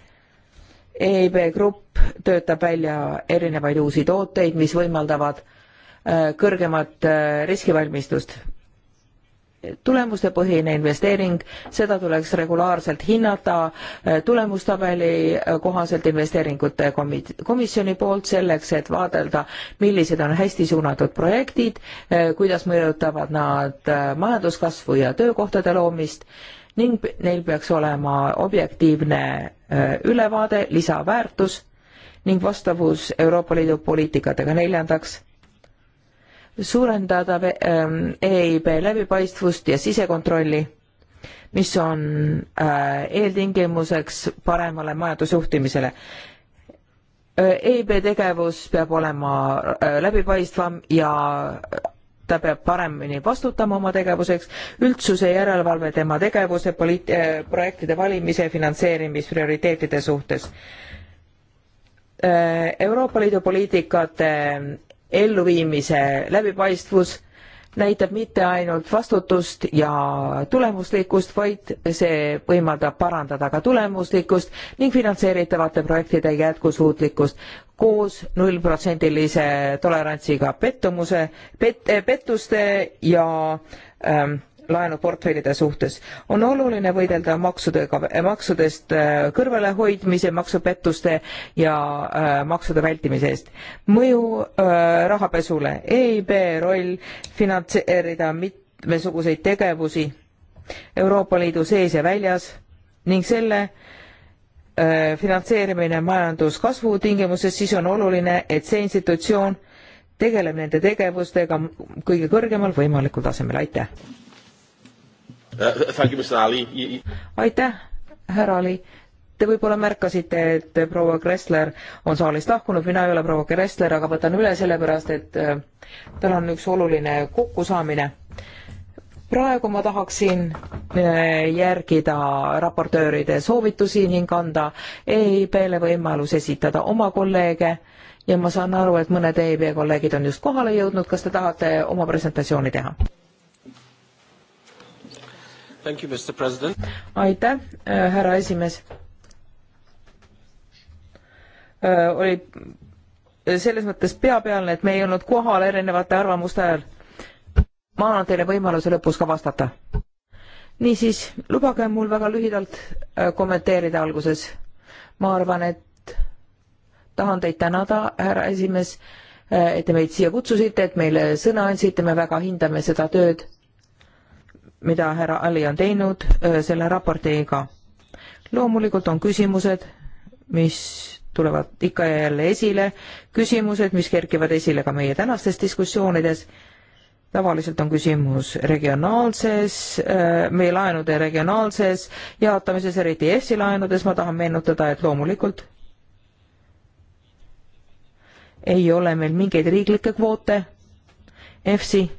EIB Grupp töötab välja erinevaid uusi tooteid, mis võimaldavad äh, kõrgemat riskivalmistust tulemustepõhine investeering, seda tuleks regulaarselt hinnata eh, tulemustabeli eh, kohaselt investeeringute komisjoni poolt selleks, et vaadelda, millised on hästi suunatud projektid, eh, kuidas mõjutavad nad majanduskasvu ja töökohtade loomist ning neil peaks olema objektiivne ülevaade, lisaväärtus ning vastavus Euroopa Liidu poliitikatega. neljandaks suurendada EIB ähm, e läbipaistvust ja sisekontrolli, mis on äh, eeltingimuseks paremale majandusjuhtimisele. Äh, EIB tegevus peab olema äh, läbipaistvam ja ta peab paremini vastutama oma tegevuseks, üldsuse järelevalve tema tegevuse, poliit-, projektide valimise, finantseerimisprioriteetide suhtes. Euroopa Liidu poliitikate elluviimise läbipaistvus näitab mitte ainult vastutust ja tulemuslikkust, vaid see võimaldab parandada ka tulemuslikkust ning finantseeritavate projektide jätkusuutlikkust koos nullprotsendilise tolerantsiga pettumuse pet,, pettuste ja ähm, laenuportfellide suhtes. on oluline võidelda maksudega, maksudest äh, kõrvalehoidmise, maksupettuste ja äh, maksude vältimise eest. mõju äh, rahapesule, EIB roll finantseerida mitmesuguseid tegevusi Euroopa Liidu sees ja väljas ning selle finantseerimine majanduskasvu tingimustes, siis on oluline, et see institutsioon tegeleb nende tegevustega kõige kõrgemal võimalikul tasemel, aitäh! Äh, aitäh, härra Ali. Te võib-olla märkasite, et proua Kressler on saalist lahkunud, mina ei ole proua Kressler, aga võtan üle sellepärast, et äh, tal on üks oluline kokkusaamine. praegu ma tahaksin äh, järgida raportööride soovitusi ning anda EIB-le võimalus esitada oma kolleege ja ma saan aru, et mõned EIB kolleegid on just kohale jõudnud, kas te tahate oma presentatsiooni teha? aitäh, äh, härra esimees. Äh, oli selles mõttes peapealne, et me ei olnud kohal erinevate arvamuste ajal. ma annan teile võimaluse lõpus ka vastata. niisiis, lubage mul väga lühidalt äh, kommenteerida alguses. ma arvan, et tahan teid tänada, härra esimees, et te meid siia kutsusite, et meile sõna andsite, me väga hindame seda tööd mida härra Ali on teinud äh, selle raportiga. loomulikult on küsimused, mis tulevad ikka ja jälle esile, küsimused, mis kerkivad esile ka meie tänastes diskussioonides. tavaliselt on küsimus regionaalses, äh, meie laenude regionaalses jaotamises, eriti EFSI laenudes, ma tahan meenutada, et loomulikult ei ole meil mingeid riiklikke kvoote EFSI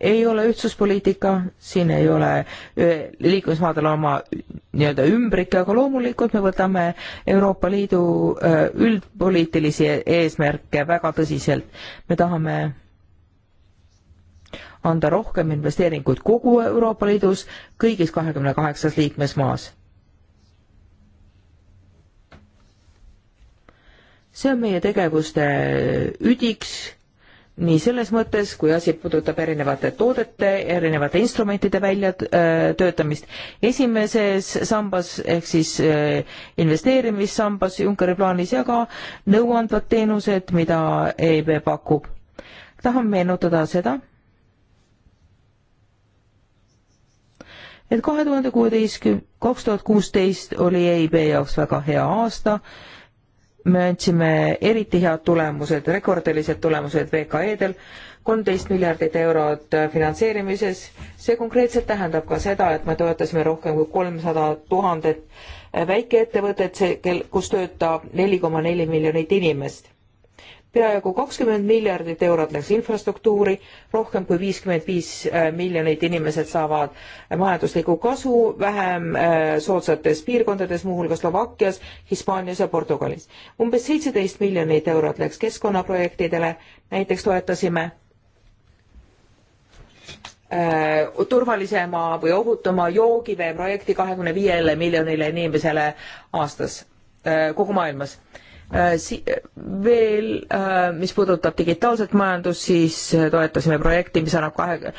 ei ole ühtsuspoliitika, siin ei ole eh, liikmesmaadel oma nii-öelda ümbrikke, aga loomulikult me võtame Euroopa Liidu eh, üldpoliitilisi eesmärke väga tõsiselt. me tahame anda rohkem investeeringuid kogu Euroopa Liidus, kõigis kahekümne kaheksas liikmesmaas. see on meie tegevuste üdiks nii selles mõttes, kui asi puudutab erinevate toodete, erinevate instrumentide väljatöötamist. Äh, esimeses sambas ehk siis äh, investeerimissambas Junckeri plaanis ja ka nõuandvad teenused, mida EIB pakub. tahan meenutada seda, et kahe tuhande kuueteistkümne, kaks tuhat kuusteist oli EIB jaoks väga hea aasta me andsime eriti head tulemused, rekordilised tulemused VKE-del, kolmteist miljardit eurot finantseerimises. see konkreetselt tähendab ka seda, et me toetasime rohkem kui kolmsada tuhandet väikeettevõtet, see, kel, kus töötab neli koma neli miljonit inimest peaaegu kakskümmend miljardit eurot läks infrastruktuuri, rohkem kui viiskümmend viis äh, miljonit inimesed saavad majanduslikku kasu vähem äh, soodsates piirkondades, muuhulgas Slovakkias, Hispaanias ja Portugalis. umbes seitseteist miljonit eurot läks keskkonnaprojektidele, näiteks toetasime äh, turvalisema või ohutuma joogivee projekti kahekümne viiele miljonile inimesele aastas kogu maailmas Äh, si-, veel, äh, mis puudutab digitaalset majandust, siis äh, toetasime projekti, mis annab kahe,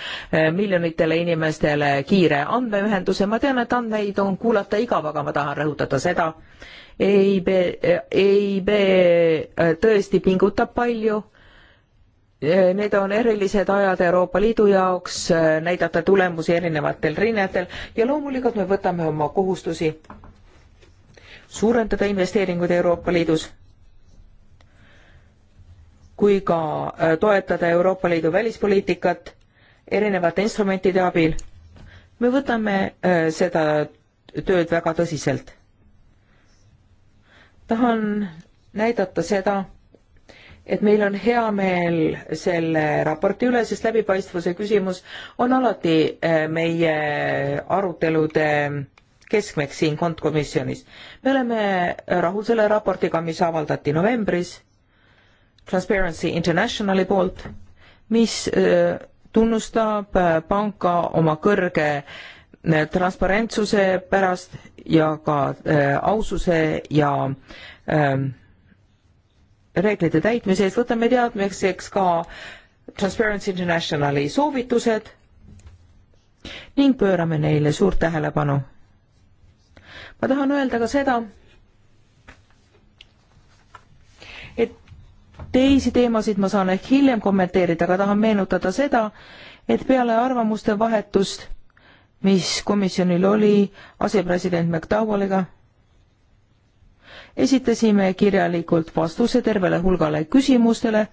miljonitele inimestele kiire andmeühenduse, ma tean, et andmeid on kuulata igav, aga ma tahan rõhutada seda, EIB, EIB tõesti pingutab palju, need on erilised ajad Euroopa Liidu jaoks, näidata tulemusi erinevatel rinnetel ja loomulikult me võtame oma kohustusi suurendada investeeringuid Euroopa Liidus kui ka äh, toetada Euroopa Liidu välispoliitikat erinevate instrumentide abil. me võtame äh, seda tööd väga tõsiselt. tahan näidata seda, et meil on hea meel selle raporti üle, sest läbipaistvuse küsimus on alati äh, meie arutelude keskmeks siin kontkomisjonis. me oleme rahul selle raportiga, mis avaldati novembris Transparency Internationali poolt, mis äh, tunnustab äh, panka oma kõrge äh, transparentsuse pärast ja ka aususe ja ähm, reeglite täitmise eest, võtame teadmiseks ka Transparency Internationali soovitused ning pöörame neile suurt tähelepanu ma tahan öelda ka seda, et teisi teemasid ma saan ehk hiljem kommenteerida, aga tahan meenutada seda, et peale arvamuste vahetust, mis komisjonil oli asepresident McDowalliga, esitasime kirjalikult vastuse tervele hulgale küsimustele,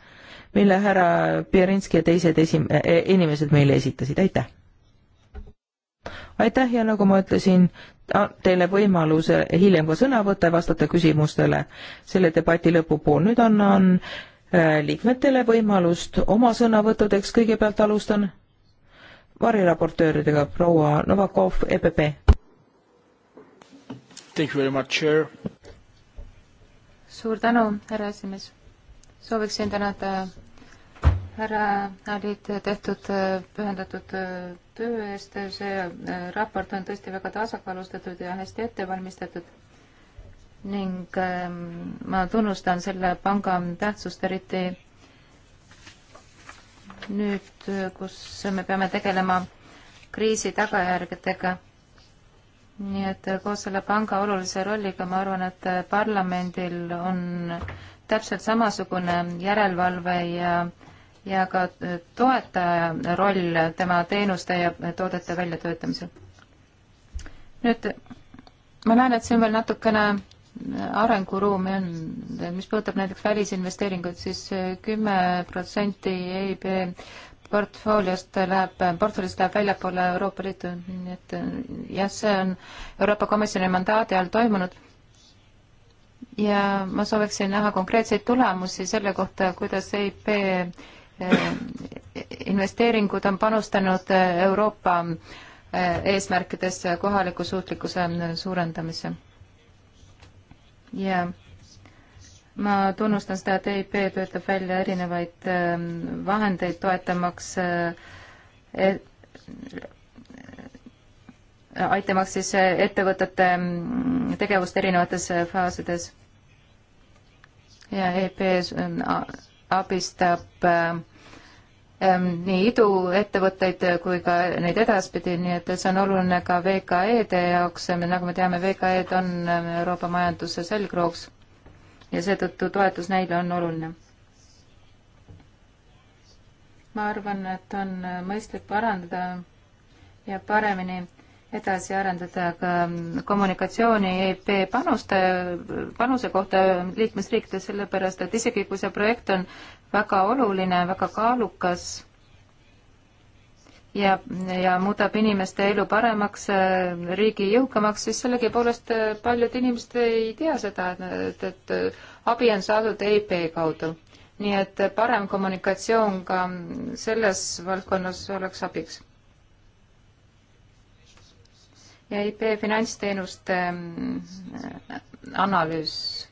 mille härra Pirinski ja teised esim-, eh, eh, inimesed meile esitasid, aitäh! aitäh ja nagu ma ütlesin, teile võimaluse hiljem ka sõna võtta ja vastata küsimustele selle debati lõpupool. nüüd annan äh, liikmetele võimalust oma sõnavõttudeks, kõigepealt alustan variraportööridega, proua Novakov, EPP. suur tänu, härra esimees. sooviksin tänada härra Alid, tehtud äh, pühendatud äh, töö eest, see äh, raport on tõesti väga tasakaalustatud ja hästi ette valmistatud ning ähm, ma tunnustan selle panga tähtsust, eriti nüüd, kus me peame tegelema kriisi tagajärgedega. nii et koos selle panga olulise rolliga ma arvan, et parlamendil on täpselt samasugune järelevalve ja äh, ja ka toetaja roll tema teenuste ja toodete väljatöötamisel. nüüd ma näen, et siin veel natukene arenguruumi on, mis puudutab näiteks välisinvesteeringuid siis, siis kümme protsenti EIB portfooliost läheb, portfellist läheb väljapoole Euroopa Liitu, nii et jah, see on Euroopa Komisjoni mandaadi all toimunud. ja ma sooviksin näha konkreetseid tulemusi selle kohta, kuidas EIB Äh, investeeringud on panustanud äh, Euroopa äh, eesmärkides kohaliku suutlikkuse suurendamise. ja ma tunnustan seda, et EIP töötab välja erinevaid ähm, vahendeid toetamaks e-, aitamaks siis ettevõtete mm, tegevust erinevates faasides. ja EIP abistab äh, ähm, nii iduettevõtteid kui ka neid edaspidi, nii et see on oluline ka VKE-de jaoks, nagu me teame, VKE-d on äh, Euroopa majanduse selgrooks ja seetõttu toetus neile on oluline. ma arvan, et on äh, mõistlik parandada ja paremini edasi arendada ka kommunikatsiooni EIP panuste, panuse kohta liikmesriikides, sellepärast et isegi kui see projekt on väga oluline, väga kaalukas ja, ja muudab inimeste elu paremaks, riigi jõukamaks, siis sellegipoolest paljud inimesed ei tea seda, et, et abi on saadud EIP kaudu. nii et parem kommunikatsioon ka selles valdkonnas oleks abiks ja IP finantsteenuste ähm, äh, analüüs.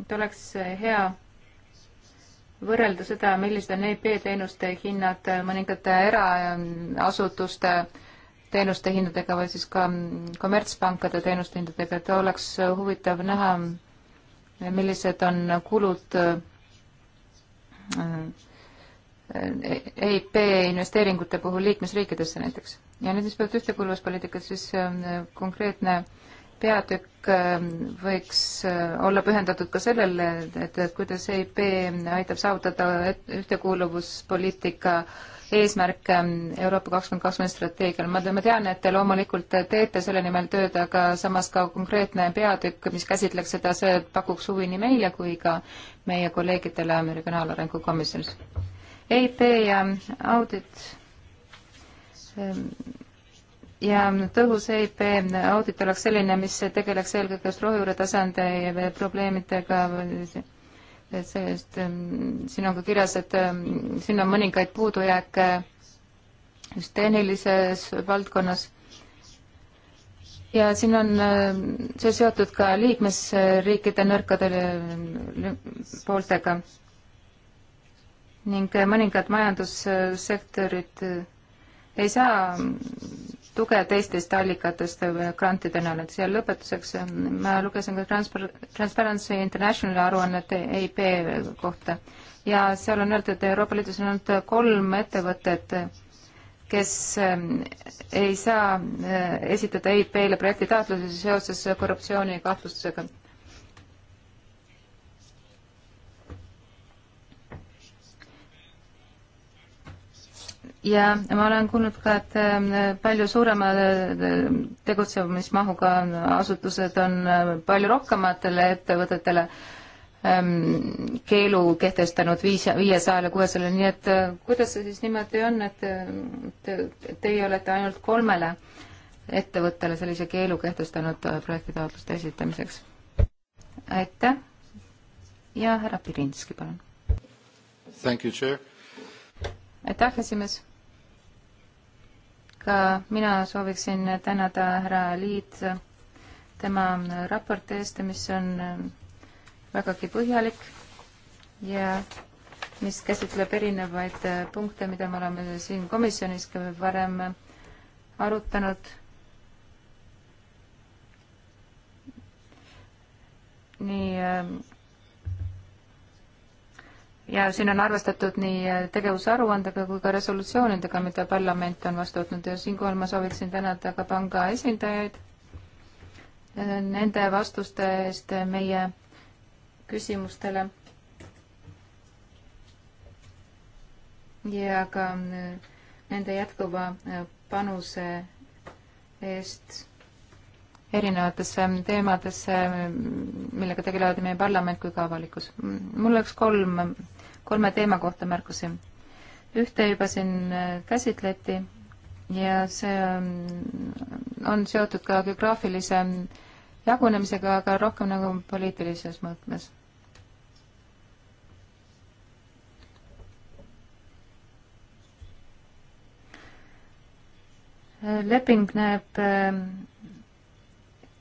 et oleks äh, hea võrrelda seda, millised on IP teenuste hinnad äh, mõningate eraasutuste teenuste hindadega või siis ka mm, kommertspankade teenuste hindadega, et oleks huvitav näha, millised on kulud EIP investeeringute puhul liikmesriikidesse näiteks. ja nüüd, mis puudutab ühtekuuluvuspoliitikat, siis ähm, konkreetne peatükk ähm, võiks äh, olla pühendatud ka sellele, et, et kuidas EIP aitab saavutada ühtekuuluvuspoliitika eesmärke Euroopa kakskümmend kakskümmend strateegial. ma, ma tean, et te loomulikult teete selle nimel tööd, aga samas ka konkreetne peatükk, mis käsitleks seda, see pakuks huvi nii meile kui ka meie kolleegidele Regionaalarengu komisjonis. EIP ja audit ähm, ja tõhus EIP audit oleks selline, mis tegeleks eelkõige just rohujuure tasandi probleemidega, sellest ähm, siin on ka kirjas, et ähm, siin on mõningaid puudujääke just tehnilises valdkonnas. ja siin on see seotud ka liikmesriikide nõrkade pooltega ning mõningad majandussektorid ei saa tuge teistest allikatest grantide näol, et seal lõpetuseks ma lugesin ka Transpar-, Transparency Internationali aruannet EIB kohta ja seal on öeldud, et Euroopa Liidus on olnud kolm ettevõtet, kes ähm, ei saa äh, esitada EIB-le projektitaotlusi seoses korruptsioonikahtlustusega ja ma olen kuulnud ka, et äh, palju suurema äh, tegutsemismahuga asutused on äh, palju rohkematele ettevõtetele ähm, keelu kehtestanud viis, viiesajale, kuuesajale, nii et kuidas see siis niimoodi on, et teie olete ainult kolmele ettevõttele sellise keelu kehtestanud projektitaotluste esitamiseks? aitäh ja härra Pirinski, palun. aitäh, esimees ka mina sooviksin tänada härra Liid tema raporti eest, mis on vägagi põhjalik ja mis käsitleb erinevaid punkte, mida me oleme siin komisjonis ka varem arutanud. nii ja siin on arvestatud nii eh, tegevusaruandega kui ka resolutsioonidega, mida parlament on vastu võtnud ja siinkohal ma sooviksin tänada ka panga esindajaid eh, nende vastuste eest eh, meie küsimustele. ja ka nende jätkuva panuse eest erinevatesse teemadesse, millega tegelevad nii meie parlament kui ka avalikkus. mul oleks kolm, kolme teema kohta märkusi. ühte juba siin käsitleti ja see on seotud ka geograafilise jagunemisega, aga rohkem nagu poliitilises mõõtmes. leping näeb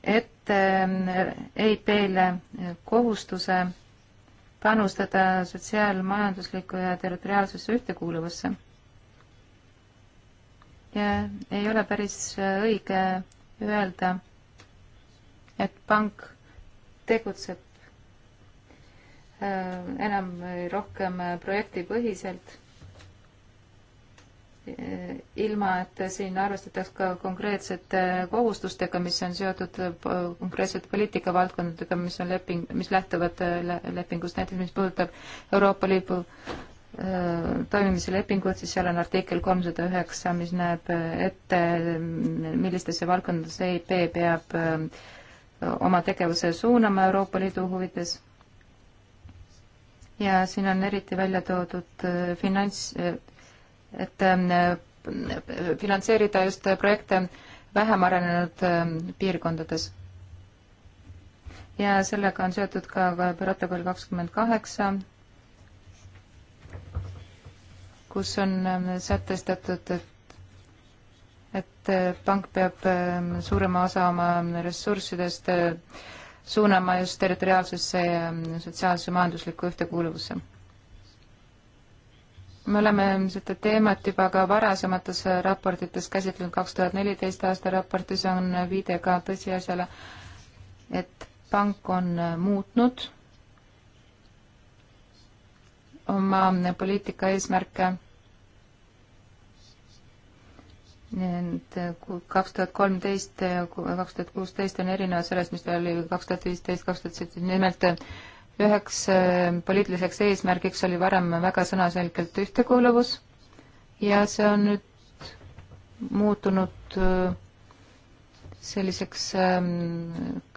ette ähm, EIP-le kohustuse panustada sotsiaalmajanduslikku ja territoriaalsesse ühtekuuluvusse. ja ei ole päris õige öelda, et pank tegutseb äh, enam või rohkem projektipõhiselt ilma, et siin arvestataks ka konkreetsete kohustustega, mis on seotud konkreetsete poliitikavaldkondadega, mis on leping, mis lähtuvad lepingust, näiteks mis puudutab Euroopa Liidu äh, toimimise lepingut, siis seal on artikkel kolmsada üheksa, mis näeb ette, millistesse valdkondadesse EIP peab äh, oma tegevuse suunama Euroopa Liidu huvides. ja siin on eriti välja toodud äh, finants, et ähm, finantseerida just projekte vähem arenenud ähm, piirkondades. ja sellega on seotud ka protokoll kakskümmend kaheksa, kus on ähm, sätestatud, et et äh, pank peab suurema osa oma ressurssidest äh, suunama just territoriaalsesse ja sotsiaalse majanduslikku ühtekuuluvusse me oleme seda teemat juba ka varasemates raportites käsitlenud, kaks tuhat neliteist aasta raportis on viide ka tõsiasjale, et pank on muutnud oma poliitika eesmärke. nii et kaks tuhat kolmteist, kaks tuhat kuusteist on erinevad sellest, mis ta oli kaks tuhat viisteist, kaks tuhat seitseteist, nimelt üheks äh, poliitiliseks eesmärgiks oli varem väga sõnaselgelt ühtekuuluvus ja see on nüüd muutunud äh, selliseks ähm,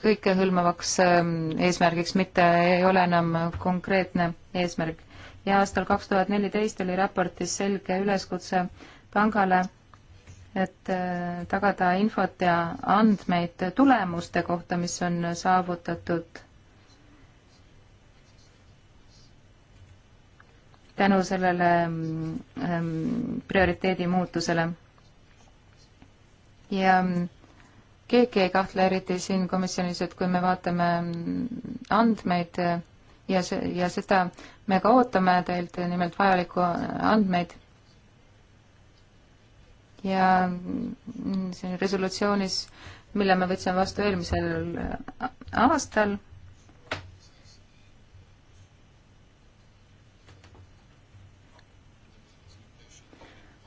kõikehõlmavaks ähm, eesmärgiks, mitte ei ole enam konkreetne eesmärk. ja aastal kaks tuhat neliteist oli raportis selge üleskutse pangale, et äh, tagada infot ja andmeid tulemuste kohta, mis on saavutatud tänu sellele ähm, prioriteedi muutusele. ja ähm, keegi ei kahtle eriti siin komisjonis, et kui me vaatame ähm, andmeid äh, ja see, ja seda me ka ootame teilt, äh, nimelt vajalikku äh, andmeid. ja mm, siin resolutsioonis, mille me võtsime vastu eelmisel aastal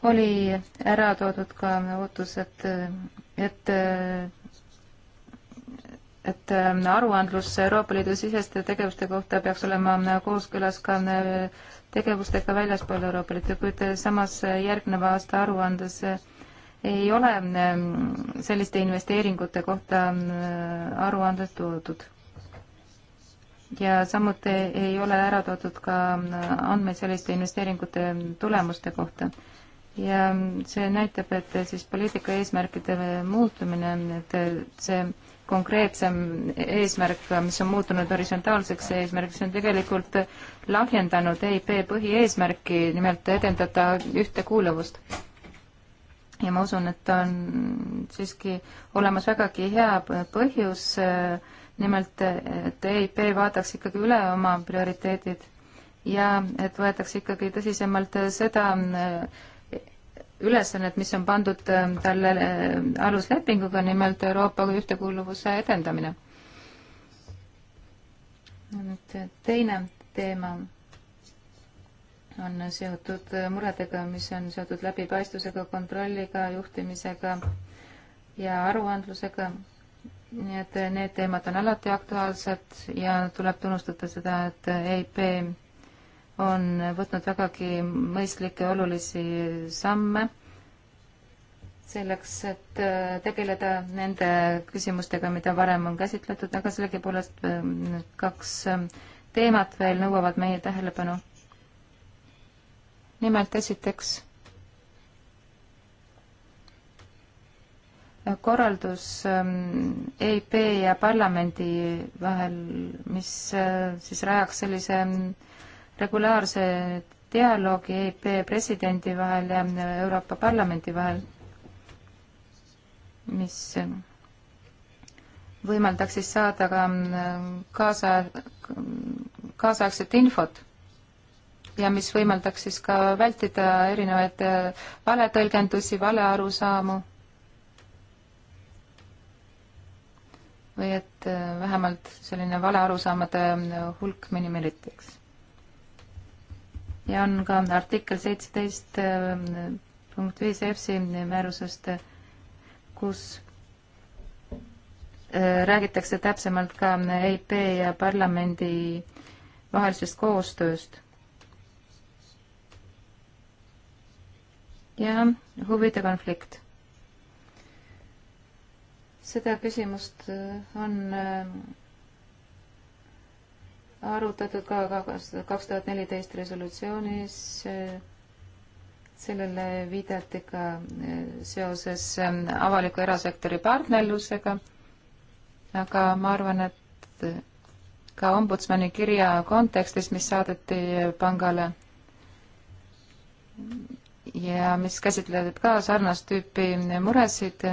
oli ära toodud ka ootus, et, et et ähm, aruandlus Euroopa Liidu siseste tegevuste kohta peaks olema ähm, kooskõlas ka äh, tegevustega väljaspool Euroopa Liitu, kuid äh, samas äh, järgneva aasta aruandes ei ole ähm, selliste investeeringute kohta aruanded toodud. ja samuti ei ole ära toodud ka andmeid selliste investeeringute tulemuste kohta ja see näitab, et siis poliitika eesmärkide muutumine, et see konkreetsem eesmärk, mis on muutunud horisontaalseks eesmärgiks, on tegelikult lahjendanud EIP põhieesmärki, nimelt edendada ühtekuuluvust. ja ma usun, et on siiski olemas vägagi hea põhjus, nimelt et EIP vaataks ikkagi üle oma prioriteedid ja et võetakse ikkagi tõsisemalt seda ülesannet, mis on pandud ähm, talle äh, aluslepinguga, nimelt Euroopa ühtekuuluvuse edendamine. nüüd äh, teine teema on seotud äh, muredega, mis on seotud läbipaistvusega, kontrolliga, juhtimisega ja aruandlusega. nii et need teemad on alati aktuaalsed ja tuleb tunnustada seda, et EIP on võtnud vägagi mõistlikke olulisi samme selleks, et äh, tegeleda nende küsimustega, mida varem on käsitletud, aga sellegipoolest äh, kaks äh, teemat veel nõuavad meie tähelepanu. nimelt esiteks korraldus ähm, EIP ja parlamendi vahel, mis siis rajaks sellise regulaarse dialoogi EIP presidendi vahel ja Euroopa Parlamendi vahel, mis võimaldaks siis saada ka äh, kaasa, kaasaegset infot ja mis võimaldaks siis ka vältida erinevaid äh, valetõlgendusi, valearusaamu või et äh, vähemalt selline valearusaamade hulk minimeeritaks ja on ka artikkel seitseteist äh, punkt viis EFSI määrusest, kus äh, räägitakse täpsemalt ka EIP ja parlamendi vahelisest koostööst. ja huvide konflikt. seda küsimust äh, on arutatud ka kaks tuhat neliteist resolutsioonis. sellele viidati ka eh, seoses eh, avaliku erasektori partnerlusega. aga ma arvan, et eh, ka ombudsmani kirja kontekstis, mis saadeti pangale ja mis käsitlevad ka sarnast tüüpi muresid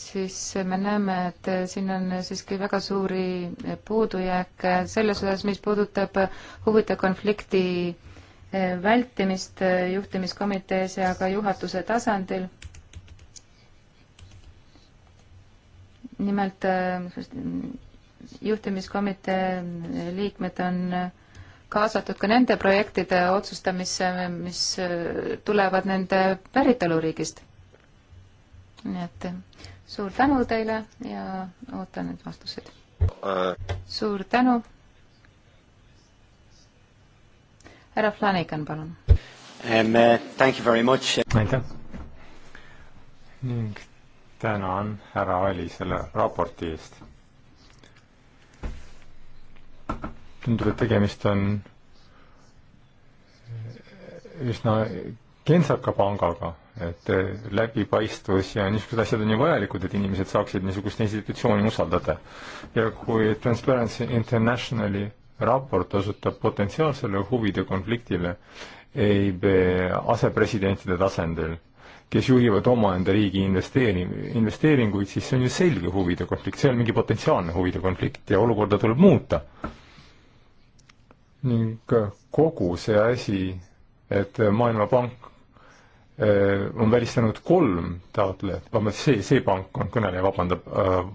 siis me näeme, et siin on siiski väga suuri puudujääke selles osas, mis puudutab huvide konflikti eh, vältimist eh, juhtimiskomitees ja ka juhatuse tasandil. nimelt eh, juhtimiskomitee liikmed on kaasatud ka nende projektide otsustamisse, mis tulevad nende päritoluriigist. nii et suur tänu teile ja ootan nüüd vastuseid äh.. suur tänu. härra Flanagan, palun um,. Uh, thank you very much. aitäh. ning tänan härra Ali selle raporti eest. tundub, et tegemist on üsna kentsaka pangaga et äh, läbipaistvus ja niisugused asjad on ju vajalikud, et inimesed saaksid niisugust institutsiooni usaldada. ja kui Transparency Internationali raport osutab potentsiaalsele huvide konfliktile EIB asepresidentide tasandil, kes juhivad omaenda riigi investeeri-, investeeringuid, siis see on ju selge huvide konflikt, see on mingi potentsiaalne huvide konflikt ja olukorda tuleb muuta. ning kogu see asi, et Maailmapank Äh, on välistanud kolm taotlejat, vabandust, see, see pank on, kõneleja vabandab, äh,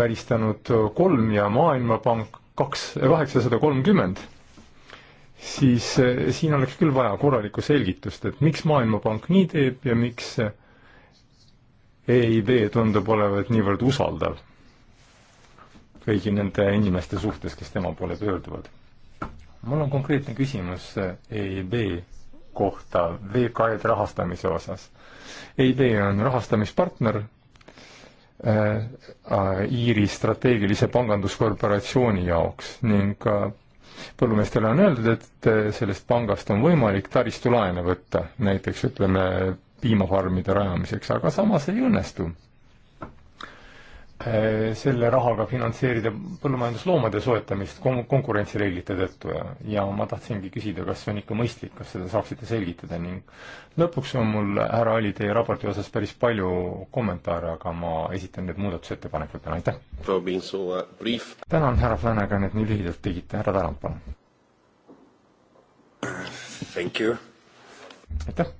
välistanud äh, kolm ja Maailmapank kaks, kaheksasada kolmkümmend, siis siin oleks küll vaja korralikku selgitust, et miks Maailmapank nii teeb ja miks EIB tundub olevat niivõrd usaldav kõigi nende inimeste suhtes, kes tema poole pöörduvad. mul on konkreetne küsimus EIB kohta VKE-d rahastamise osas. EID on rahastamispartner äh, äh, Iiri strateegilise panganduskorporatsiooni jaoks ning põllumeestele on öeldud, et äh, sellest pangast on võimalik taristulaene võtta, näiteks ütleme, piimafarmide rajamiseks, aga samas ei õnnestu Äh, selle rahaga finantseerida põllumajandusloomade soetamist kon-, konkurentsireeglite tõttu ja, ja ma tahtsingi küsida, kas see on ikka mõistlik, kas seda saaksite selgitada ning lõpuks on mul, härra Ali, teie raporti osas päris palju kommentaare, aga ma esitan need muudatusettepanekud täna, aitäh! Uh, tänan, härra Flanagan, et nii lühidalt tegite, härra Tarand, palun! aitäh!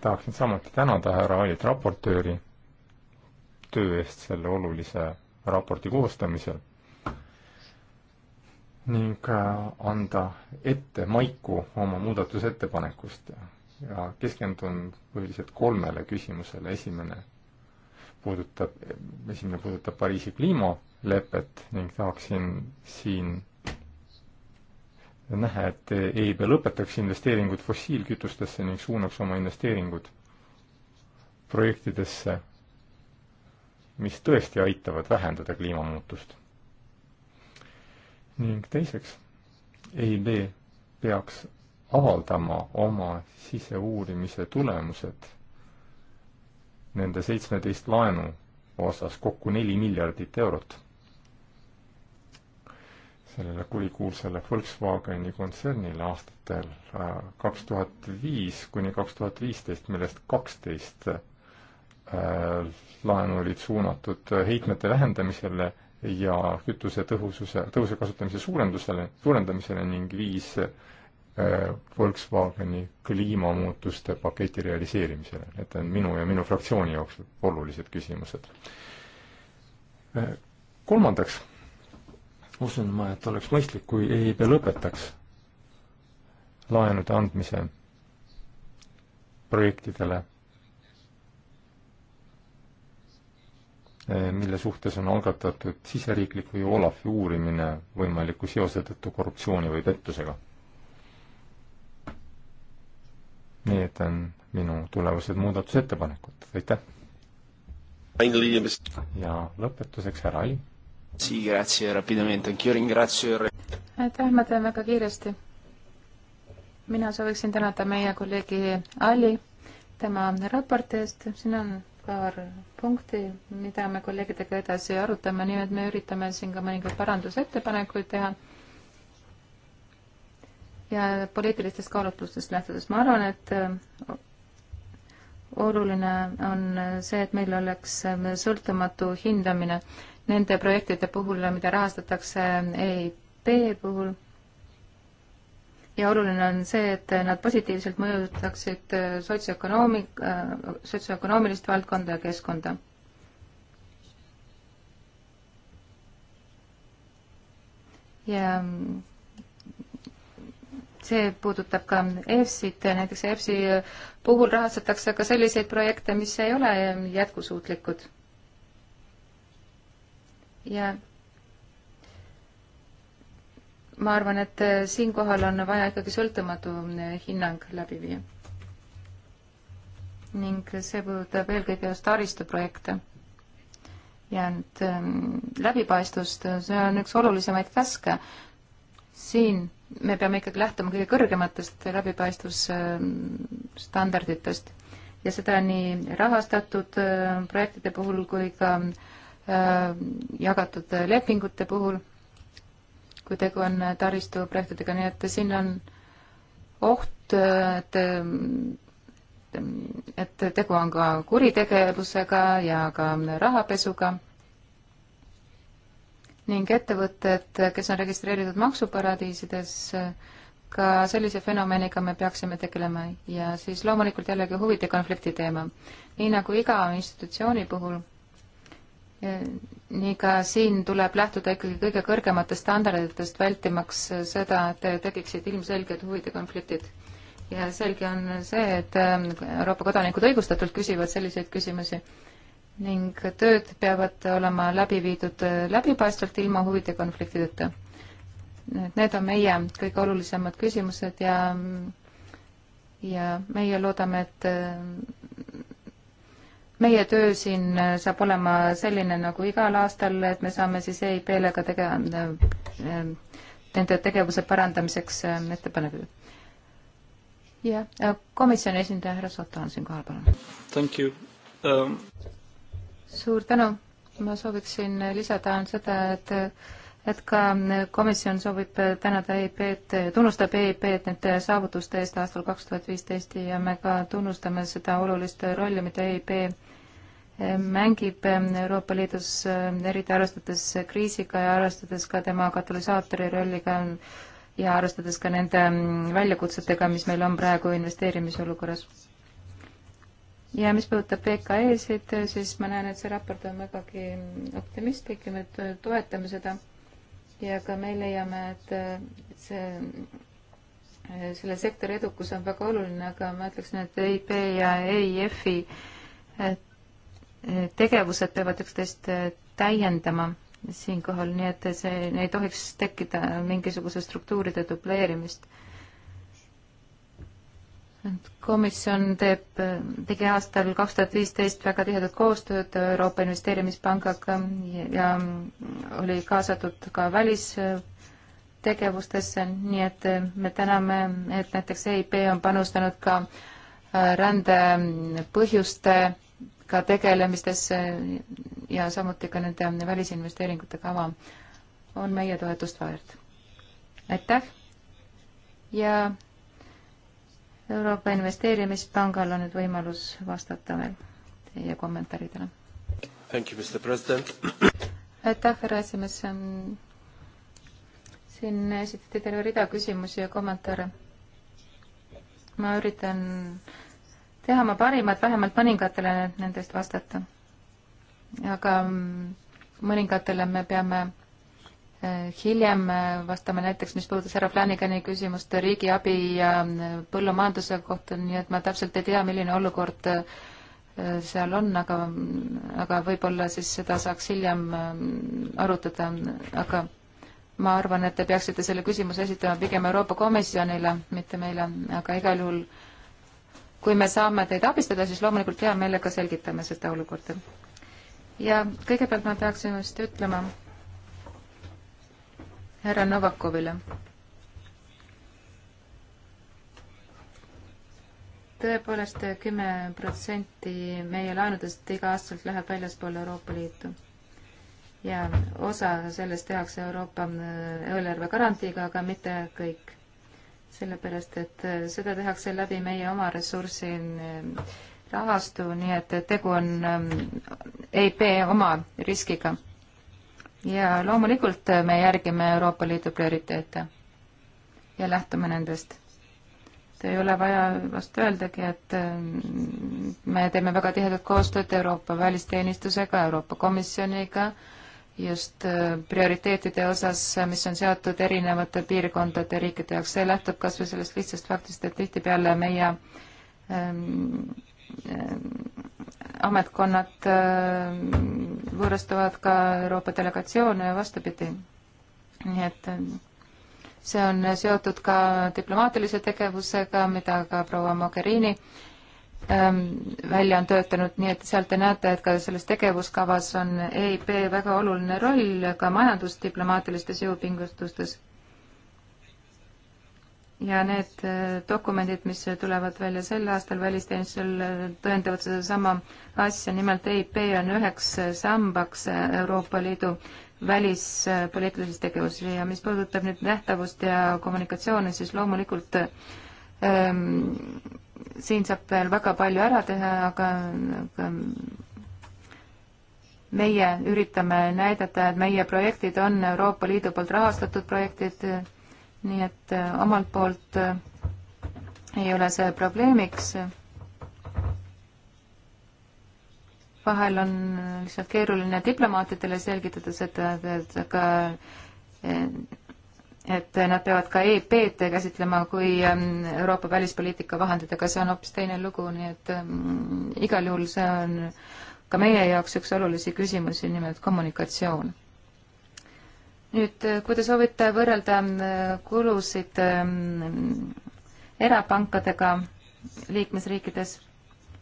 tahaksin samuti tänada härra Ailit raportööri töö eest selle olulise raporti koostamisel ning äh, anda ette maiku oma muudatusettepanekust ja keskendun põhiliselt kolmele küsimusele. esimene puudutab, esimene puudutab Pariisi kliimalepet ning tahaksin siin näha, et EIB lõpetaks investeeringud fossiilkütustesse ning suunaks oma investeeringud projektidesse, mis tõesti aitavad vähendada kliimamuutust. ning teiseks, EIB peaks avaldama oma siseuurimise tulemused nende seitsmeteist laenu osas kokku neli miljardit eurot sellele kurikuulsale Volkswageni kontsernile aastatel äh, kaks tuhat viis kuni kaks tuhat viisteist, millest kaksteist äh, laenu olid suunatud äh, heitmete vähendamisele ja kütuse tõhususe, tõhususe kasutamise suurendusele, suurendamisele ning viis Volkswageni kliimamuutuste paketi realiseerimisele. Need on minu ja minu fraktsiooni jaoks olulised küsimused. kolmandaks usun ma, et oleks mõistlik, kui EIB lõpetaks laenude andmise projektidele, eh, mille suhtes on algatatud siseriiklik või Olafi uurimine võimaliku seose tõttu korruptsiooni või pettusega. Need on minu tulevased muudatusettepanekud, aitäh! ja lõpetuseks härra Ali aitäh, ma teen väga kiiresti. mina sooviksin tänada meie kolleegi Ali tema raporti eest, siin on paar punkti, mida me kolleegidega edasi arutame, nii et me üritame siin ka mõningaid parandusettepanekuid teha. ja poliitilistest kaalutlustest lähtudes ma arvan, et äh, oluline on see, et meil oleks äh, sõltumatu hindamine nende projektide puhul, mida rahastatakse EIP puhul. ja oluline on see, et nad positiivselt mõjutaksid sotsioökonoomik-, sotsioökonoomilist valdkonda ja keskkonda ja see puudutab ka EFSit, näiteks EFSi puhul rahastatakse ka selliseid projekte, mis ei ole jätkusuutlikud ja ma arvan, et äh, siinkohal on vaja ikkagi sõltumatu äh, hinnang läbi viia. ning see puudutab eelkõige just taristuprojekte. ja nüüd ähm, läbipaistvust, see on üks olulisemaid käske. siin me peame ikkagi lähtuma kõige kõrgematest läbipaistvusstandarditest ja seda nii rahastatud äh, projektide puhul kui ka äh, Äh, jagatud lepingute puhul, kui tegu on taristuprojektidega, nii et siin on oht, et et tegu on ka kuritegevusega ja ka rahapesuga ning ettevõtted, kes on registreeritud maksuparadiisides, ka sellise fenomeniga me peaksime tegelema ja siis loomulikult jällegi huvide konflikti teema. nii nagu iga institutsiooni puhul nii ka siin tuleb lähtuda ikkagi kõige kõrgematest standarditest, vältimaks seda, et tekiksid ilmselged huvide konfliktid. ja selge on see, et ähm, Euroopa kodanikud õigustatult küsivad selliseid küsimusi ning tööd peavad olema läbi viidud äh, läbipaistvalt ilma huvide konfliktideta. et need on meie kõige olulisemad küsimused ja ja meie loodame, et äh, meie töö siin äh, saab olema selline nagu igal aastal, et me saame siis EIP-le ka tege-, äh, äh, nende tegevuse parandamiseks ettepanekuid. jah, komisjoni esindaja härra Soto on siinkohal, palun. Thank you um.... suur tänu, ma sooviksin lisada seda, et et ka komisjon soovib tänada EIP-d, tunnustab EIP-d nende saavutuste eest aastal kaks tuhat viisteist ja me ka tunnustame seda olulist rolli, mida EIP mängib ähm, Euroopa Liidus, ähm, eriti arvestades kriisiga ja arvestades ka tema katalüsaatori rolliga ja arvestades ka nende ähm, väljakutsetega, mis meil on praegu investeerimisolukorras. ja mis puudutab VKE-sid, siis ma näen, et see raport on vägagi optimistlik ja me toetame seda ja ka me leiame, et äh, see, äh, selle sektori edukus on väga oluline, aga ma ütleksin, et EIB ja EIF-i et tegevused peavad üksteist äh, täiendama siinkohal, nii et see, ei tohiks tekkida mingisuguse struktuuride dubleerimist. komisjon teeb, tegi aastal kaks tuhat viisteist väga tihedat koostööd Euroopa Investeerimispangaga ja oli kaasatud ka välistegevustesse, nii et me täname, et näiteks EIP on panustanud ka rände põhjuste ka tegelemistesse ja samuti ka nende välisinvesteeringute kava on meie toetust väärt. aitäh ja Euroopa Investeerimispangal on nüüd võimalus vastata veel teie kommentaaridele. aitäh, härra esimees. siin esitati terve rida küsimusi ja kommentaare. ma üritan äh, teha oma parimat, vähemalt mõningatele nendest vastata. aga mm, mõningatele me peame eh, hiljem eh, vastame näiteks, mis puudutas härra Flanagani küsimust riigiabi ja mm, põllumajanduse kohta, nii et ma täpselt ei tea, milline olukord eh, seal on, aga, mm, aga võib-olla siis seda saaks hiljem arutada, aga ma arvan, et te peaksite selle küsimuse esitama pigem Euroopa Komisjonile, mitte meile, aga igal juhul äh, kui me saame teid abistada, siis loomulikult hea meelega selgitame seda olukorda. ja kõigepealt ma peaksin vist ütlema härra Novakovile. tõepoolest kümme protsenti meie laenudest iga-aastaselt läheb väljaspoole Euroopa Liitu ja osa sellest tehakse Euroopa eelarve garantiiga, aga mitte kõik sellepärast et äh, seda tehakse läbi meie oma ressursi äh, rahastu, nii et tegu on ähm, EIP oma riskiga. ja loomulikult äh, me järgime Euroopa Liidu prioriteete ja lähtume nendest. ei ole vaja vast öeldagi, et ähm, me teeme väga tihedat koostööd Euroopa välisteenistusega, Euroopa Komisjoniga, just äh, prioriteetide osas, äh, mis on seotud erinevate piirkondade ja riikide jaoks, see lähtub kas või sellest lihtsast faktist, et tihtipeale meie ähm, ähm ametkonnad äh, võõrastavad ka Euroopa delegatsioone ja vastupidi. nii et see on seotud ka diplomaatilise tegevusega, mida ka proua Mogherini äh, Ähm, välja on töötanud, nii et sealt te näete, et ka selles tegevuskavas on EIP väga oluline roll ka majandusdiplomaatilistes jõupingustustes. ja need äh, dokumendid, mis tulevad välja sel aastal välisteenistusel, tõendavad sedasama asja, nimelt EIP on üheks sambaks Euroopa Liidu välispoliitilises tegevuses ja mis puudutab nüüd nähtavust ja kommunikatsiooni, siis loomulikult ähm, siin saab veel väga palju ära teha, aga, aga meie üritame näidata, et meie projektid on Euroopa Liidu poolt rahastatud projektid, nii et äh, omalt poolt äh, ei ole see probleemiks. vahel on lihtsalt keeruline diplomaatidele selgitada seda, et aga et nad peavad ka EP-d käsitlema kui ähm, Euroopa välispoliitika vahendid, aga see on hoopis teine lugu, nii et ähm, igal juhul see on ka meie jaoks üks olulisi küsimusi, nimelt kommunikatsioon. nüüd, äh, kui te soovite võrrelda ähm, kulusid erapankadega liikmesriikides,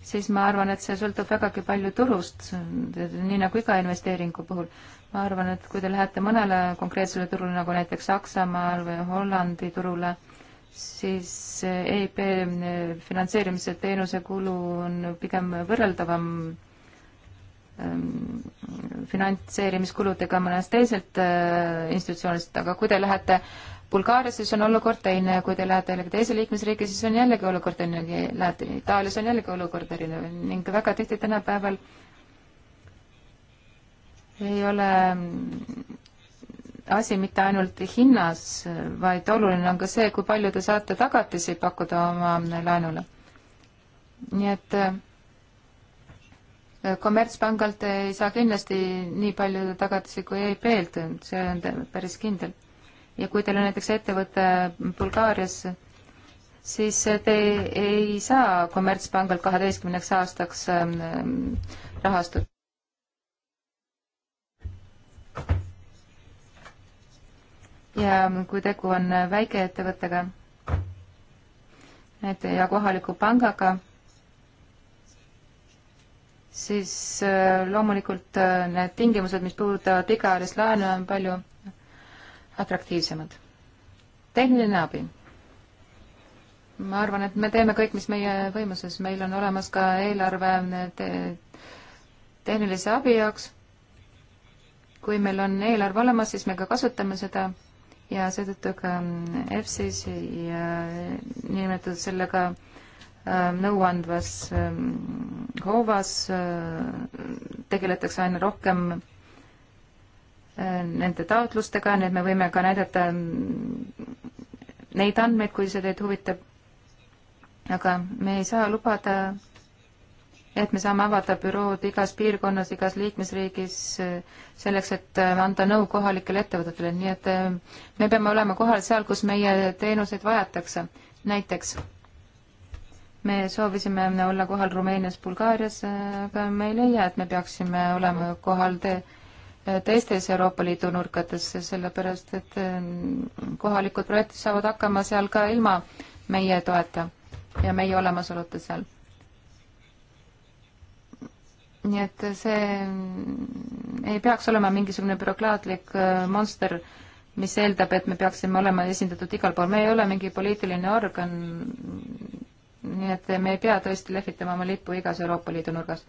siis ma arvan, et see sõltub vägagi palju turust, nii nagu iga investeeringu puhul ma arvan, et kui te lähete mõnele konkreetsele turule, nagu näiteks Saksamaal või Hollandi turule, siis EIB finantseerimise teenuse kulu on pigem võrreldavam ähm, finantseerimiskuludega mõnest teiselt äh, institutsioonist, aga kui te lähete Bulgaariasse, siis on olukord teine, kui te lähete jällegi teise liikmesriiki, siis on jällegi olukord teine, lähete Itaaliasse, on jällegi olukord erinev ning väga tihti tänapäeval äh, ei ole asi mitte ainult hinnas, vaid oluline on ka see, kui palju te saate tagatisi pakkuda oma laenule. nii et äh, kommertspangalt ei saa kindlasti nii palju tagatisi kui EIB-lt, see on päris kindel. ja kui teil on näiteks ettevõte Bulgaarias, siis te ei saa kommertspangalt kaheteistkümneks aastaks ähm, rahastut. ja kui tegu on väikeettevõttega, et ja kohaliku pangaga, siis äh, loomulikult äh, need tingimused, mis puudutavad pikaajalist laenu, on palju atraktiivsemad. tehniline abi. ma arvan, et me teeme kõik, mis meie võimuses, meil on olemas ka eelarve äh, te tehnilise abi jaoks. kui meil on eelarve olemas, siis me ka kasutame seda ja seetõttu ka ähm, EFSIS ja niinimetatud sellega ähm, nõuandvas ähm, hoovas äh, tegeletakse aina rohkem äh, nende taotlustega, nii et me võime ka näidata neid andmeid, kui see teid huvitab. aga me ei saa lubada et me saame avada bürood igas piirkonnas, igas liikmesriigis eh, selleks, et eh, anda nõu kohalikele ettevõtetele, nii et eh, me peame olema kohal seal, kus meie teenuseid vajatakse. näiteks me soovisime olla kohal Rumeenias, Bulgaarias, aga me ei leia, et me peaksime olema kohal te teistes Euroopa Liidu nurkades, sellepärast et kohalikud projektid saavad hakkama seal ka ilma meie toeta ja meie olemasoluta seal nii et see ei peaks olema mingisugune bürokraatlik äh, monster, mis eeldab, et me peaksime olema esindatud igal pool, me ei ole mingi poliitiline organ, nii et me ei pea tõesti lehvitama oma lippu igas Euroopa Liidu nurgas.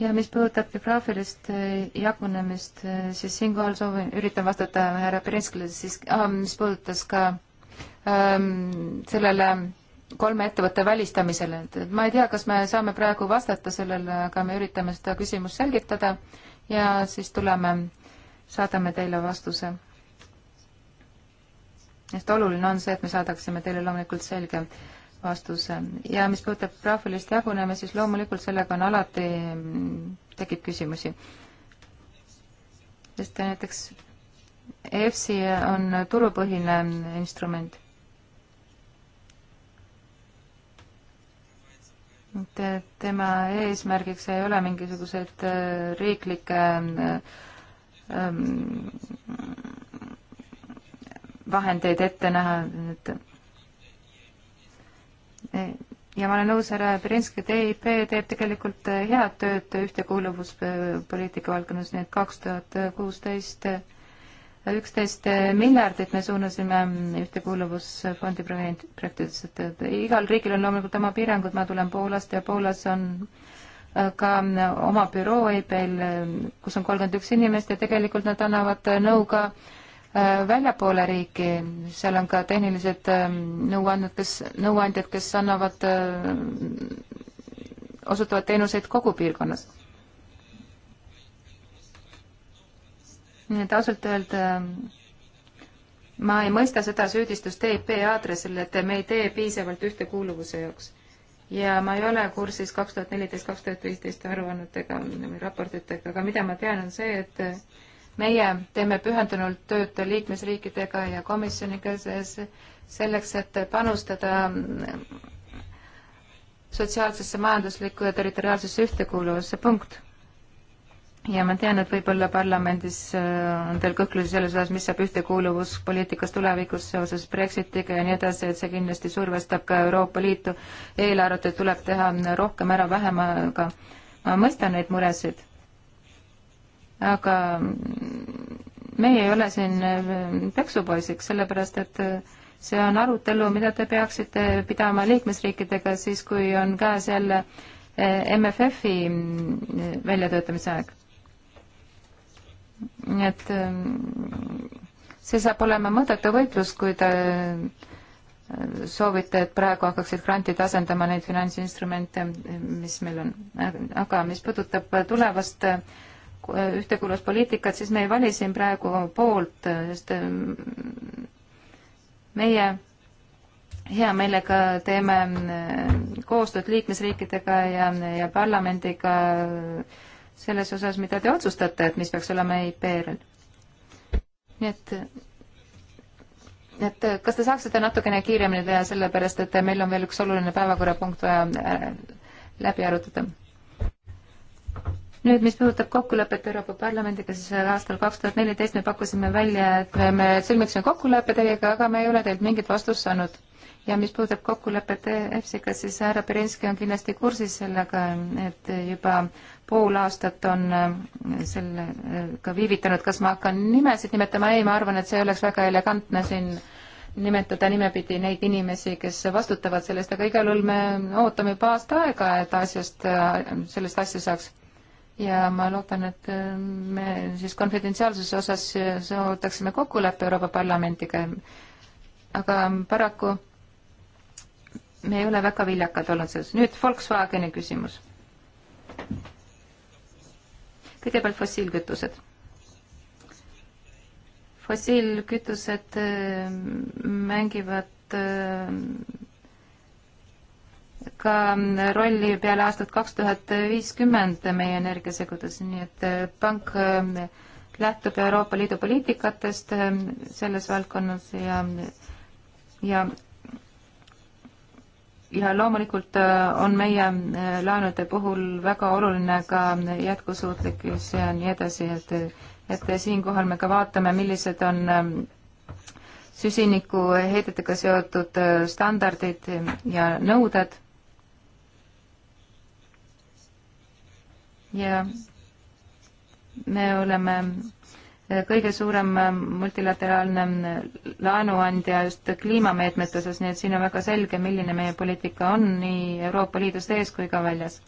ja mis puudutab geograafilist äh, jagunemist, äh, siis siinkohal soovin, üritan vastata härra Perinskile, siis ah, mis puudutas ka ähm, sellele kolme ettevõtte välistamisele, et ma ei tea, kas me saame praegu vastata sellele, aga me üritame seda küsimust selgitada ja siis tuleme, saadame teile vastuse. sest oluline on see, et me saadaksime teile loomulikult selge vastuse ja mis puudutab graafilist jagunemist, siis loomulikult sellega on alati, mm, tekib küsimusi. sest näiteks EFSI on turupõhine instrument et tema eesmärgiks ei ole mingisugused äh, riiklike ähm, vahendeid ette näha, et e, ja ma olen nõus härra Berinski, et EIP teeb tegelikult äh, head tööd ühtekuuluvuspoliitika valdkonnas, nii et kaks tuhat kuusteist üksteist miljardit me suunasime ühtekuuluvusfondi projektidesse, et igal riigil on loomulikult oma piirangud, ma tulen Poolast ja Poolas on äh, ka oma büroo EIB-l, kus on kolmkümmend üks inimest ja tegelikult nad annavad nõu ka äh, väljapoole riiki, seal on ka tehnilised ähm, nõuandjad, kes, nõuandjad, kes annavad, äh, osutavad teenuseid kogu piirkonnas nii et ausalt öelda ma ei mõista seda süüdistust EIP aadressil, et me ei tee piisavalt ühtekuuluvuse jaoks. ja ma ei ole kursis kaks tuhat neliteist, kaks tuhat viisteist aruannetega või raportitega, aga mida ma tean, on see, et meie teeme pühendunult tööd liikmesriikidega ja komisjoniga selleks, et panustada sotsiaalsesse, majanduslikku ja territoriaalsesse ühtekuuluvusse, punkt ja ma tean, et võib-olla parlamendis äh, on teil kõhklusi selles osas, mis saab ühtekuuluvuspoliitikas tulevikus seoses Brexitiga ja nii edasi, et see kindlasti survestab ka Euroopa Liitu eelarvet, et tuleb teha rohkem ära vähemaga. ma mõistan neid muresid. aga meie ei ole siin äh, peksupoisiks, sellepärast et äh, see on arutelu, mida te peaksite pidama liikmesriikidega siis, kui on käes jälle MFF-i väljatöötamise aeg et ähm, see saab olema mõttetu võitlus, kui te äh, soovite, et praegu hakkaksid grantid asendama neid finantsinstrumente, mis meil on. aga mis puudutab tulevast äh, ühtekuuluvuspoliitikat, siis me ei vali siin praegu poolt, äh, sest meie hea meelega teeme koostööd liikmesriikidega ja, ja parlamendiga äh, selles osas, mida te otsustate, et mis peaks olema EIP-l. nii et, et kas te saaksite natukene kiiremini teha, sellepärast et meil on veel üks oluline päevakorrapunkt vaja äh, läbi arutada. nüüd, mis puudutab kokkulepet Euroopa Parlamendiga, siis aastal kaks tuhat neliteist me pakkusime välja, et me sõlmiksime kokkuleppe teiega, aga me ei ole teilt mingit vastust saanud. ja mis puudutab kokkulepet EFSI-ga, siis härra Berinski on kindlasti kursis sellega, et juba pool aastat on äh, sellega viivitanud, kas ma hakkan nimesid nimetama, ei, ma arvan, et see oleks väga elegantne siin nimetada nimepidi neid inimesi, kes vastutavad selle eest, aga igal juhul me ootame juba aasta aega, et asjast, sellest asja saaks. ja ma loodan, et äh, me siis konfidentsiaalsuse osas saavutaksime kokkuleppe Euroopa Parlamendiga, aga paraku me ei ole väga viljakad olnud selles. nüüd Volkswageni küsimus kõigepealt fossiilkütused. fossiilkütused äh, mängivad äh, ka rolli peale aastat kaks tuhat viiskümmend meie energiasegudes, nii et äh, pank lähtub Euroopa Liidu poliitikatest selles valdkonnas ja, ja ja loomulikult äh, on meie äh, laenude puhul väga oluline ka jätkusuutlikkus ja nii edasi, et et siinkohal me ka vaatame, millised on ähm, süsinikuheidetega seotud äh, standardid ja nõuded. ja me oleme kõige suurem äh, multilateraalne äh, laenuandja just kliimameetmete osas, nii et siin on väga selge, milline meie poliitika on nii Euroopa Liidu sees kui ka väljas.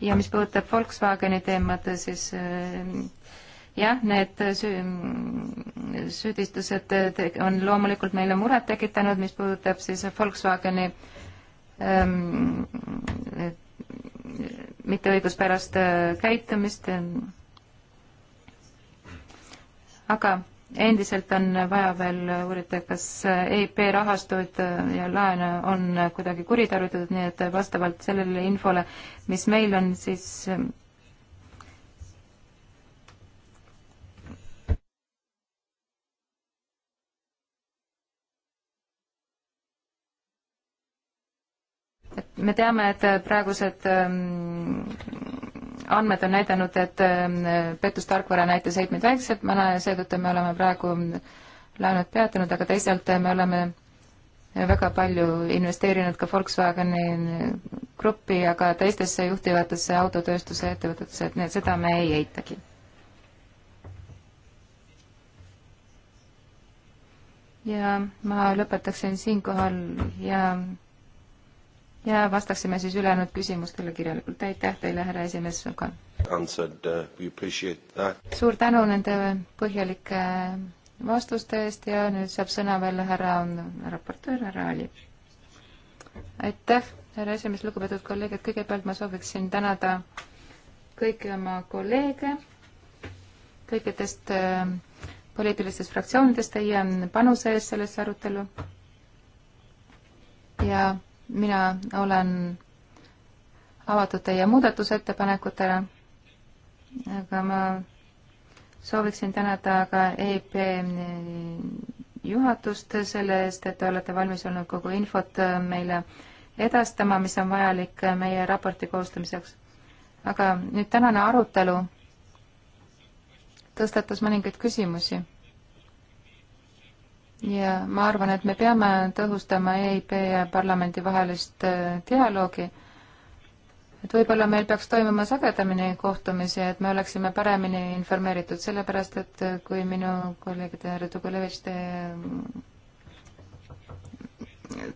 ja mis puudutab Volkswageni teemat, siis äh, jah, need süü-, mm, süüdistused on loomulikult meile muret tekitanud, mis puudutab siis Volkswageni ähm, mitteõiguspärast käitumist ähm, aga endiselt on vaja veel uurida, kas EIP rahastuid ja laene on kuidagi kuritarvitatud, nii et vastavalt sellele infole, mis meil on, siis et me teame, et praegused ähm, andmed on näidanud, et ähm, pettustarkvara näitas heitmeid väikselt, seetõttu me oleme praegu laenud peatanud, aga teisalt me oleme väga palju investeerinud ka Volkswageni gruppi ja ka teistesse juhtivatesse autotööstuse ettevõtetesse, et need, seda me ei eitagi. ja ma lõpetaksin siinkohal ja ja vastaksime siis ülejäänud küsimustele kirjalikult. aitäh teile, härra esimees. Uh, suur tänu nende põhjalike uh, vastuste eest ja nüüd saab sõna veel härra raportöör, härra Ali. aitäh, härra esimees, lugupeetud kolleegid, kõigepealt ma sooviksin tänada kõiki oma kolleege kõikidest uh, poliitilistest fraktsioonidest teie panuse eest sellesse arutellu ja mina olen avatud teie muudatusettepanekutele, aga ma sooviksin tänada ka EIP juhatust selle eest, et te olete valmis olnud kogu infot meile edastama, mis on vajalik meie raporti koostamiseks. aga nüüd tänane arutelu tõstatas mõningaid küsimusi ja ma arvan, et me peame tõhustama EIB ja parlamendi vahelist äh, dialoogi. et võib-olla meil peaks toimuma sagedamini kohtumisi, et me oleksime paremini informeeritud, sellepärast et äh, kui minu kolleegide härra Tugulevitš, te äh,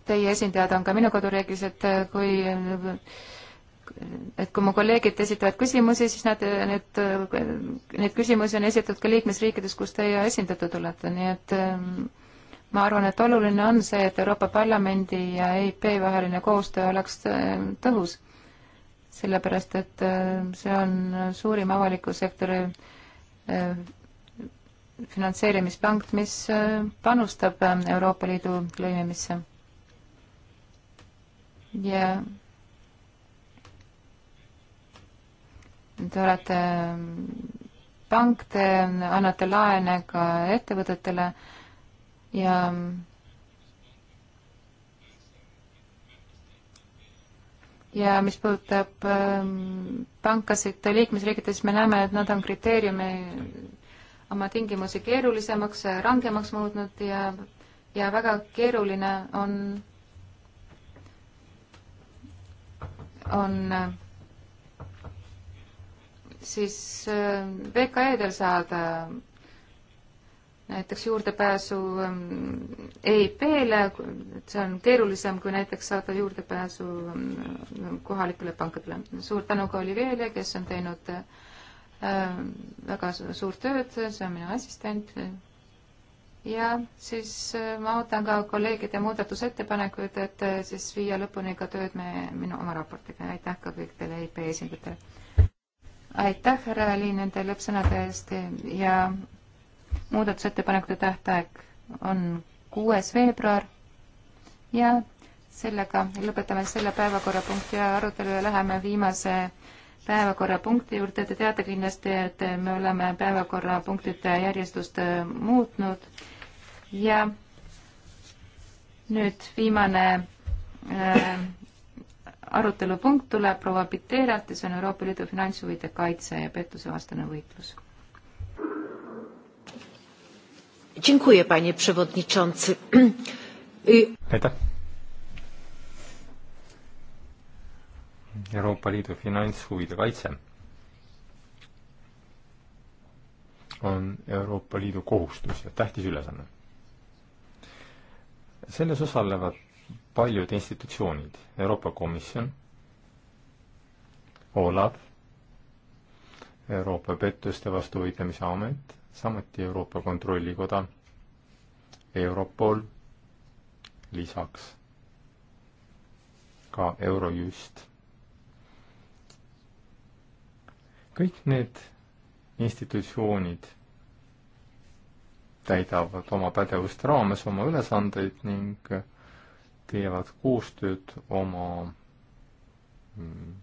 teie esindajad on ka minu koduriigis, et kui et kui mu kolleegid esitavad küsimusi, siis nad, need, neid küsimusi on esitatud ka liikmesriikides, kus teie esindatud olete, nii et ähm, ma arvan, et oluline on see, et Euroopa Parlamendi ja EIP vaheline koostöö oleks äh, tõhus, sellepärast et äh, see on suurim avaliku sektori äh, finantseerimispank, mis panustab Euroopa Liidu lõimimisse. ja te olete pank, te annate laene ka ettevõtetele ja ja mis puudutab ähm, pankasid liikmesriikides, me näeme, et nad on kriteeriumi oma tingimusi keerulisemaks, rangemaks muutnud ja, ja väga keeruline on, on äh, siis äh, VKE-del saada näiteks juurdepääsu ähm, EIP-le, et see on keerulisem kui näiteks saada juurdepääsu ähm, kohalikele pankadele. suur tänu ka Oliverile, kes on teinud ähm, väga suurt tööd, see on minu assistent. ja siis äh, ma ootan ka kolleegide muudatusettepanekuid, et äh, siis viia lõpuni ka tööd me, minu oma raportiga. aitäh ka kõikidele EIP esindajatele. aitäh, härra Ali, nende lõppsõnade eest ja muudatusettepanekute tähtaeg on kuues veebruar ja sellega lõpetame selle päevakorrapunkti arutelu ja läheme viimase päevakorrapunkti juurde. Te teate kindlasti, et me oleme päevakorrapunktide järjestust äh, muutnud ja nüüd viimane äh, arutelupunkt tuleb proua Piteralt ja see on Euroopa Liidu finantshuvide kaitse ja pettuse vastane võitlus Dziękuję, panie przewodniczący. aitäh. Euroopa Liidu finantshuvide kaitse on Euroopa Liidu kohustus ja tähtis ülesanne. selles osalevad paljud institutsioonid, Euroopa Komisjon, Olav, Euroopa Pettuste Vastuvõitlemise Amet samuti Euroopa Kontrollikoda, Europol, lisaks ka Eurojust. kõik need institutsioonid täidavad oma pädevuste raames oma ülesandeid ning teevad koostööd oma, mm,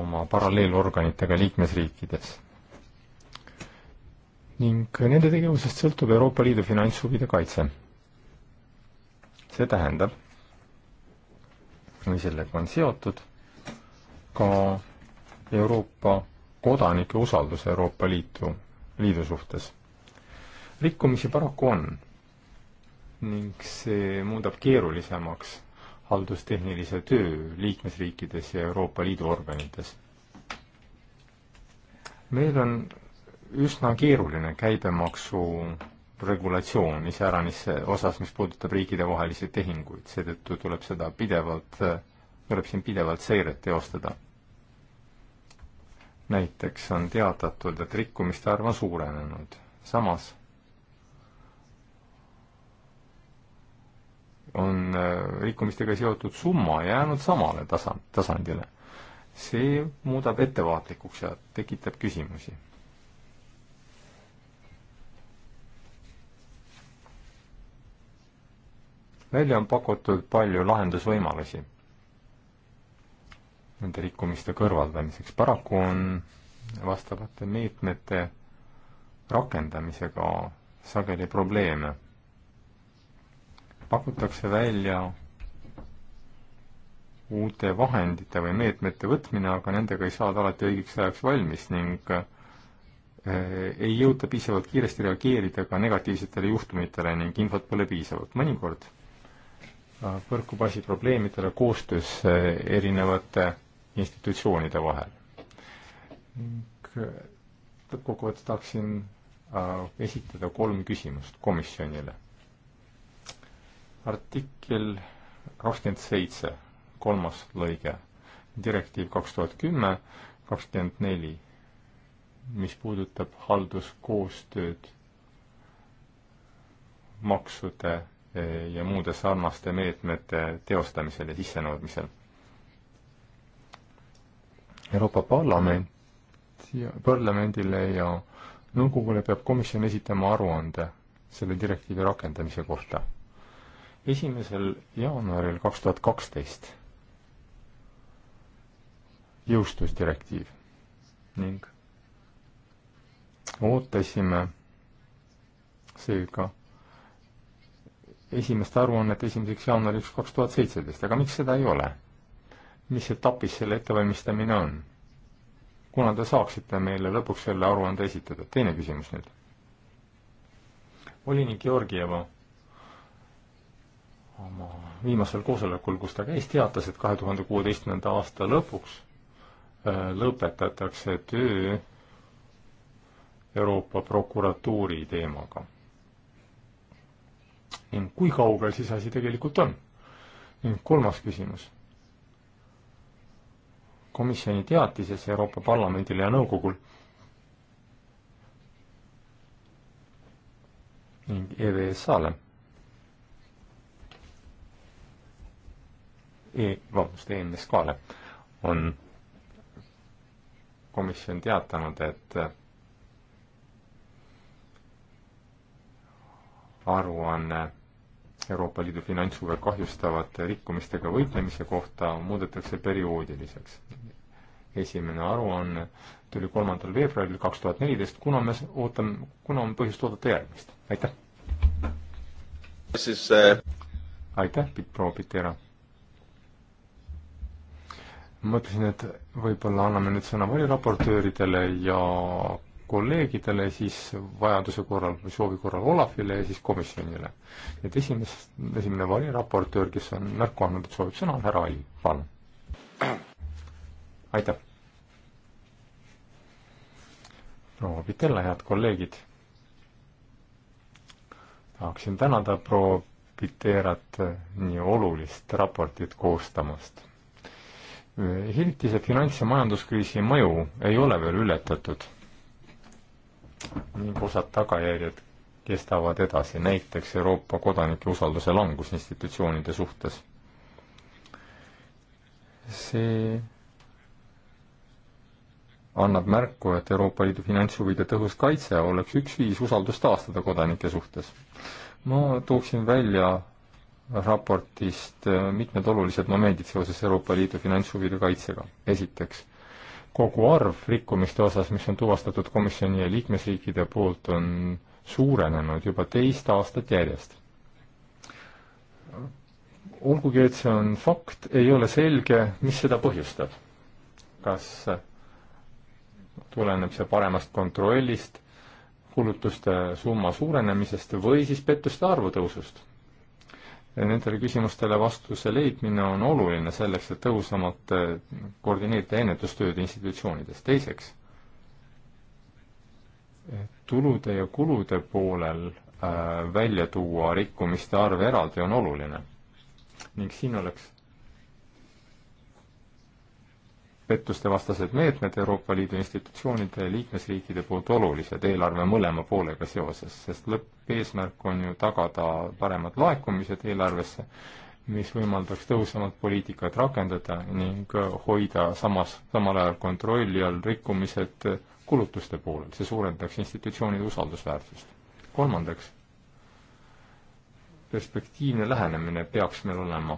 oma paralleelorganitega liikmesriikides ning nende tegevusest sõltub Euroopa Liidu finantshuvide kaitse. see tähendab, või sellega on seotud, ka Euroopa kodanike usaldus Euroopa Liitu, liidu suhtes. rikkumisi paraku on ning see muudab keerulisemaks haldustehnilise töö liikmesriikides ja Euroopa Liidu organites. meil on üsna keeruline käibemaksu regulatsioon iseäranis osas, mis puudutab riikidevahelisi tehinguid, seetõttu tuleb seda pidevalt, tuleb siin pidevalt seiret teostada. näiteks on teatatud, et rikkumiste arv on suurenenud, samas on äh, rikkumistega seotud summa jäänud samale tasa, tasandile. see muudab ettevaatlikuks ja tekitab küsimusi välja on pakutud palju lahendusvõimalusi nende rikkumiste kõrvaldamiseks. paraku on vastavate meetmete rakendamisega sageli probleeme. pakutakse välja uute vahendite või meetmete võtmine, aga nendega ei saada alati õigeks ajaks valmis ning eh, ei jõuta piisavalt kiiresti reageerida ka negatiivsetele juhtumitele ning infot pole piisavalt. mõnikord Äh, põrkub asi probleemidele koostöös äh, erinevate institutsioonide vahel. Äh, lõppkokkuvõttes tahaksin esitada kolm küsimust komisjonile. artikkel kakskümmend seitse, kolmas lõige, direktiiv kaks tuhat kümme, kakskümmend neli, mis puudutab halduskoostööd maksude Eh, ja muude sarnaste meetmete teostamisel ja sissenõudmisel. Euroopa Parlament ja parlamendile ja nõukogule peab komisjon esitama aruande selle direktiivi rakendamise kohta. esimesel jaanuaril kaks tuhat kaksteist jõustus direktiiv ning ootasime seega esimest aruannet esimeseks jaanuariks kaks tuhat seitseteist, aga miks seda ei ole? mis etapis selle ettevalmistamine on? kuna te saaksite meile lõpuks selle aruande esitada, teine küsimus nüüd. volinik Georgieva oma viimasel koosolekul, kus ta käis, teatas, et kahe tuhande kuueteistkümnenda aasta lõpuks äh, lõpetatakse töö Euroopa prokuratuuri teemaga ning kui kaugel siis asi tegelikult on? ning kolmas küsimus. komisjoni teatises Euroopa Parlamendile ja nõukogul ning EVSA-le e,, vabandust, EMSK-le on komisjon teatanud, et aruanne Euroopa Liidu finantshuve kahjustavate rikkumistega võitlemise kohta muudetakse perioodiliseks. esimene aruanne tuli kolmandal veebruaril kaks tuhat neliteist, kuna me ootame, kuna on põhjust oodata järgmist, aitäh! siis äh... Uh, aitäh, proua Pitera! mõtlesin, et võib-olla anname nüüd sõna variraportööridele ja kolleegidele, siis vajaduse korral või soovi korral Olafile ja siis komisjonile. et esimes, esimene variraportöör, kes on märku andnud, et soovib sõna, on härra Ali, palun. aitäh. proua Pitella, head kolleegid. tahaksin tänada proua Piterat nii olulist raportit koostamast hiljutise finants- ja majanduskriisi mõju ei ole veel ületatud ning osad tagajärjed kestavad edasi, näiteks Euroopa kodanike usalduse langus institutsioonide suhtes. see annab märku, et Euroopa Liidu finantshuvide tõhus kaitse oleks üks viis usaldust taastada kodanike suhtes. ma tooksin välja raportist mitmed olulised momendid seoses Euroopa Liidu finantshuvide kaitsega. esiteks, kogu arv rikkumiste osas, mis on tuvastatud komisjoni ja liikmesriikide poolt, on suurenenud juba teist aastat järjest. olgugi, et see on fakt, ei ole selge, mis seda põhjustab. kas tuleneb see paremast kontrollist, kulutuste summa suurenemisest või siis pettuste arvu tõusust ja nendele küsimustele vastuse leidmine on oluline selleks, et tõhusamalt eh, koordineerida ennetustööd institutsioonides. teiseks, eh, tulude ja kulude poolel äh, välja tuua rikkumiste arv eraldi on oluline ning siin oleks pettustevastased meetmed Euroopa Liidu institutsioonide ja liikmesriikide poolt olulised eelarve mõlema poolega seoses, sest lõpp, eesmärk on ju tagada paremad laekumised eelarvesse, mis võimaldaks tõhusamat poliitikat rakendada ning hoida samas, samal ajal kontrolli all rikkumised kulutuste poolel, see suurendaks institutsioonide usaldusväärsust. kolmandaks, perspektiivne lähenemine peaks meil olema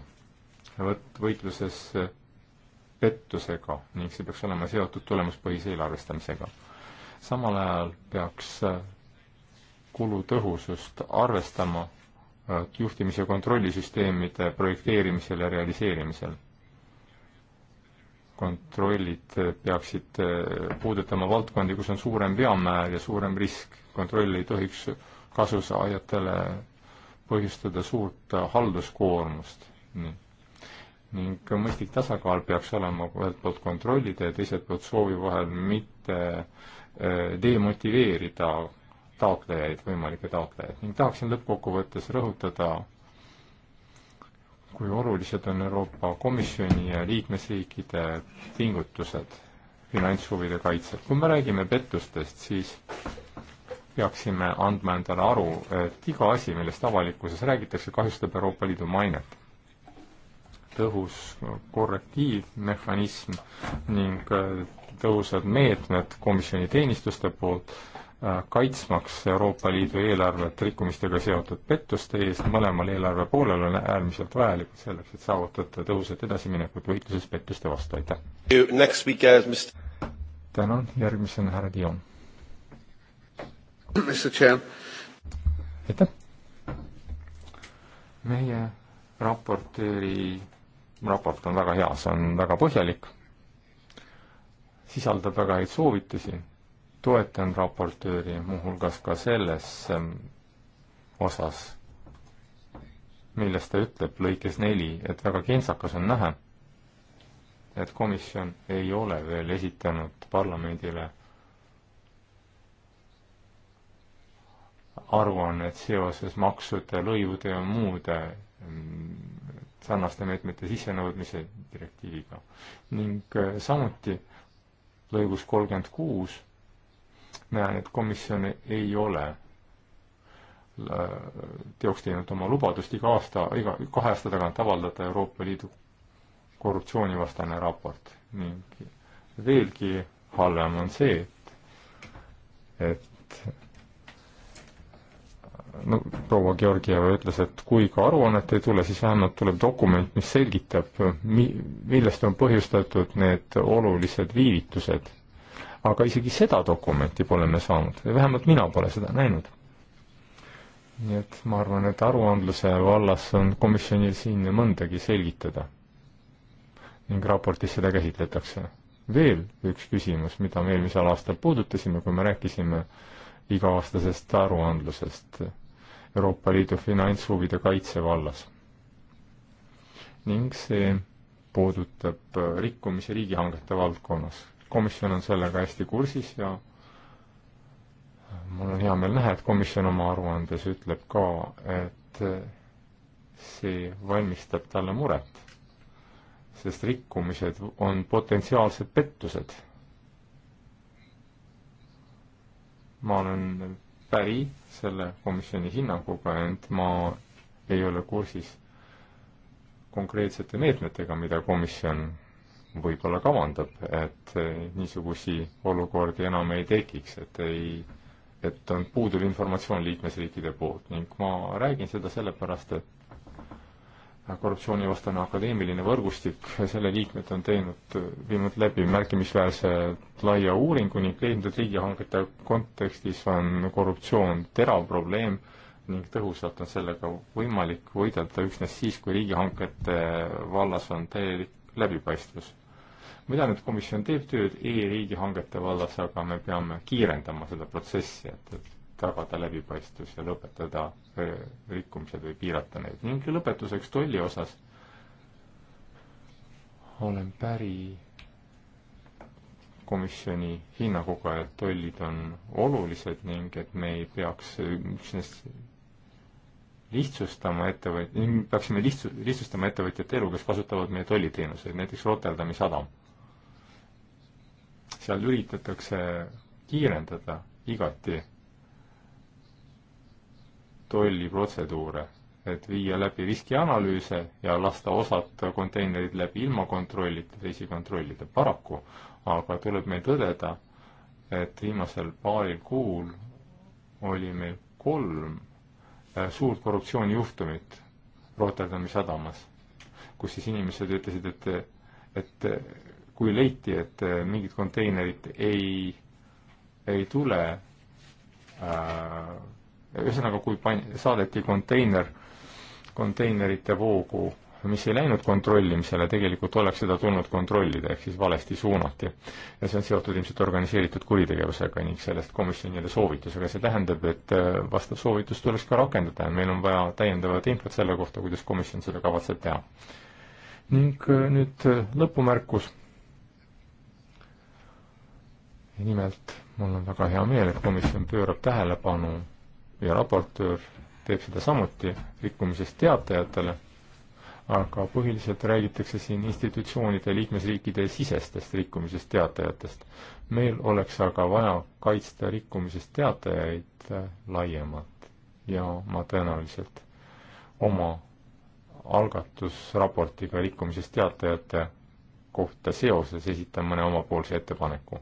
võt-, võitluses pettusega ning see peaks olema seotud tulemuspõhise eelarvestamisega. samal ajal peaks kulutõhusust arvestama äh, juhtimis- ja kontrollisüsteemide projekteerimisel ja realiseerimisel. kontrollid äh, peaksid äh, puudutama valdkondi, kus on suurem veamäär ja suurem risk. kontroll ei tohiks kasusaajatele põhjustada suurt halduskoormust. nii. ning mõistlik tasakaal peaks olema ühelt poolt kontrollide ja teiselt poolt soovi vahel mitte demotiveerida taotlejaid, võimalikke taotlejaid ning tahaksin lõppkokkuvõttes rõhutada, kui olulised on Euroopa Komisjoni ja liikmesriikide pingutused finantshuvide kaitsel. kui me räägime pettustest, siis peaksime andma endale aru, et iga asi, millest avalikkuses räägitakse, kahjustab Euroopa Liidu mainet tõhus korrektiivmehhanism ning tõhusad meetmed komisjoni teenistuste poolt Äh, kaitsmaks Euroopa Liidu eelarvet rikkumistega seotud pettuste eest mõlemal eelarve poolel on äärmiselt vajalikud selleks, et saavutada tõhusat edasiminekut võitluses pettuste vastu, aitäh! tänan, järgmisena härra Dion. aitäh! meie raportööri raport on väga hea, see on väga põhjalik, sisaldab väga häid soovitusi toetan raportööri muuhulgas ka selles ähm, osas, milles ta ütleb lõikes neli, et väga kentsakas on näha, et komisjon ei ole veel esitanud parlamendile aruannet seoses maksude, lõivude ja muude ähm, sarnaste meetmete sissenõudmise direktiiviga ning äh, samuti lõigus kolmkümmend kuus näen, et komisjon ei ole äh, teoks teinud oma lubadust iga aasta, iga kahe aasta tagant avaldada Euroopa Liidu korruptsioonivastane raport ning veelgi halvem on see, et, et no proua Georgieva ütles, et kui ka aruannet ei tule, siis vähemalt tuleb dokument, mis selgitab, mi-, millest on põhjustatud need olulised viivitused aga isegi seda dokumenti pole me saanud, vähemalt mina pole seda näinud. nii et ma arvan, et aruandluse vallas on komisjonil siin mõndagi selgitada. ning raportis seda käsitletakse. veel üks küsimus, mida me eelmisel aastal puudutasime, kui me rääkisime iga-aastasest aruandlusest Euroopa Liidu finantshuvide kaitse vallas. ning see puudutab rikkumisi riigihangete valdkonnas komisjon on sellega hästi kursis ja mul on hea meel näha, et komisjon oma aruandes ütleb ka, et see valmistab talle muret, sest rikkumised on potentsiaalsed pettused. ma olen päri selle komisjoni hinnanguga, ent ma ei ole kursis konkreetsete meetmetega, mida komisjon võib-olla kavandab, et eh, niisugusi olukordi enam ei tekiks, et ei, et on puuduv informatsioon liikmesriikide poolt ning ma räägin seda sellepärast, et korruptsioonivastane akadeemiline võrgustik, selle liikmed on teinud, viinud läbi märkimisväärse laia uuringu ning leidnud, et riigihangete kontekstis on korruptsioon terav probleem ning tõhusalt on sellega võimalik võidelda üksnes siis, kui riigihangete vallas on täielik läbipaistvus ma tean, et komisjon teeb tööd e-riigihangete vallas, aga me peame kiirendama seda protsessi, et, et tagada läbipaistvus ja lõpetada äh, rikkumised või piirata neid. ning lõpetuseks tolli osas olen päri komisjoni hinnakogu, et tollid on olulised ning et me ei peaks üksnes lihtsustama ettevõt-, peaksime lihtsu-, lihtsustama ettevõtjate elu, kes kasutavad meie tolliteenuseid, näiteks Rotterdami sadam seal üritatakse kiirendada igati tolliprotseduure, et viia läbi riskianalüüse ja lasta osad konteinerid läbi ilma kontrollita, teisi kontrollida paraku, aga tuleb meil tõdeda, et viimasel paaril kuul oli meil kolm äh, suurt korruptsioonijuhtumit Rotterdami sadamas, kus siis inimesed ütlesid, et, et kui leiti, et äh, mingid konteinerid ei, ei tule äh,, ühesõnaga, kui pan-, saadeti konteiner, konteinerite voogu, mis ei läinud kontrollimisele, tegelikult oleks seda tulnud kontrollida, ehk siis valesti suunati. ja see on seotud ilmselt organiseeritud kuritegevusega ning sellest komisjonile soovitusega, see tähendab, et äh, vastav soovitus tuleks ka rakendada ja meil on vaja täiendavat infot selle kohta, kuidas komisjon seda kavatseb teha. ning äh, nüüd lõpumärkus nimelt mul on väga hea meel, et komisjon pöörab tähelepanu ja raportöör teeb seda samuti rikkumisest teatajatele, aga põhiliselt räägitakse siin institutsioonide liikmesriikide sisestest rikkumisest teatajatest. meil oleks aga vaja kaitsta rikkumisest teatajaid laiemalt ja ma tõenäoliselt oma algatusraportiga rikkumisest teatajate kohta seoses esitan mõne omapoolse ettepaneku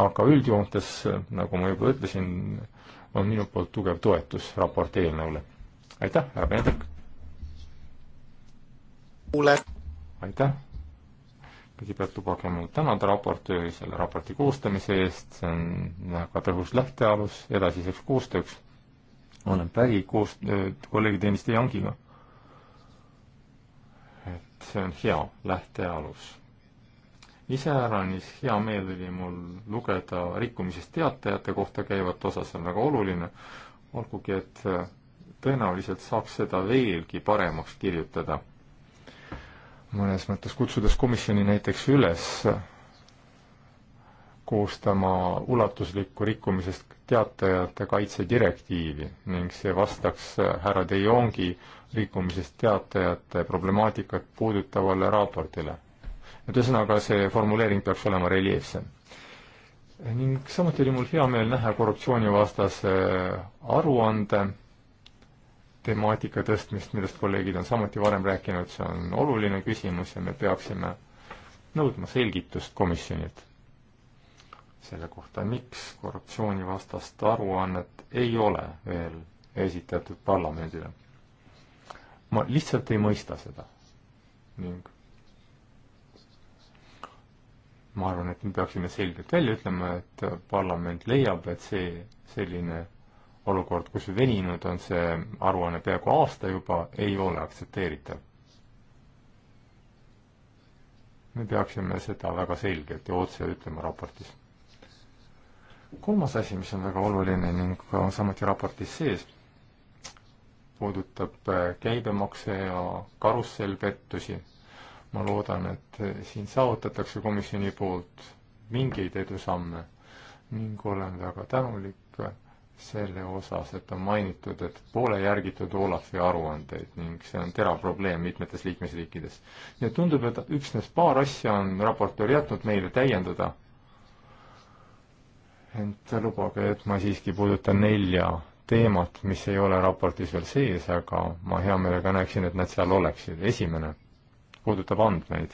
aga üldjoontes, nagu ma juba ütlesin, on minu poolt tugev toetus raporti eelnõule. aitäh, härra Pendrik! aitäh! kõigepealt lubage mul tänada raportööri selle raporti koostamise eest, see on väga tõhus lähtealus edasiseks koostööks. olen päri koos äh, kolleeg Tõnis Dejangiga. et see on hea lähtealus iseäranis hea meel oli mul lugeda rikkumisest teatajate kohta käivat osa, see on väga oluline, olgugi et äh, tõenäoliselt saaks seda veelgi paremaks kirjutada. mõnes mõttes kutsudes komisjoni näiteks üles äh, koostama ulatuslikku rikkumisest teatajate kaitse direktiivi ning see vastaks äh, härra De Jongi rikkumisest teatajate problemaatikat puudutavale raportile et ühesõnaga, see formuleering peaks olema reljeefsem. ning samuti oli mul hea meel näha korruptsioonivastase äh, aruande temaatika tõstmist, millest kolleegid on samuti varem rääkinud, see on oluline küsimus ja me peaksime nõudma selgitust komisjonilt selle kohta, miks korruptsioonivastast aruannet ei ole veel esitatud parlamendile. ma lihtsalt ei mõista seda ning ma arvan, et me peaksime selgelt välja ütlema, et parlament leiab, et see selline olukord, kus veninud on see aruanne peaaegu aasta juba, ei ole aktsepteeritav. me peaksime seda väga selgelt ja otse ütlema raportis. kolmas asi, mis on väga oluline ning ka samuti raportis sees, puudutab käibemakse ja karussellpettusi ma loodan, et siin saavutatakse komisjoni poolt mingeid edusamme ning olen väga tänulik selle osas, et on mainitud, et pole järgitud Olafi aruandeid ning see on terav probleem mitmetes liikmesriikides. nii et tundub, et üksnes paar asja on raportöör jätnud meile täiendada, ent lubage, et ma siiski puudutan nelja teemat, mis ei ole raportis veel sees, aga ma hea meelega näeksin, et nad seal oleksid. esimene puudutab andmeid.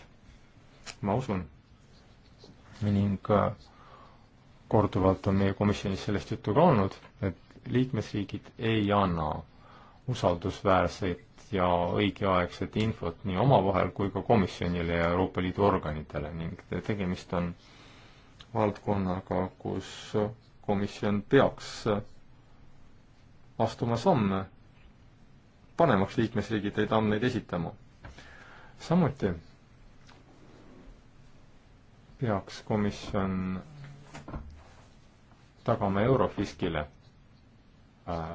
ma usun ning äh, korduvalt on meie komisjonis sellest juttu ka olnud, et liikmesriigid ei anna usaldusväärset ja õigeaegset infot nii omavahel kui ka komisjonile ja Euroopa Liidu organitele ning tegemist on valdkonnaga, kus komisjon peaks äh, astuma samme, panemaks liikmesriigid neid andmeid esitama samuti peaks komisjon tagama Eurofiskile äh,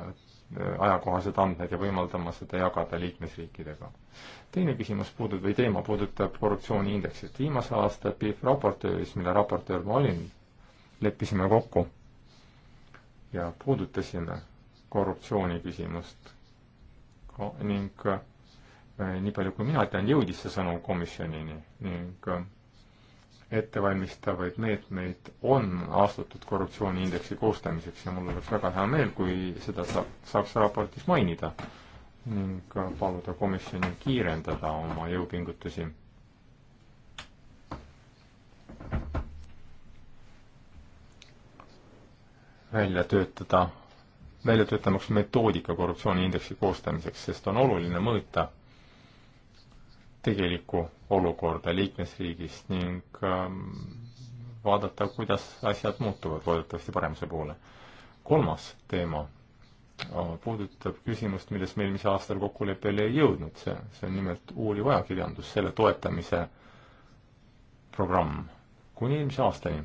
ajakohased andmed ja võimaldama seda jagada liikmesriikidega. teine küsimus puudutab, või teema puudutab korruptsiooniindeksit. viimase aasta PIF raportööris, mille raportöör ma olin, leppisime kokku ja puudutasime korruptsiooni küsimust ning Eh, nii palju kui mina tean, jõudis see sõnum komisjonini ning eh, ettevalmistavaid meetmeid on astutud korruptsiooniindeksi koostamiseks ja mul oleks väga hea meel, kui seda saab, saaks raportis mainida ning eh, paluda komisjonil kiirendada oma jõupingutusi välja töötada, välja töötamaks metoodika korruptsiooniindeksi koostamiseks, sest on oluline mõõta tegelikku olukorda liikmesriigis ning ähm, vaadata, kuidas asjad muutuvad loodetavasti paremuse poole. kolmas teema äh, puudutab küsimust, milles me eelmisel aastal kokkuleppele ei jõudnud, see, see on nimelt uuriv ajakirjandus, selle toetamise programm kuni eelmise aastani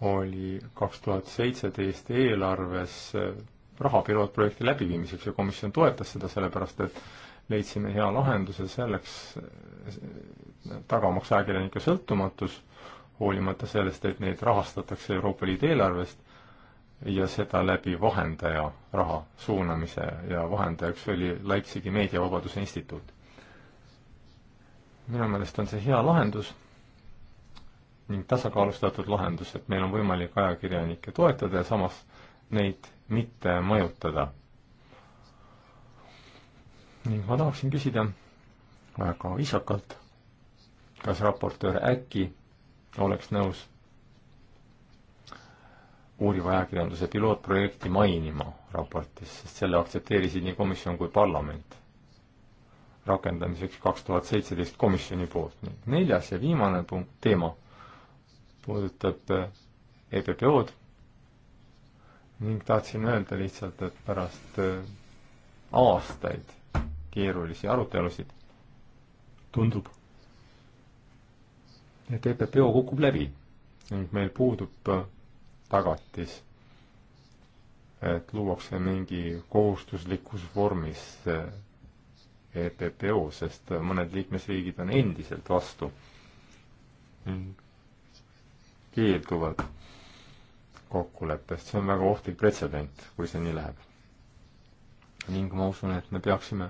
oli kaks tuhat seitseteist eelarves äh, raha pilootprojekti läbiviimiseks ja komisjon toetas seda sellepärast, et leidsime hea lahenduse selleks, äh, tagamaks ajakirjanike sõltumatus, hoolimata sellest, et neid rahastatakse Euroopa Liidu eelarvest ja seda läbi vahendaja raha suunamise ja vahendajaks oli Leipzigi Meediavabaduse Instituut. minu meelest on see hea lahendus ning tasakaalustatud lahendused, meil on võimalik ajakirjanikke toetada ja samas neid mitte mõjutada. ning ma tahaksin küsida väga viisakalt, kas raportöör äkki oleks nõus uuriva ajakirjanduse pilootprojekti mainima raportis, sest selle aktsepteerisid nii komisjon kui parlament rakendamiseks kaks tuhat seitseteist komisjoni poolt. neljas ja viimane punkt, teema puudutab äh, EPPO-d ning tahtsin öelda lihtsalt, et pärast äh, aastaid keerulisi arutelusid tundub, et EPPO kukub läbi ning meil puudub äh, tagatis, et luuakse mingi kohustuslikus vormis EPPO, sest mõned liikmesriigid on endiselt vastu ning keelduvad kokkuleppest, see on väga ohtlik pretsedent, kui see nii läheb. ning ma usun, et me peaksime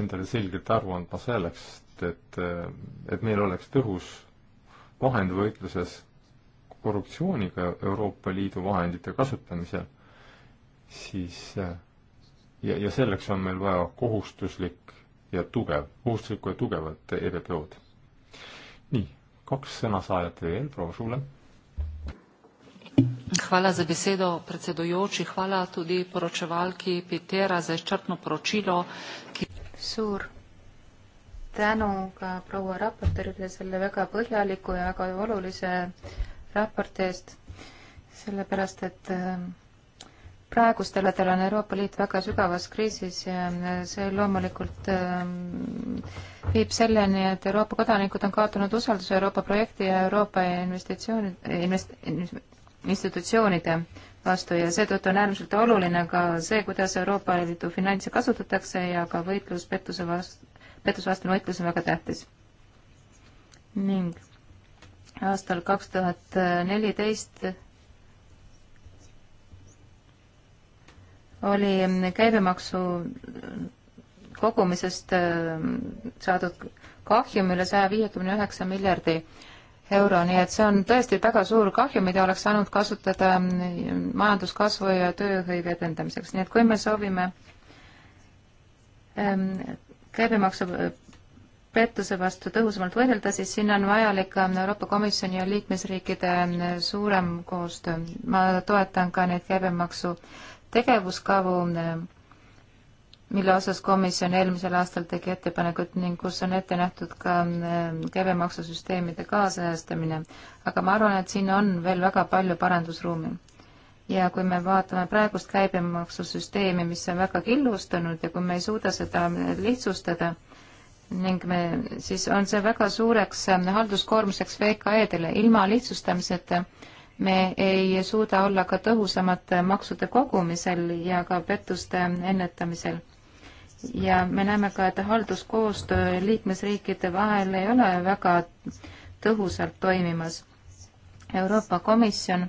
endale selgelt aru andma sellest, et, et meil oleks tõhus vahend võitluses korruptsiooniga Euroopa Liidu vahendite kasutamisel, siis ja, ja selleks on meil vaja kohustuslik ja tugev, kohustuslikku ja tugevat EVPO-d. nii, kaks sõnasaajat veel, proua Šule. Hvala za besedo, predsedujoči. Hvala tudi poročevalki Pitera za izčrpno poročilo. Ki... Suur tänu ka proua raportöörile selle väga põhjaliku ja väga olulise raporti eest, sellepärast et äh, praegustel hetkel on Euroopa Liit väga sügavas kriisis ja see loomulikult ähm, viib selleni, et Euroopa kodanikud on kaotanud usalduse Euroopa projekti ja Euroopa investitsiooni, invest-, institutsioonide vastu ja seetõttu on äärmiselt oluline ka see, kuidas Euroopa Liidu finantse kasutatakse ja ka võitlus pettuse vastu, pettusevastane võitlus on väga tähtis. ning aastal kaks tuhat neliteist oli käibemaksu kogumisest äh, saadud kahjum üle saja viiekümne üheksa miljardi euro, nii et see on tõesti väga suur kahju, mida oleks saanud kasutada äh, majanduskasvu ja tööhõive edendamiseks, nii et kui me soovime ähm, käibemaksu äh, pettuse vastu tõhusamalt võidelda, siis siin on vajalik Euroopa Komisjoni ja liikmesriikide suurem koostöö. ma toetan ka neid käibemaksu tegevuskavu, mille osas komisjon eelmisel aastal tegi ettepanekut ning kus on ette nähtud ka eh, käibemaksusüsteemide kaasajastamine. aga ma arvan, et siin on veel väga palju parandusruumi. ja kui me vaatame praegust käibemaksusüsteemi, mis on väga killustunud ja kui me ei suuda seda lihtsustada, ning me, siis on see väga suureks eh, halduskoormuseks VKE-dele ilma lihtsustamiseta et me ei suuda olla ka tõhusamad maksude kogumisel ja ka pettuste ennetamisel. ja me näeme ka, et halduskoostöö liikmesriikide vahel ei ole väga tõhusalt toimimas. Euroopa Komisjon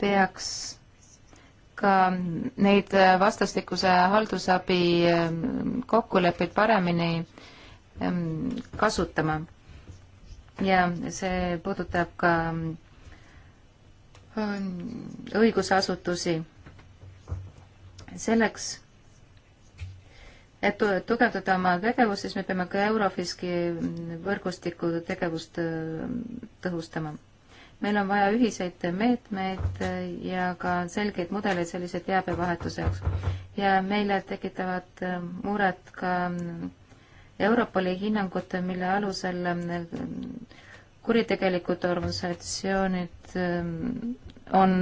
peaks ka neid vastastikuse haldusabi ähm, kokkuleppeid paremini ähm, kasutama. ja see puudutab ka ähm, õigusasutusi selleks, et tugevdada oma tegevust, siis me peame ka Eurofiski võrgustiku tegevust äh, tõhustama. meil on vaja ühiseid meetmeid ja ka selgeid mudeleid sellise teabevahetuse jaoks. ja meile tekitavad äh, muret ka Europoli hinnangud, mille alusel äh, kuritegelikud organisatsioonid ähm, on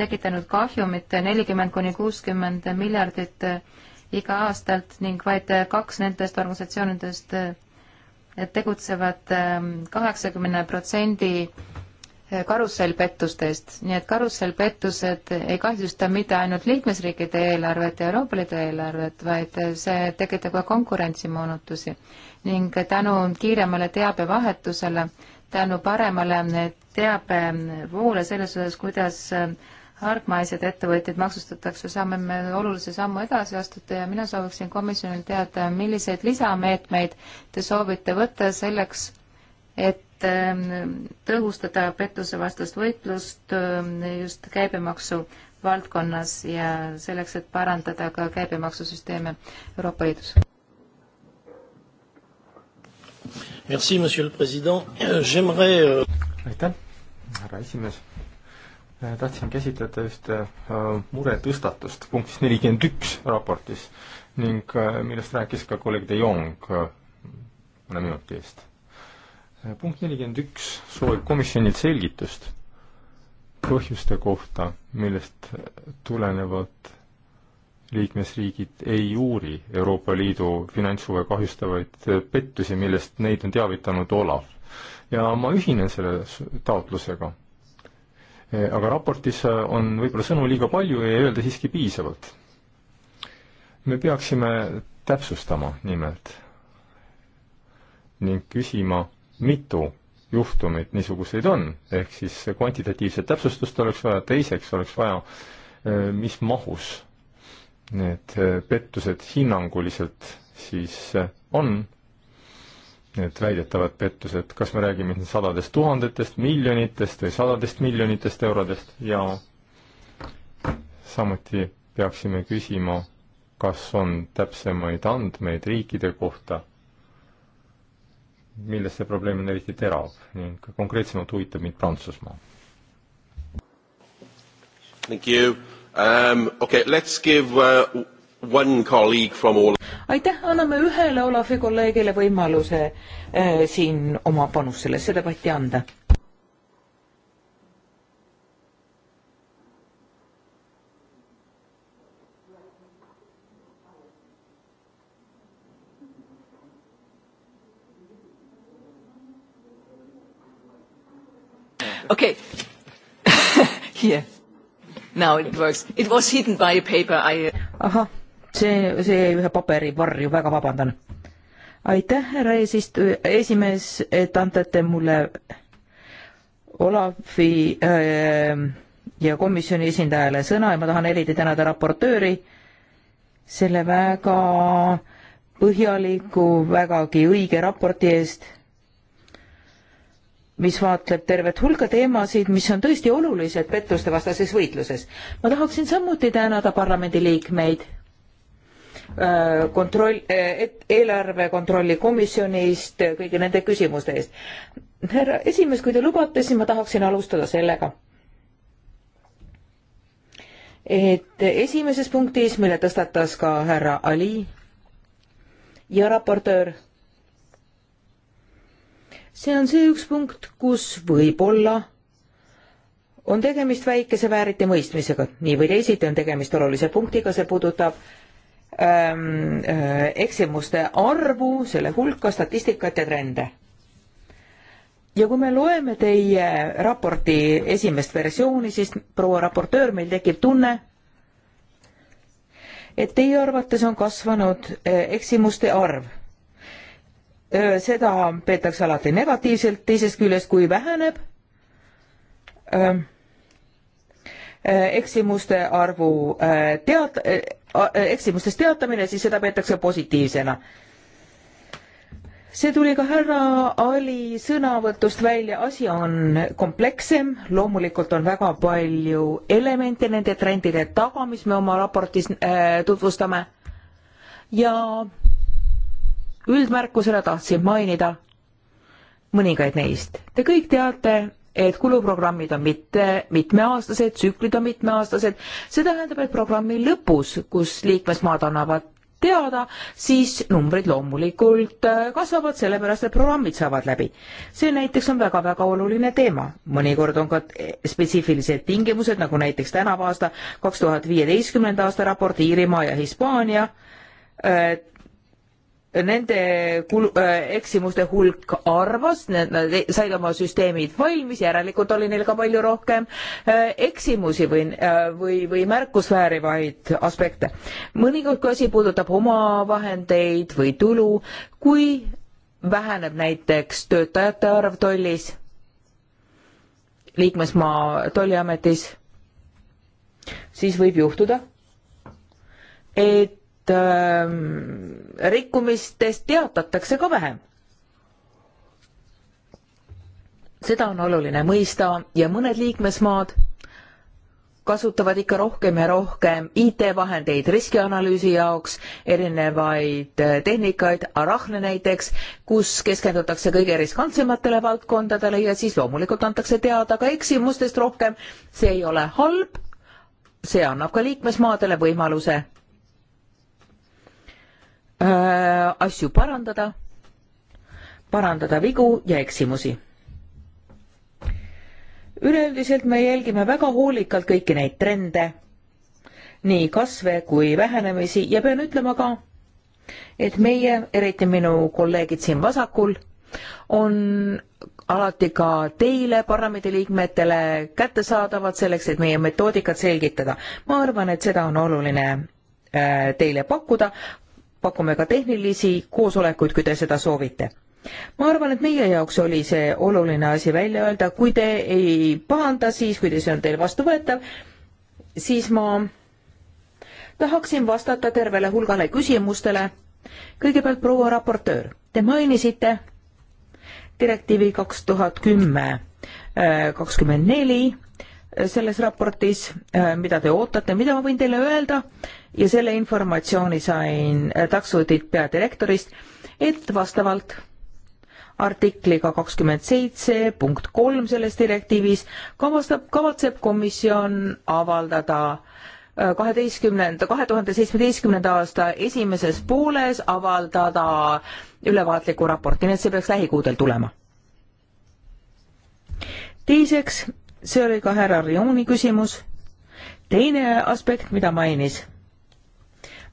tekitanud kahjumit nelikümmend kuni kuuskümmend miljardit äh, iga aastalt ning vaid kaks nendest organisatsioonidest äh, tegutsevad ähm, kaheksakümne protsendi äh, karussellpettustest, nii et karussellpettused ei kahjusta mitte ainult liikmesriikide eelarvet ja Euroopa Liidu eelarvet, vaid see tekitab ka konkurentsimoonutusi. ning tänu kiiremale teabevahetusele äh, tänu paremale teabevoole selles osas, kuidas äh, hargmaised ettevõtjad maksustatakse, saame me olulise sammu edasi astuda ja mina sooviksin komisjonil teada, milliseid lisameetmeid te soovite võtta selleks, et ähm, tõhustada pettusevastast võitlust ähm, just käibemaksu valdkonnas ja selleks, et parandada ka käibemaksusüsteeme Euroopa Liidus Merci, monsieur le président. Euh, j'aimerais... Euh, aitäh, härra esimees. Äh, tahtsin käsitleda just äh, muretõstatust punktis nelikümmend üks raportis ning äh, millest rääkis ka kolleeg De Jong mõne minuti eest. punkt nelikümmend üks soovib komisjonilt selgitust põhjuste kohta, millest tulenevalt liikmesriigid ei uuri Euroopa Liidu finantshuve kahjustavaid pettusi, millest neid on teavitanud Olav. ja ma ühinen selle taotlusega. E, aga raportis on võib-olla sõnu liiga palju ja ei öelda siiski piisavalt. me peaksime täpsustama nimelt ning küsima, mitu juhtumeid niisuguseid on, ehk siis kvantitatiivset täpsustust oleks vaja, teiseks oleks vaja, e, mis mahus need äh, pettused hinnanguliselt siis äh, on, need väidetavad pettused, kas me räägime siin sadadest tuhandetest, miljonitest või sadadest miljonitest eurodest ja samuti peaksime küsima, kas on täpsemaid andmeid riikide kohta, milles see probleem on eriti terav ning konkreetsemalt huvitab mind Prantsusmaa. Thank you. Um, okay, let's give uh, one colleague from all. aitäh, anname ühele Olavi kolleegile võimaluse äh, siin oma panus sellesse debatti anda. okei okay. here Now it works. It was hidden by a paper I. Uh, ahah, see, see jäi ühe paberi varju, väga vabandan. aitäh, härra eesistuja, esimees, et andate mulle Olavi äh, ja komisjoni esindajale sõna ja ma tahan eriti tänada raportööri selle väga põhjaliku, vägagi õige raporti eest mis vaatleb tervet hulka teemasid, mis on tõesti olulised pettuste vastases võitluses. ma tahaksin samuti tänada parlamendiliikmeid äh, kontroll, äh, eelarve kontrolli komisjonist äh, kõigi nende küsimuste eest. härra esimees, kui te lubate, siis ma tahaksin alustada sellega, et esimeses punktis, mille tõstatas ka härra Ali ja raportöör see on see üks punkt, kus võib-olla on tegemist väikese vääritimõistmisega, nii või teisiti on tegemist olulise punktiga, see puudutab ähm, äh, eksimuste arvu, selle hulka, statistikat ja trende. ja kui me loeme teie raporti esimest versiooni, siis proua raportöör, meil tekib tunne, et teie arvates on kasvanud äh, eksimuste arv seda peetakse alati negatiivselt, teisest küljest, kui väheneb eksimuste arvu teat-, eksimustest teatamine, siis seda peetakse positiivsena. see tuli ka härra Ali sõnavõtust välja, asi on komplekssem, loomulikult on väga palju elemente nende trendide taga, mis me oma raportis äh, tutvustame ja üldmärkusena tahtsin mainida mõningaid neist. Te kõik teate, et kuluprogrammid on mitte, mitmeaastased, tsüklid on mitmeaastased, see tähendab, et programmi lõpus, kus liikmesmaad annavad teada, siis numbrid loomulikult äh, kasvavad, sellepärast et programmid saavad läbi. see näiteks on väga-väga oluline teema. mõnikord on ka spetsiifilised tingimused, nagu näiteks tänavu aasta, kaks tuhat viieteistkümnenda aasta raport Iirimaa ja Hispaania äh, nende kul-, äh, eksimuste hulk arvas, nad said oma süsteemid valmis, järelikult oli neil ka palju rohkem äh, eksimusi või, äh, või, või märkusväärivaid aspekte. mõnikord, kui asi puudutab omavahendeid või tulu, kui väheneb näiteks töötajate arv tollis, liikmesmaa tolliametis, siis võib juhtuda, et Ähm, rikkumistest teatatakse ka vähem. seda on oluline mõista ja mõned liikmesmaad kasutavad ikka rohkem ja rohkem IT-vahendeid riskianalüüsi jaoks, erinevaid äh, tehnikaid, Arahne näiteks, kus keskendutakse kõige riskantsematele valdkondadele ja siis loomulikult antakse teada ka eksimustest rohkem. see ei ole halb, see annab ka liikmesmaadele võimaluse Äh, asju parandada, parandada vigu ja eksimusi. üleüldiselt me jälgime väga hoolikalt kõiki neid trende, nii kasve kui vähenemisi ja pean ütlema ka, et meie, eriti minu kolleegid siin vasakul, on alati ka teile, parlamendiliikmetele kättesaadavad selleks, et meie metoodikat selgitada. ma arvan, et seda on oluline äh, teile pakkuda, pakume ka tehnilisi koosolekuid, kui te seda soovite ma arvan, et meie jaoks oli see oluline asi välja öelda, kui te ei pahanda, siis kui see on teil vastuvõetav, siis ma tahaksin vastata tervele hulgale küsimustele. kõigepealt proua raportöör, te mainisite direktiivi kaks tuhat kümme äh, kakskümmend neli äh, selles raportis, äh, mida te ootate, mida ma võin teile öelda ja selle informatsiooni sain taksotilt peadirektorist, et vastavalt artikliga kakskümmend seitse punkt kolm selles direktiivis kavastab, kavatseb komisjon avaldada äh, kaheteistkümnenda, kahe tuhande seitsmeteistkümnenda aasta esimeses pooles avaldada ülevaatliku raporti, nii et see peaks lähikuudel tulema. teiseks, see oli ka härra Rioni küsimus, teine aspekt, mida mainis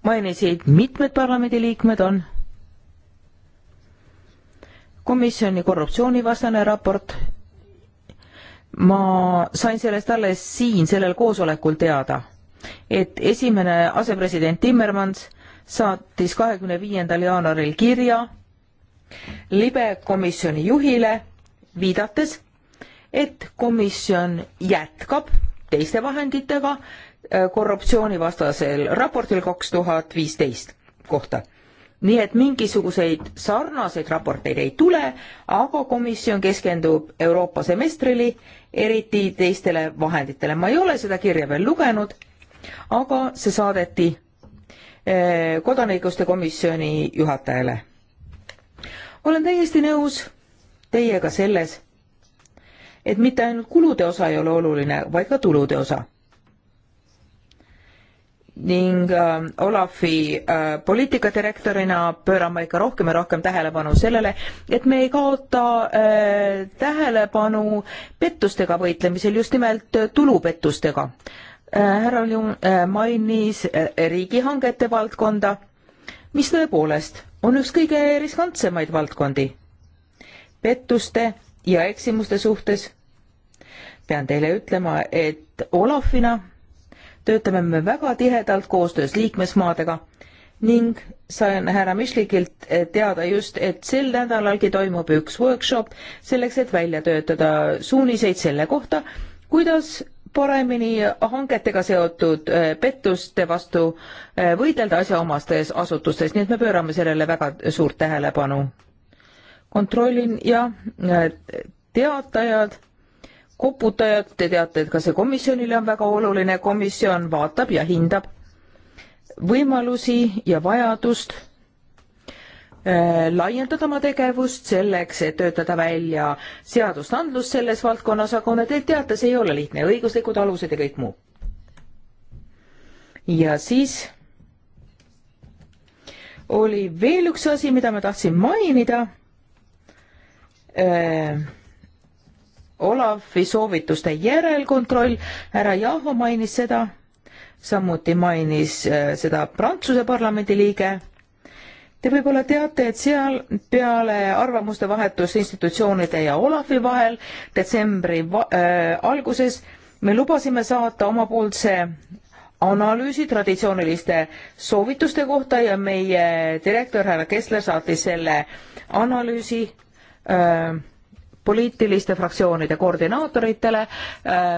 mainisid mitmed parlamendiliikmed, on komisjoni korruptsioonivastane raport. ma sain sellest alles siin sellel koosolekul teada, et esimene asepresident Timmermans saatis kahekümne viiendal jaanuaril kirja libe komisjoni juhile, viidates, et komisjon jätkab teiste vahenditega Äh, korruptsioonivastasel raportil kaks tuhat viisteist kohta. nii et mingisuguseid sarnaseid raporteid ei tule, aga komisjon keskendub Euroopa semestrile, eriti teistele vahenditele. ma ei ole seda kirja veel lugenud, aga see saadeti äh, kodanikuste komisjoni juhatajale. olen täiesti nõus teiega selles, et mitte ainult kulude osa ei ole oluline, vaid ka tulude osa ning äh, Olafi äh, poliitikadirektorina pööran ma ikka rohkem ja rohkem tähelepanu sellele, et me ei kaota äh, tähelepanu pettustega võitlemisel, just nimelt äh, tulupettustega äh,. härra Ljung äh, mainis äh, riigihangete valdkonda, mis tõepoolest on üks kõige riskantsemaid valdkondi pettuste ja eksimuste suhtes. pean teile ütlema, et Olafina töötame me väga tihedalt koostöös liikmesmaadega ning sain härra Mišlikilt eh, teada just, et sel nädalalgi toimub üks workshop selleks, et välja töötada suuniseid selle kohta, kuidas paremini hangetega seotud eh, pettuste vastu eh, võidelda asjaomastes asutustes, nii et me pöörame sellele väga suurt tähelepanu. kontrollin ja teatajad koputajad, te teate, et ka see komisjonile on väga oluline, komisjon vaatab ja hindab võimalusi ja vajadust äh, laiendada oma tegevust selleks, et töötada välja seadusandlus selles valdkonnas, aga kuna nagu te teate, see ei ole lihtne, õiguslikud alused ja kõik muu. ja siis oli veel üks asi, mida ma tahtsin mainida äh, Olavi soovituste järelkontroll, härra Jaho mainis seda, samuti mainis äh, seda Prantsuse parlamendi liige. Te võib-olla teate, et seal peale arvamuste vahetus institutsioonide ja Olavi vahel detsembri va äh, alguses me lubasime saata omapoolse analüüsi traditsiooniliste soovituste kohta ja meie direktor härra Kessler saatis selle analüüsi öö, äh, poliitiliste fraktsioonide koordinaatoritele äh,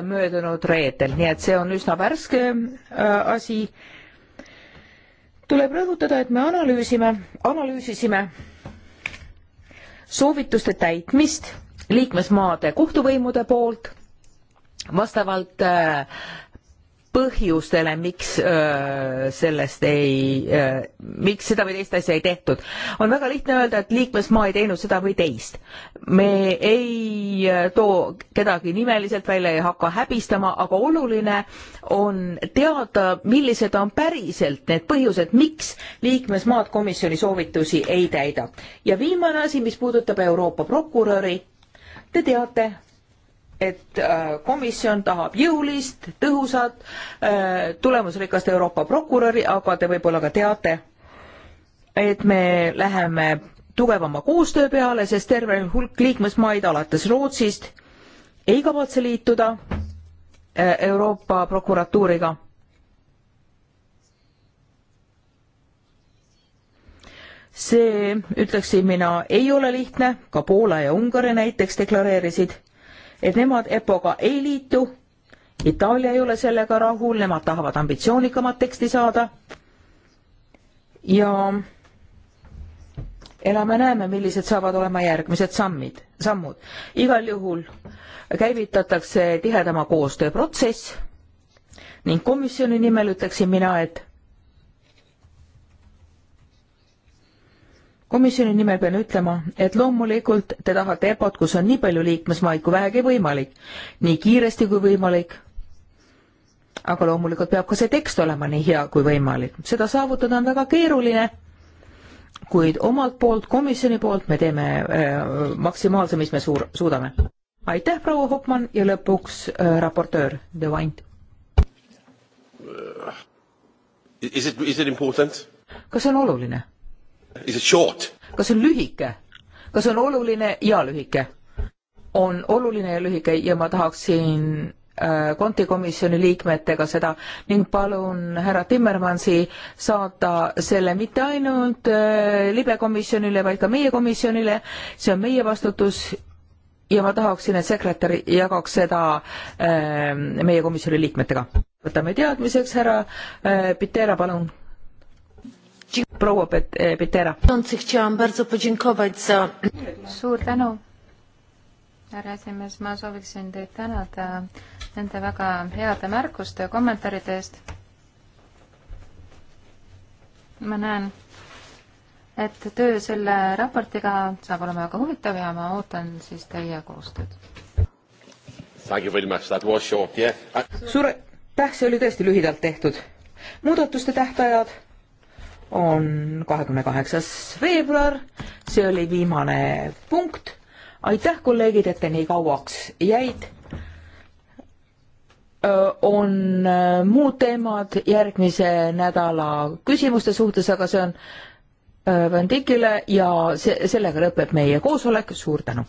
möödunud reedel, nii et see on üsna värske äh, asi. tuleb rõhutada, et me analüüsime, analüüsisime soovituste täitmist liikmesmaade kohtuvõimude poolt vastavalt äh, põhjustele, miks öö, äh, sellest ei, äh, miks seda või teist asja ei tehtud. on väga lihtne öelda, et liikmesmaa ei teinud seda või teist. me ei äh, too kedagi nimeliselt välja, ei hakka häbistama, aga oluline on teada, millised on päriselt need põhjused, miks liikmesmaad komisjoni soovitusi ei täida. ja viimane asi, mis puudutab Euroopa prokuröri, te teate, et äh, komisjon tahab jõulist, tõhusat, äh, tulemusrikast Euroopa prokuröri, aga te võib-olla ka teate, et me läheme tugevama koostöö peale, sest terve hulk liikmesmaid alates Rootsist ei kavatse liituda äh, Euroopa prokuratuuriga. see, ütleksin mina, ei ole lihtne, ka Poola ja Ungari näiteks deklareerisid et nemad EPO-ga ei liitu. Itaalia ei ole sellega rahul, nemad tahavad ambitsioonikamat teksti saada. ja elame-näeme, millised saavad olema järgmised sammid, sammud. igal juhul käivitatakse tihedama koostöö protsess ning komisjoni nimel ütleksin mina, et komisjoni nimel pean ütlema, et loomulikult te tahate EPO-t, kus on nii palju liikmesmaid kui vähegi võimalik, nii kiiresti kui võimalik. aga loomulikult peab ka see tekst olema nii hea kui võimalik, seda saavutada on väga keeruline. kuid omalt poolt, komisjoni poolt me teeme äh, maksimaalse, mis me suur, suudame. aitäh, proua Hopman ja lõpuks äh, raportöör De Wind. Uh, is it, is it important? kas see on oluline? kas see on lühike? kas on oluline ja lühike? on oluline ja lühike ja ma tahaksin äh, kontikomisjoni liikmetega seda ning palun härra Timmermansi saata selle mitte ainult äh, libekomisjonile, vaid ka meie komisjonile, see on meie vastutus ja ma tahaksin, et sekretär jagaks seda äh, meie komisjoni liikmetega. võtame teadmiseks, härra Pitera, palun proua e, Petera. suur tänu, härra esimees, ma sooviksin teid tänada nende väga heade märkuste ja kommentaaride eest. ma näen, et töö selle raportiga saab olema väga huvitav ja ma ootan siis teie koostööd. suur aitäh, see oli tõesti lühidalt tehtud. muudatuste tähtajad on kahekümne kaheksas veebruar, see oli viimane punkt. aitäh, kolleegid, et te nii kauaks jäid. on muud teemad järgmise nädala küsimuste suhtes, aga see on Vandikile ja see, sellega lõpeb meie koosolek, suur tänu!